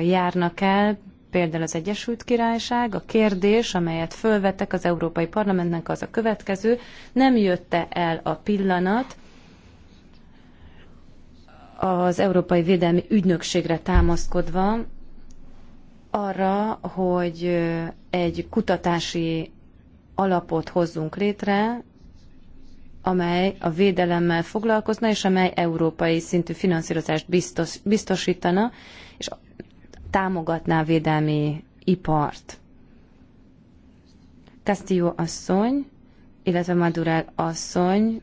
járnak el, például az Egyesült Királyság. A kérdés, amelyet fölvettek az Európai Parlamentnek, az a következő. Nem jötte el a pillanat, az Európai Védelmi Ügynökségre támaszkodva arra, hogy egy kutatási alapot hozzunk létre, amely a védelemmel foglalkozna, és amely európai szintű finanszírozást biztos, biztosítana, és támogatná a védelmi ipart. Castillo asszony, illetve Madurel asszony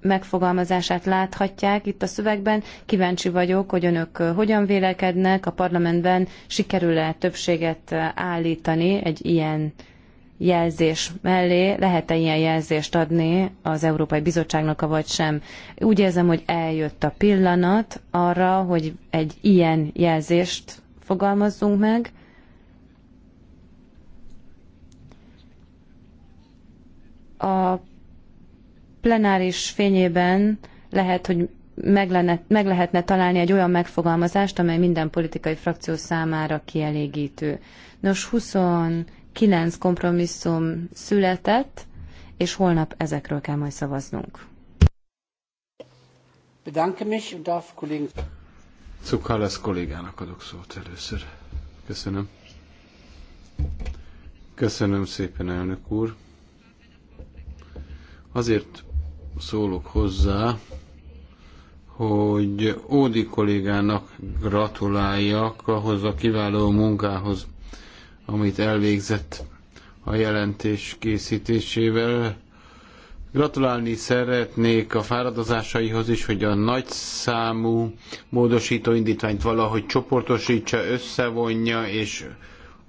megfogalmazását láthatják itt a szövegben. Kíváncsi vagyok, hogy önök eh, hogyan vélekednek, a parlamentben sikerül-e többséget eh, állítani egy ilyen jelzés mellé lehet-e ilyen jelzést adni az Európai Bizottságnak, vagy sem. Úgy érzem, hogy eljött a pillanat arra, hogy egy ilyen jelzést fogalmazzunk meg. A plenáris fényében lehet, hogy meg, lenne, meg lehetne találni egy olyan megfogalmazást, amely minden politikai frakció számára kielégítő. Nos, 27 kilenc kompromisszum született, és holnap ezekről kell majd szavaznunk. Bedanke mich und darf Kollegen... kollégának adok szót először. Köszönöm. Köszönöm szépen, elnök úr. Azért szólok hozzá, hogy Ódi kollégának gratuláljak ahhoz a kiváló munkához, amit elvégzett a jelentés készítésével. Gratulálni szeretnék a fáradozásaihoz is, hogy a nagyszámú módosító indítványt valahogy csoportosítsa, összevonja és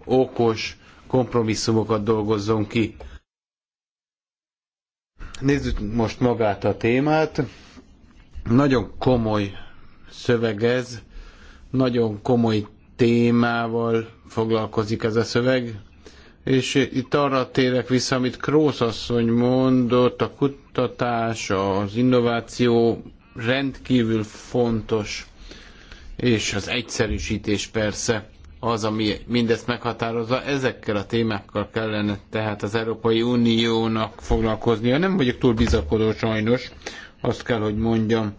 okos kompromisszumokat dolgozzon ki. Nézzük most magát a témát. Nagyon komoly szöveg ez, nagyon komoly témával foglalkozik ez a szöveg, és itt arra térek vissza, amit Krósz asszony mondott, a kutatás, az innováció rendkívül fontos, és az egyszerűsítés persze az, ami mindezt meghatározza, ezekkel a témákkal kellene tehát az Európai Uniónak foglalkoznia. Nem vagyok túl bizakodó sajnos, azt kell, hogy mondjam,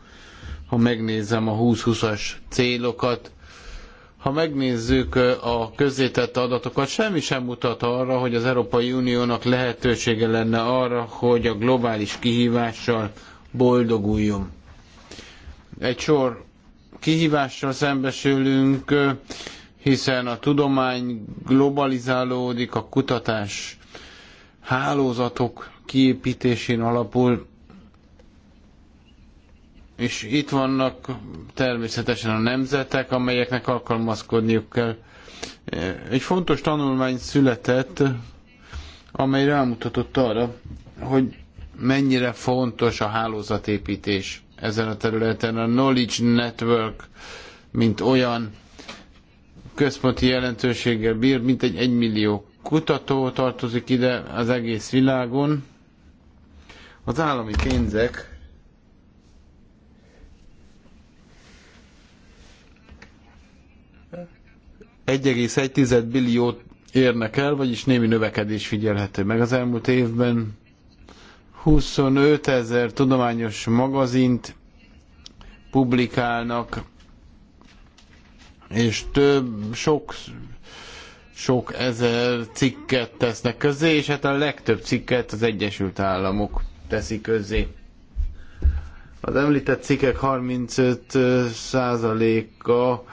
ha megnézem a 20-20-as célokat, ha megnézzük a közzétett adatokat, semmi sem mutat arra, hogy az Európai Uniónak lehetősége lenne arra, hogy a globális kihívással boldoguljon. Egy sor kihívással szembesülünk, hiszen a tudomány globalizálódik, a kutatás hálózatok kiépítésén alapul, és itt vannak természetesen a nemzetek, amelyeknek alkalmazkodniuk kell. Egy fontos tanulmány született, amely rámutatott arra, hogy mennyire fontos a hálózatépítés ezen a területen. A Knowledge Network, mint olyan központi jelentőséggel bír, mint egy egymillió kutató tartozik ide az egész világon. Az állami pénzek 1,1 billiót érnek el, vagyis némi növekedés figyelhető meg az elmúlt évben. 25 ezer tudományos magazint publikálnak, és több, sok, sok ezer cikket tesznek közé, és hát a legtöbb cikket az Egyesült Államok teszi közé. Az említett cikkek 35 százaléka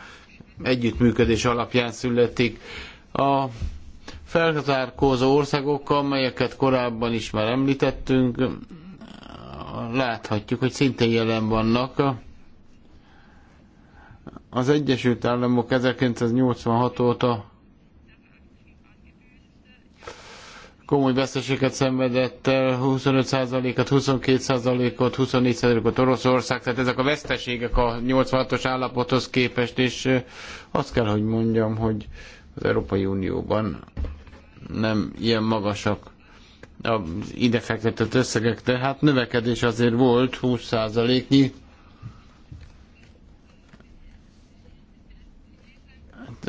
együttműködés alapján születik. A felhatárkózó országokkal, melyeket korábban is már említettünk, láthatjuk, hogy szintén jelen vannak. Az Egyesült Államok 1986 óta komoly veszteséget szenvedett el, 25%-at, 22%-ot, 24%-ot Oroszország, tehát ezek a veszteségek a 86-os állapothoz képest, és azt kell, hogy mondjam, hogy az Európai Unióban nem ilyen magasak az ide fektetett összegek, tehát növekedés azért volt 20%-nyi.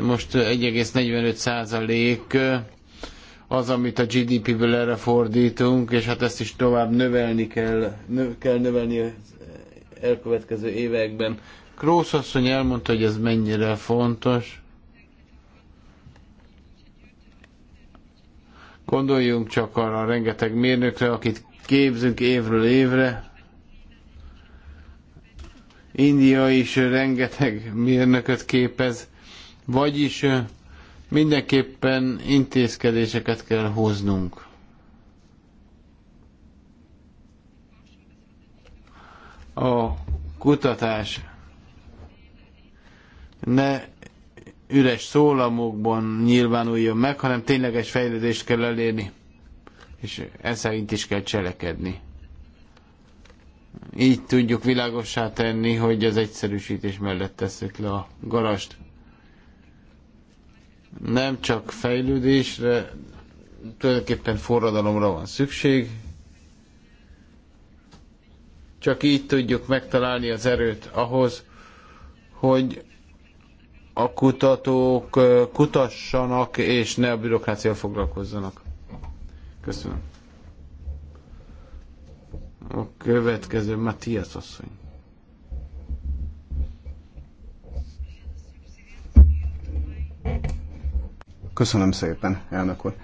Most 1,45 százalék az, amit a GDP-ből erre fordítunk, és hát ezt is tovább növelni kell, nö, kell növelni az elkövetkező években. Krósz asszony elmondta, hogy ez mennyire fontos. Gondoljunk csak arra a rengeteg mérnökre, akit képzünk évről évre. India is rengeteg mérnököt képez, vagyis Mindenképpen intézkedéseket kell hoznunk. A kutatás ne üres szólamokban nyilvánuljon meg, hanem tényleges fejlődést kell elérni, és ez szerint is kell cselekedni. Így tudjuk világossá tenni, hogy az egyszerűsítés mellett tesszük le a garast nem csak fejlődésre, tulajdonképpen forradalomra van szükség. Csak így tudjuk megtalálni az erőt ahhoz, hogy a kutatók kutassanak, és ne a bürokrácia foglalkozzanak. Köszönöm. A következő Matthias asszony. Köszönöm szépen, elnök úr.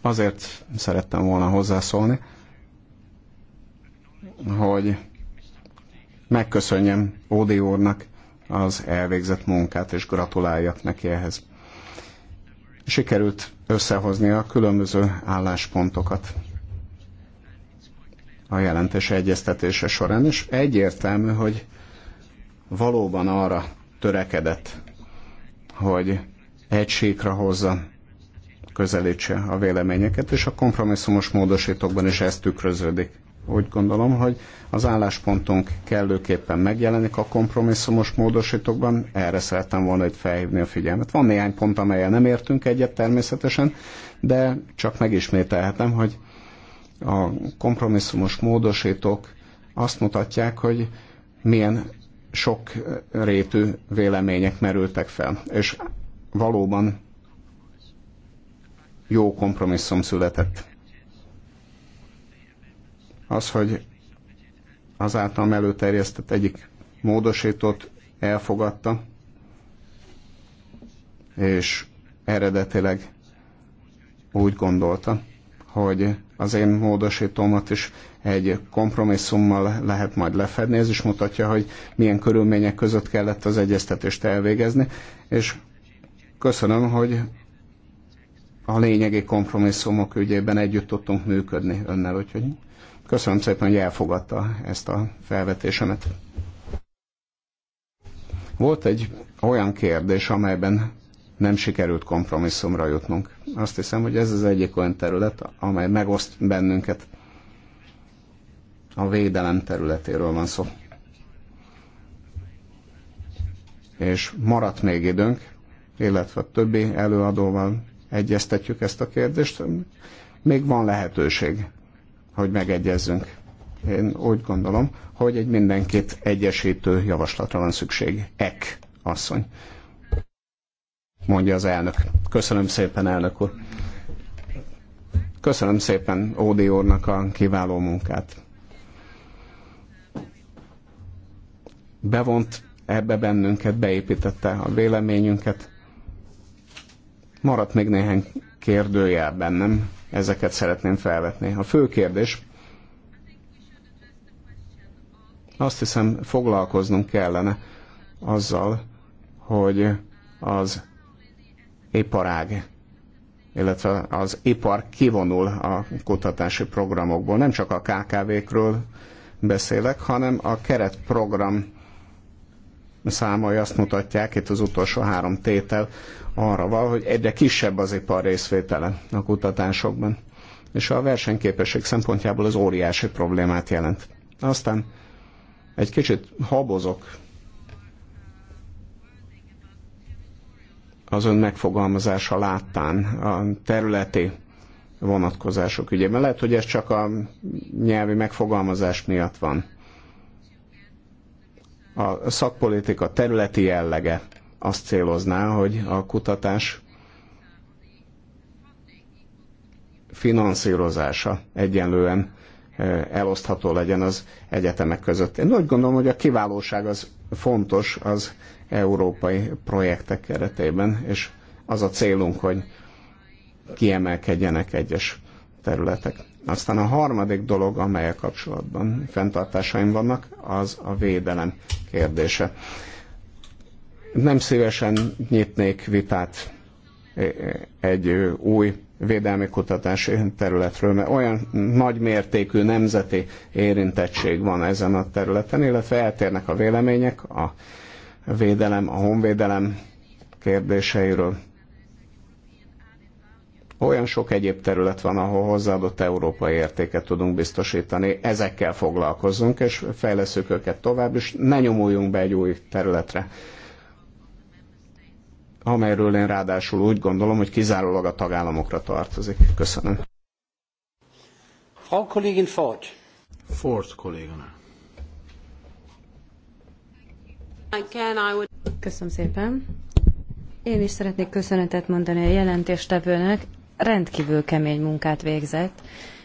Azért szerettem volna hozzászólni, hogy megköszönjem Ódi úrnak az elvégzett munkát, és gratuláljak neki ehhez. Sikerült összehozni a különböző álláspontokat a jelentés egyeztetése során, és egyértelmű, hogy valóban arra törekedett, hogy egy hozza, közelítse a véleményeket, és a kompromisszumos módosítókban is ez tükröződik. Úgy gondolom, hogy az álláspontunk kellőképpen megjelenik a kompromisszumos módosítókban, erre szerettem volna itt felhívni a figyelmet. Van néhány pont, amelyen nem értünk egyet természetesen, de csak megismételhetem, hogy a kompromisszumos módosítók azt mutatják, hogy milyen sok rétű vélemények merültek fel. És valóban jó kompromisszum született. Az, hogy az által előterjesztett egyik módosítót elfogadta, és eredetileg úgy gondolta, hogy az én módosítómat is egy kompromisszummal lehet majd lefedni. Ez is mutatja, hogy milyen körülmények között kellett az egyeztetést elvégezni, és Köszönöm, hogy a lényegi kompromisszumok ügyében együtt tudtunk működni önnel, úgyhogy köszönöm szépen, hogy elfogadta ezt a felvetésemet. Volt egy olyan kérdés, amelyben nem sikerült kompromisszumra jutnunk. Azt hiszem, hogy ez az egyik olyan terület, amely megoszt bennünket. A védelem területéről van szó. És maradt még időnk, illetve a többi előadóval egyeztetjük ezt a kérdést. Még van lehetőség, hogy megegyezzünk. Én úgy gondolom, hogy egy mindenkit egyesítő javaslatra van szükség. Ek asszony, mondja az elnök. Köszönöm szépen, elnök úr. Köszönöm szépen Ódi úrnak a kiváló munkát. Bevont ebbe bennünket, beépítette a véleményünket, Maradt még néhány kérdőjel bennem, ezeket szeretném felvetni. A fő kérdés, azt hiszem foglalkoznunk kellene azzal, hogy az iparág, illetve az ipar kivonul a kutatási programokból. Nem csak a KKV-kről beszélek, hanem a keretprogram számai azt mutatják, itt az utolsó három tétel arra van, hogy egyre kisebb az ipar részvétele a kutatásokban. És a versenyképesség szempontjából az óriási problémát jelent. Aztán egy kicsit habozok az ön megfogalmazása láttán a területi vonatkozások ügyében. Lehet, hogy ez csak a nyelvi megfogalmazás miatt van a szakpolitika területi jellege azt célozná, hogy a kutatás finanszírozása egyenlően e, elosztható legyen az egyetemek között. Én úgy gondolom, hogy a kiválóság az fontos az európai projektek keretében, és az a célunk, hogy kiemelkedjenek egyes területek. Aztán a harmadik dolog, amelyek kapcsolatban fenntartásaim vannak, az a védelem kérdése. Nem szívesen nyitnék vitát e, e, egy új védelmi kutatási területről, mert olyan nagy mértékű nemzeti érintettség van ezen a területen, illetve eltérnek a vélemények a védelem, a honvédelem kérdéseiről olyan sok egyéb terület van, ahol hozzáadott európai értéket tudunk biztosítani, ezekkel foglalkozzunk, és fejleszünk őket tovább, és ne nyomuljunk be egy új területre amelyről én ráadásul úgy gondolom, hogy kizárólag a tagállamokra tartozik. Köszönöm. Frau Kollegin Ford. Ford kolléganő. Köszönöm szépen. Én is szeretnék köszönetet mondani a jelentéstevőnek rendkívül kemény munkát végzett,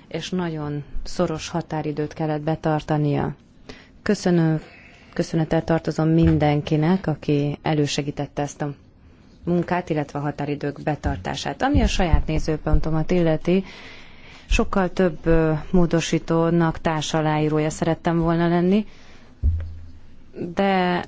és nagyon szoros határidőt kellett betartania. Köszönöm, köszönetet tartozom mindenkinek, aki elősegítette ezt a munkát, illetve a határidők betartását. Ami a saját nézőpontomat illeti, sokkal több módosítónak társaláírója szerettem volna lenni, de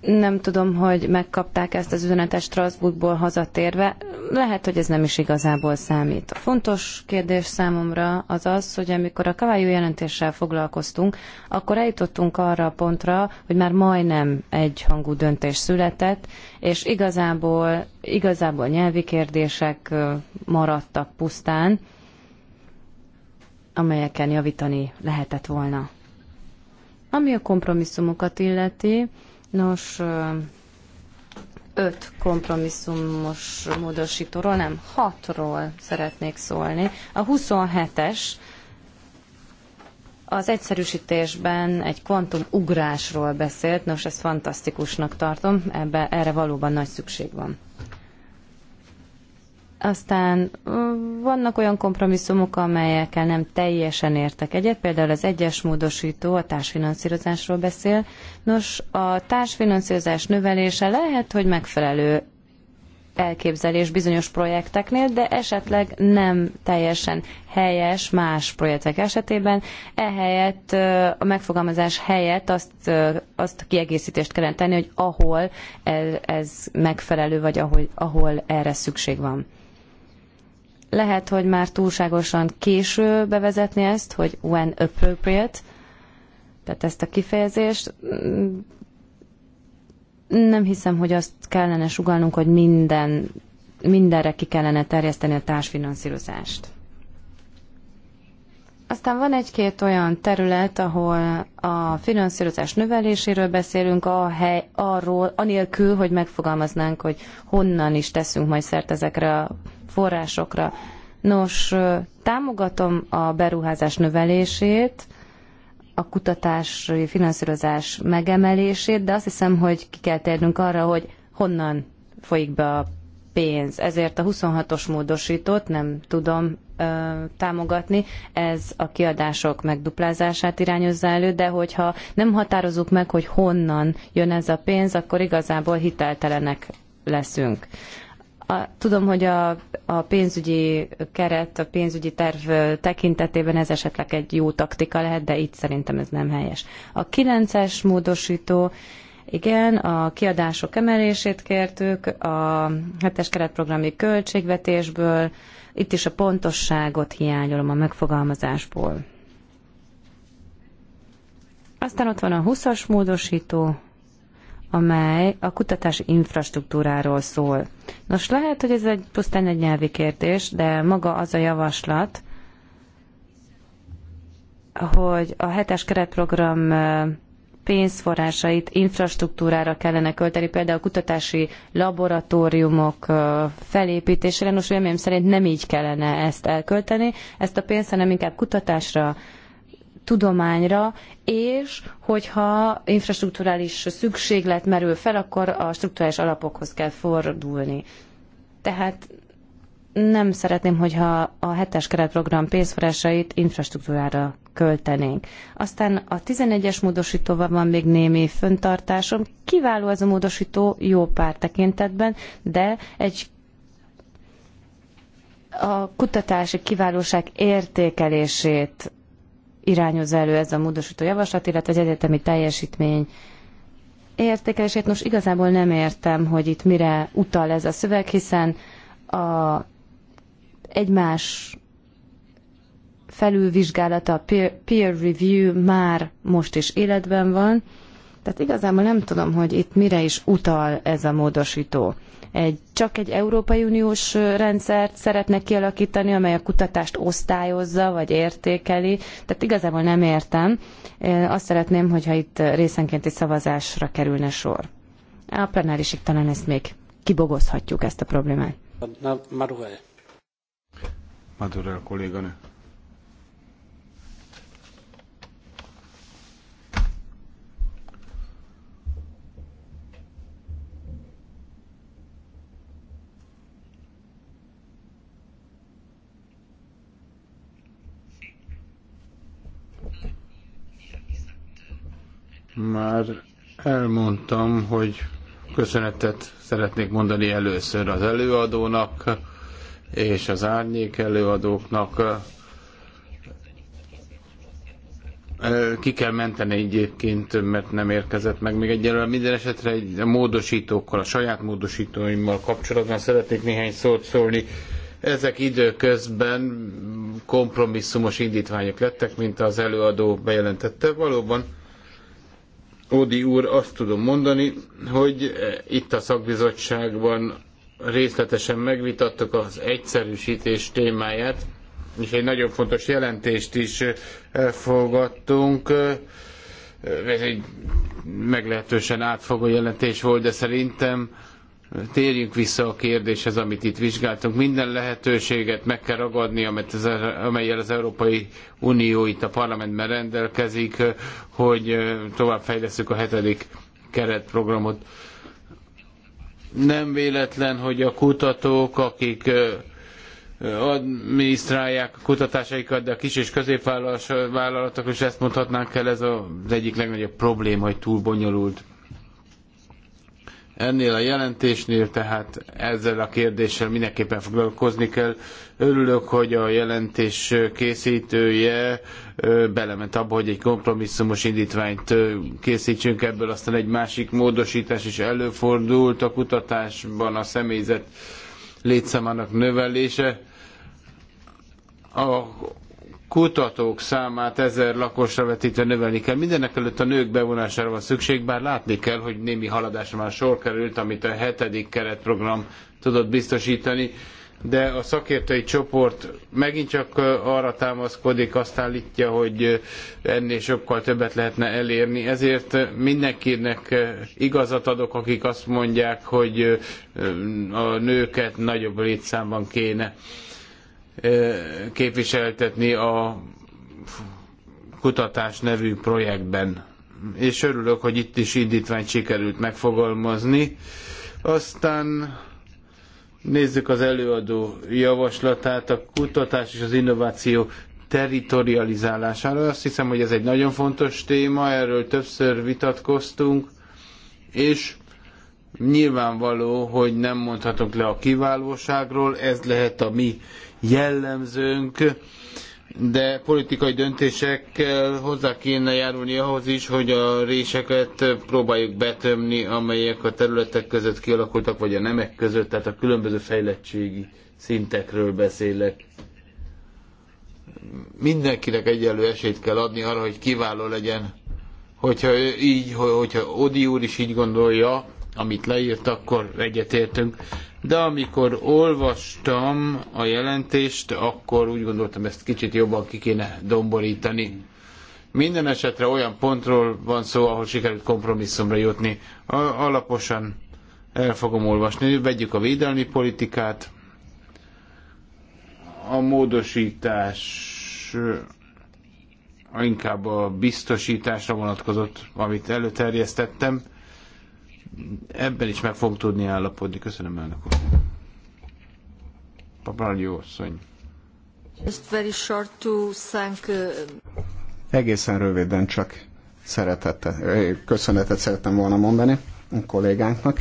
nem tudom, hogy megkapták ezt az üzenetet Strasbourgból hazatérve. Lehet, hogy ez nem is igazából számít. A fontos kérdés számomra az az, hogy amikor a kavályú jelentéssel foglalkoztunk, akkor eljutottunk arra a pontra, hogy már majdnem egy hangú döntés született, és igazából, igazából nyelvi kérdések maradtak pusztán, amelyeken javítani lehetett volna. Ami a kompromisszumokat illeti, Nos, öt kompromisszumos módosítóról, nem, hatról szeretnék szólni. A 27-es az egyszerűsítésben egy kvantum ugrásról beszélt, nos, ezt fantasztikusnak tartom, ebbe, erre valóban nagy szükség van. Aztán vannak olyan kompromisszumok, amelyekkel nem teljesen értek egyet, például az egyes módosító a társfinanszírozásról beszél. Nos, a társfinanszírozás növelése lehet, hogy megfelelő elképzelés bizonyos projekteknél, de esetleg nem teljesen helyes más projektek esetében. Ehelyett a megfogalmazás helyett azt, azt a kiegészítést kellene tenni, hogy ahol ez megfelelő, vagy ahol, ahol erre szükség van. Lehet, hogy már túlságosan késő bevezetni ezt, hogy when appropriate, tehát ezt a kifejezést. Nem hiszem, hogy azt kellene sugalnunk, hogy minden, mindenre ki kellene terjeszteni a társfinanszírozást. Aztán van egy-két olyan terület, ahol a finanszírozás növeléséről beszélünk, a hely, arról, anélkül, hogy megfogalmaznánk, hogy honnan is teszünk majd szert ezekre a forrásokra. Nos, támogatom a beruházás növelését, a kutatási finanszírozás megemelését, de azt hiszem, hogy ki kell térnünk arra, hogy honnan folyik be a pénz. Ezért a 26-os módosítót nem tudom ö, támogatni. Ez a kiadások megduplázását irányozza elő, de hogyha nem határozzuk meg, hogy honnan jön ez a pénz, akkor igazából hiteltelenek leszünk. A, tudom, hogy a, a pénzügyi keret, a pénzügyi terv tekintetében ez esetleg egy jó taktika lehet, de itt szerintem ez nem helyes. A 9-es módosító igen, a kiadások emelését kértük, a hetes keretprogrami költségvetésből, itt is a pontosságot hiányolom a megfogalmazásból. Aztán ott van a 20-as módosító, amely a kutatási infrastruktúráról szól. Nos, lehet, hogy ez egy pusztán egy nyelvi kérdés, de maga az a javaslat, hogy a hetes keretprogram pénzforrásait infrastruktúrára kellene költeni, például kutatási laboratóriumok felépítésére. Nos, véleményem szerint nem így kellene ezt elkölteni, ezt a pénzt, hanem inkább kutatásra, tudományra, és hogyha infrastruktúrális szükséglet merül fel, akkor a strukturális alapokhoz kell fordulni. Tehát nem szeretném, hogyha a hetes keretprogram pénzforrásait infrastruktúrára költenénk. Aztán a 11-es módosítóval van még némi föntartásom. Kiváló az a módosító jó pár tekintetben, de egy a kutatási kiválóság értékelését irányoz elő ez a módosító javaslat, illetve egy egyetemi teljesítmény értékelését. Nos, igazából nem értem, hogy itt mire utal ez a szöveg, hiszen a egymás felülvizsgálata, peer, review már most is életben van, tehát igazából nem tudom, hogy itt mire is utal ez a módosító. Egy, csak egy Európai Uniós rendszert szeretne kialakítani, amely a kutatást osztályozza, vagy értékeli. Tehát igazából nem értem. Én azt szeretném, hogyha itt részenkénti szavazásra kerülne sor. A plenárisig talán ezt még kibogozhatjuk, ezt a problémát. Madurel. Madurel kolléganő. Már elmondtam, hogy köszönetet szeretnék mondani először az előadónak és az árnyék előadóknak. Ki kell menteni egyébként, mert nem érkezett meg még egyelőre. Minden esetre egy módosítókkal, a saját módosítóimmal kapcsolatban szeretnék néhány szót szólni. Ezek időközben kompromisszumos indítványok lettek, mint az előadó bejelentette. Valóban Ódi úr, azt tudom mondani, hogy eh, itt a szakbizottságban részletesen megvitattuk az egyszerűsítés témáját, és egy nagyon fontos jelentést is eh, elfogadtunk. Eh, ez egy meglehetősen átfogó jelentés volt, de szerintem térjünk vissza a kérdéshez, amit itt vizsgáltunk. Minden lehetőséget meg kell ragadni, amit az, amelyel az Európai Unió itt a parlamentben rendelkezik, hogy tovább továbbfejlesztjük a hetedik keretprogramot. Nem véletlen, hogy a kutatók, akik adminisztrálják a kutatásaikat, de a kis és középvállalatok is ezt mondhatnánk el, ez az egyik legnagyobb probléma, hogy túl bonyolult ennél a jelentésnél, tehát ezzel a kérdéssel mindenképpen foglalkozni kell. Örülök, hogy a jelentés készítője belement abba, hogy egy kompromisszumos indítványt készítsünk ebből, aztán egy másik módosítás is előfordult a kutatásban a személyzet létszámának növelése. A kutatók számát ezer lakosra vetítve növelni kell. Mindenek előtt a nők bevonására van szükség, bár látni kell, hogy némi haladásra már sor került, amit a hetedik keretprogram tudott biztosítani, de a szakértői csoport megint csak arra támaszkodik, azt állítja, hogy ennél sokkal többet lehetne elérni. Ezért mindenkinek igazat adok, akik azt mondják, hogy a nőket nagyobb létszámban kéne képviseltetni a kutatás nevű projektben. És örülök, hogy itt is indítványt sikerült megfogalmazni. Aztán nézzük az előadó javaslatát, a kutatás és az innováció territorializálására. Azt hiszem, hogy ez egy nagyon fontos téma, erről többször vitatkoztunk, és Nyilvánvaló, hogy nem mondhatok le a kiválóságról, ez lehet a mi jellemzőnk, de politikai döntésekkel eh, hozzá kéne járulni ahhoz is, hogy a réseket próbáljuk betömni, amelyek a területek között kialakultak, vagy a nemek között, tehát a különböző fejlettségi szintekről beszélek mindenkinek egyenlő esélyt kell adni arra, hogy kiváló legyen. Hogyha így, hogyha Odi úr is így gondolja, amit leírt, akkor egyetértünk. De amikor olvastam a jelentést, akkor úgy gondoltam, ezt kicsit jobban ki kéne domborítani. Minden esetre olyan pontról van szó, ahol sikerült kompromisszumra jutni. Alaposan el fogom olvasni. Vegyük a védelmi politikát, a módosítás inkább a biztosításra vonatkozott, amit előterjesztettem ebben is meg fogunk tudni állapodni. Köszönöm, elnök úr. Papalágyó asszony. Just very short to thank... Uh, Egészen röviden csak szeretettel, köszönetet szerettem volna mondani a kollégánknak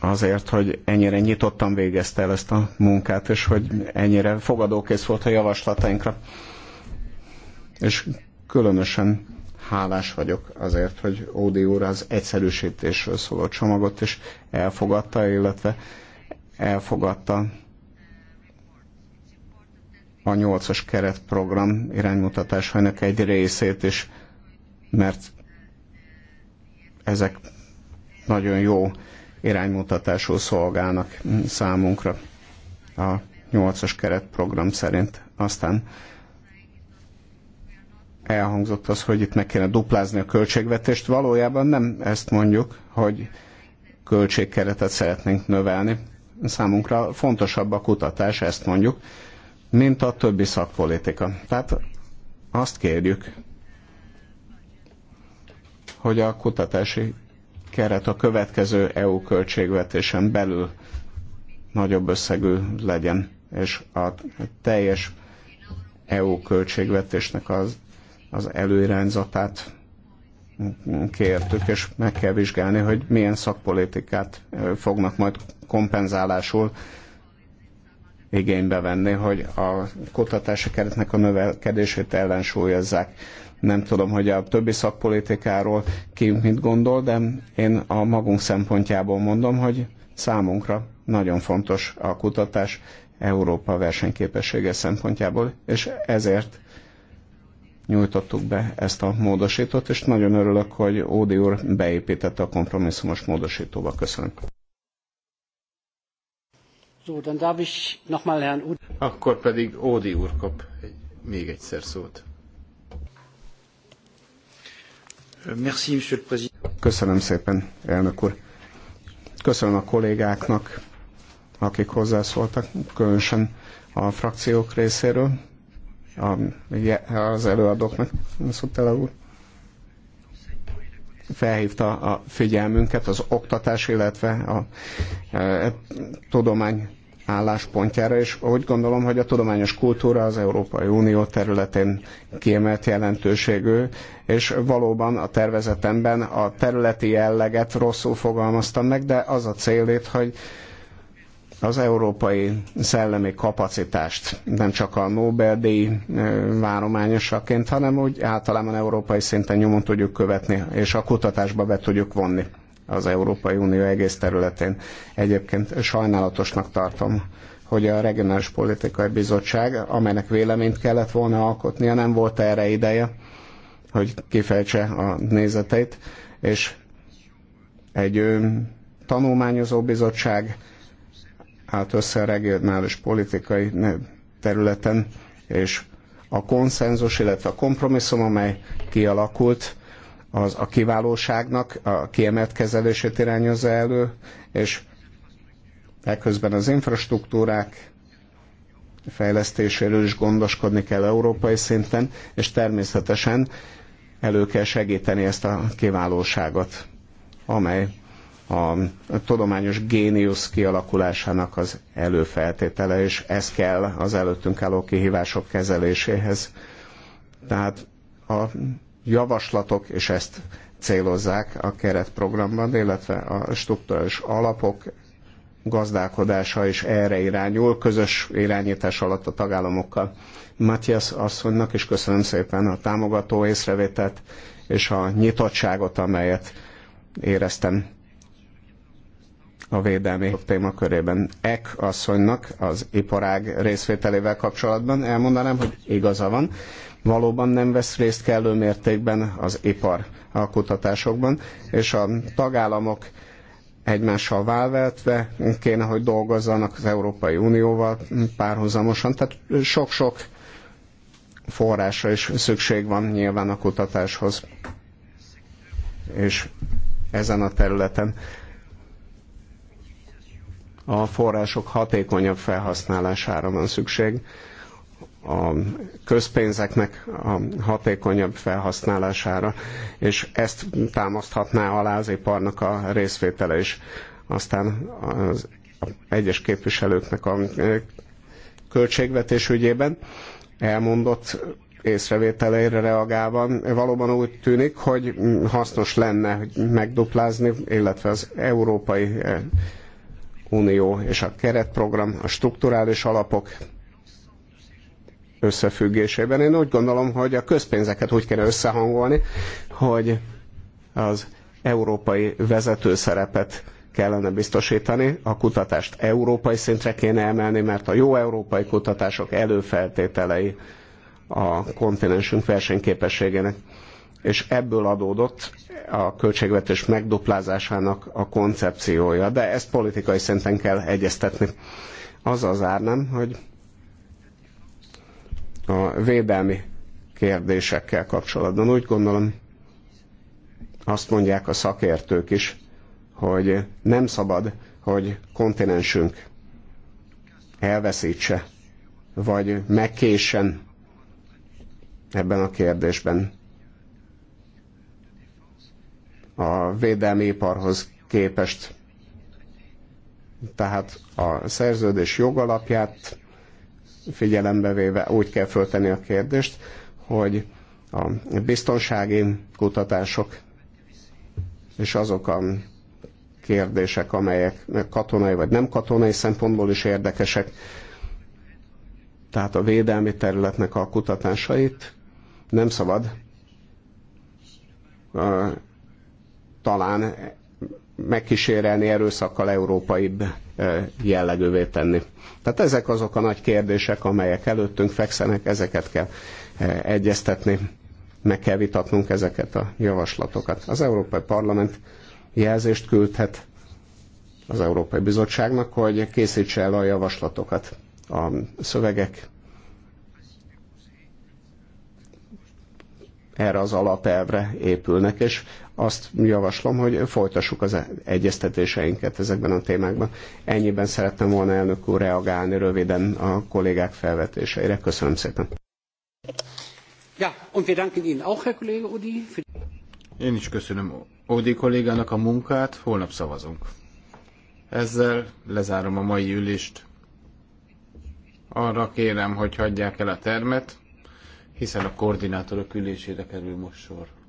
azért, hogy ennyire nyitottan végezte el ezt a munkát, és hogy ennyire fogadókész volt a javaslatainkra. És különösen hálás vagyok azért, hogy Ódi úr az egyszerűsítésről szóló csomagot is elfogadta, illetve elfogadta a nyolcas keretprogram iránymutatásainak egy részét is, mert ezek nagyon jó iránymutatású szolgálnak számunkra a nyolcas keretprogram szerint. Aztán elhangzott az, hogy itt meg kéne duplázni a költségvetést. Valójában nem ezt mondjuk, hogy költségkeretet szeretnénk növelni. Számunkra fontosabb a kutatás, ezt mondjuk, mint a többi szakpolitika. Tehát azt kérjük, hogy a kutatási keret a következő EU költségvetésen belül nagyobb összegű legyen, és a teljes EU költségvetésnek az az előirányzatát kértük, és meg kell vizsgálni, hogy milyen szakpolitikát fognak majd kompenzálásul igénybe venni, hogy a kutatási keretnek a növelkedését ellensúlyozzák. Nem tudom, hogy a többi szakpolitikáról ki mit gondol, de én a magunk szempontjából mondom, hogy számunkra nagyon fontos a kutatás Európa versenyképessége szempontjából, és ezért nyújtottuk be ezt a módosítót, és nagyon örülök, hogy Ódi úr beépítette a kompromisszumos módosítóba. Köszönöm. So, dann darf ich noch mal Herrn Ud Akkor pedig Ódi úr kap egy, még egyszer szót. Merci, Monsieur le Président. Köszönöm szépen, elnök úr. Köszönöm a kollégáknak, akik hozzászóltak, különösen a frakciók részéről a, az előadóknak, Szutele úr felhívta a figyelmünket az oktatás, illetve a a e, e, tudomány álláspontjára, és úgy gondolom, hogy a tudományos kultúra az Európai Unió területén kiemelt jelentőségű, és valóban a tervezetemben a területi jelleget rosszul fogalmaztam meg, de az a cél hogy az európai szellemi kapacitást nem csak a Nobel-díj várományosaként, hanem úgy általában európai szinten nyomon tudjuk követni, és a kutatásba be tudjuk vonni az Európai Unió egész területén. Egyébként sajnálatosnak tartom, hogy a Regionális Politikai Bizottság, amelynek véleményt kellett volna alkotnia, nem volt erre ideje, hogy kifejtse a nézeteit, és egy tanulmányozó bizottság hát össze a regionális politikai területen, és a konszenzus, illetve a kompromisszum, amely kialakult, az a kiválóságnak a kiemelt kezelését irányozza elő, és ekközben az infrastruktúrák fejlesztéséről is gondoskodni kell európai szinten, és természetesen elő kell segíteni ezt a kiválóságot, amely a tudományos géniusz kialakulásának az előfeltétele, és ez kell az előttünk álló kihívások kezeléséhez. Tehát a javaslatok, és ezt célozzák a keretprogramban, illetve a struktúrális alapok gazdálkodása is erre irányul, közös irányítás alatt a tagállamokkal. Matthias asszonynak is köszönöm szépen a támogató észrevételt és a nyitottságot, amelyet éreztem a védelmi témakörében. Ek asszonynak az iparág részvételével kapcsolatban elmondanám, hogy igaza van. Valóban nem vesz részt kellő mértékben az ipar a kutatásokban, és a tagállamok egymással válvetve kéne, hogy dolgozzanak az Európai Unióval párhuzamosan. Tehát sok-sok forrásra is szükség van nyilván a kutatáshoz. És ezen a területen a források hatékonyabb felhasználására van szükség, a közpénzeknek a hatékonyabb felhasználására, és ezt támaszthatná alá az iparnak a részvétele is. Aztán az egyes képviselőknek a költségvetés ügyében elmondott észrevételeire reagálva, valóban úgy tűnik, hogy hasznos lenne megduplázni, illetve az európai Unió és a keretprogram, a strukturális alapok összefüggésében. Én úgy gondolom, hogy a közpénzeket úgy kell összehangolni, hogy az európai vezető szerepet kellene biztosítani, a kutatást európai szintre kéne emelni, mert a jó európai kutatások előfeltételei a kontinensünk versenyképességének és ebből adódott a költségvetés megduplázásának a koncepciója, de ezt politikai szinten kell egyeztetni. Az az nem, hogy a védelmi kérdésekkel kapcsolatban úgy gondolom, azt mondják a szakértők is, hogy nem szabad, hogy kontinensünk elveszítse, vagy megkésen ebben a kérdésben a védelmi iparhoz képest. Tehát a szerződés jogalapját figyelembe véve úgy kell föltenni a kérdést, hogy a biztonsági kutatások és azok a kérdések, amelyek katonai vagy nem katonai szempontból is érdekesek, tehát a védelmi területnek a kutatásait nem szabad talán megkísérelni erőszakkal európaibb jellegűvé tenni. Tehát ezek azok a nagy kérdések, amelyek előttünk fekszenek, ezeket kell egyeztetni, meg kell vitatnunk ezeket a javaslatokat. Az Európai Parlament jelzést küldhet az Európai Bizottságnak, hogy készítse el a javaslatokat a szövegek erre az alapelvre épülnek, és azt javaslom, hogy folytassuk az egyeztetéseinket ezekben a témákban. Ennyiben szerettem volna elnök úr reagálni röviden a kollégák felvetéseire. Köszönöm szépen. Ja, und wir danken Ihnen auch, Herr Kollege Odi. Für... Én is köszönöm Odi kollégának a munkát, holnap szavazunk. Ezzel lezárom a mai ülést. Arra kérem, hogy hagyják el a termet, hiszen a koordinátorok ülésére kerül most sor.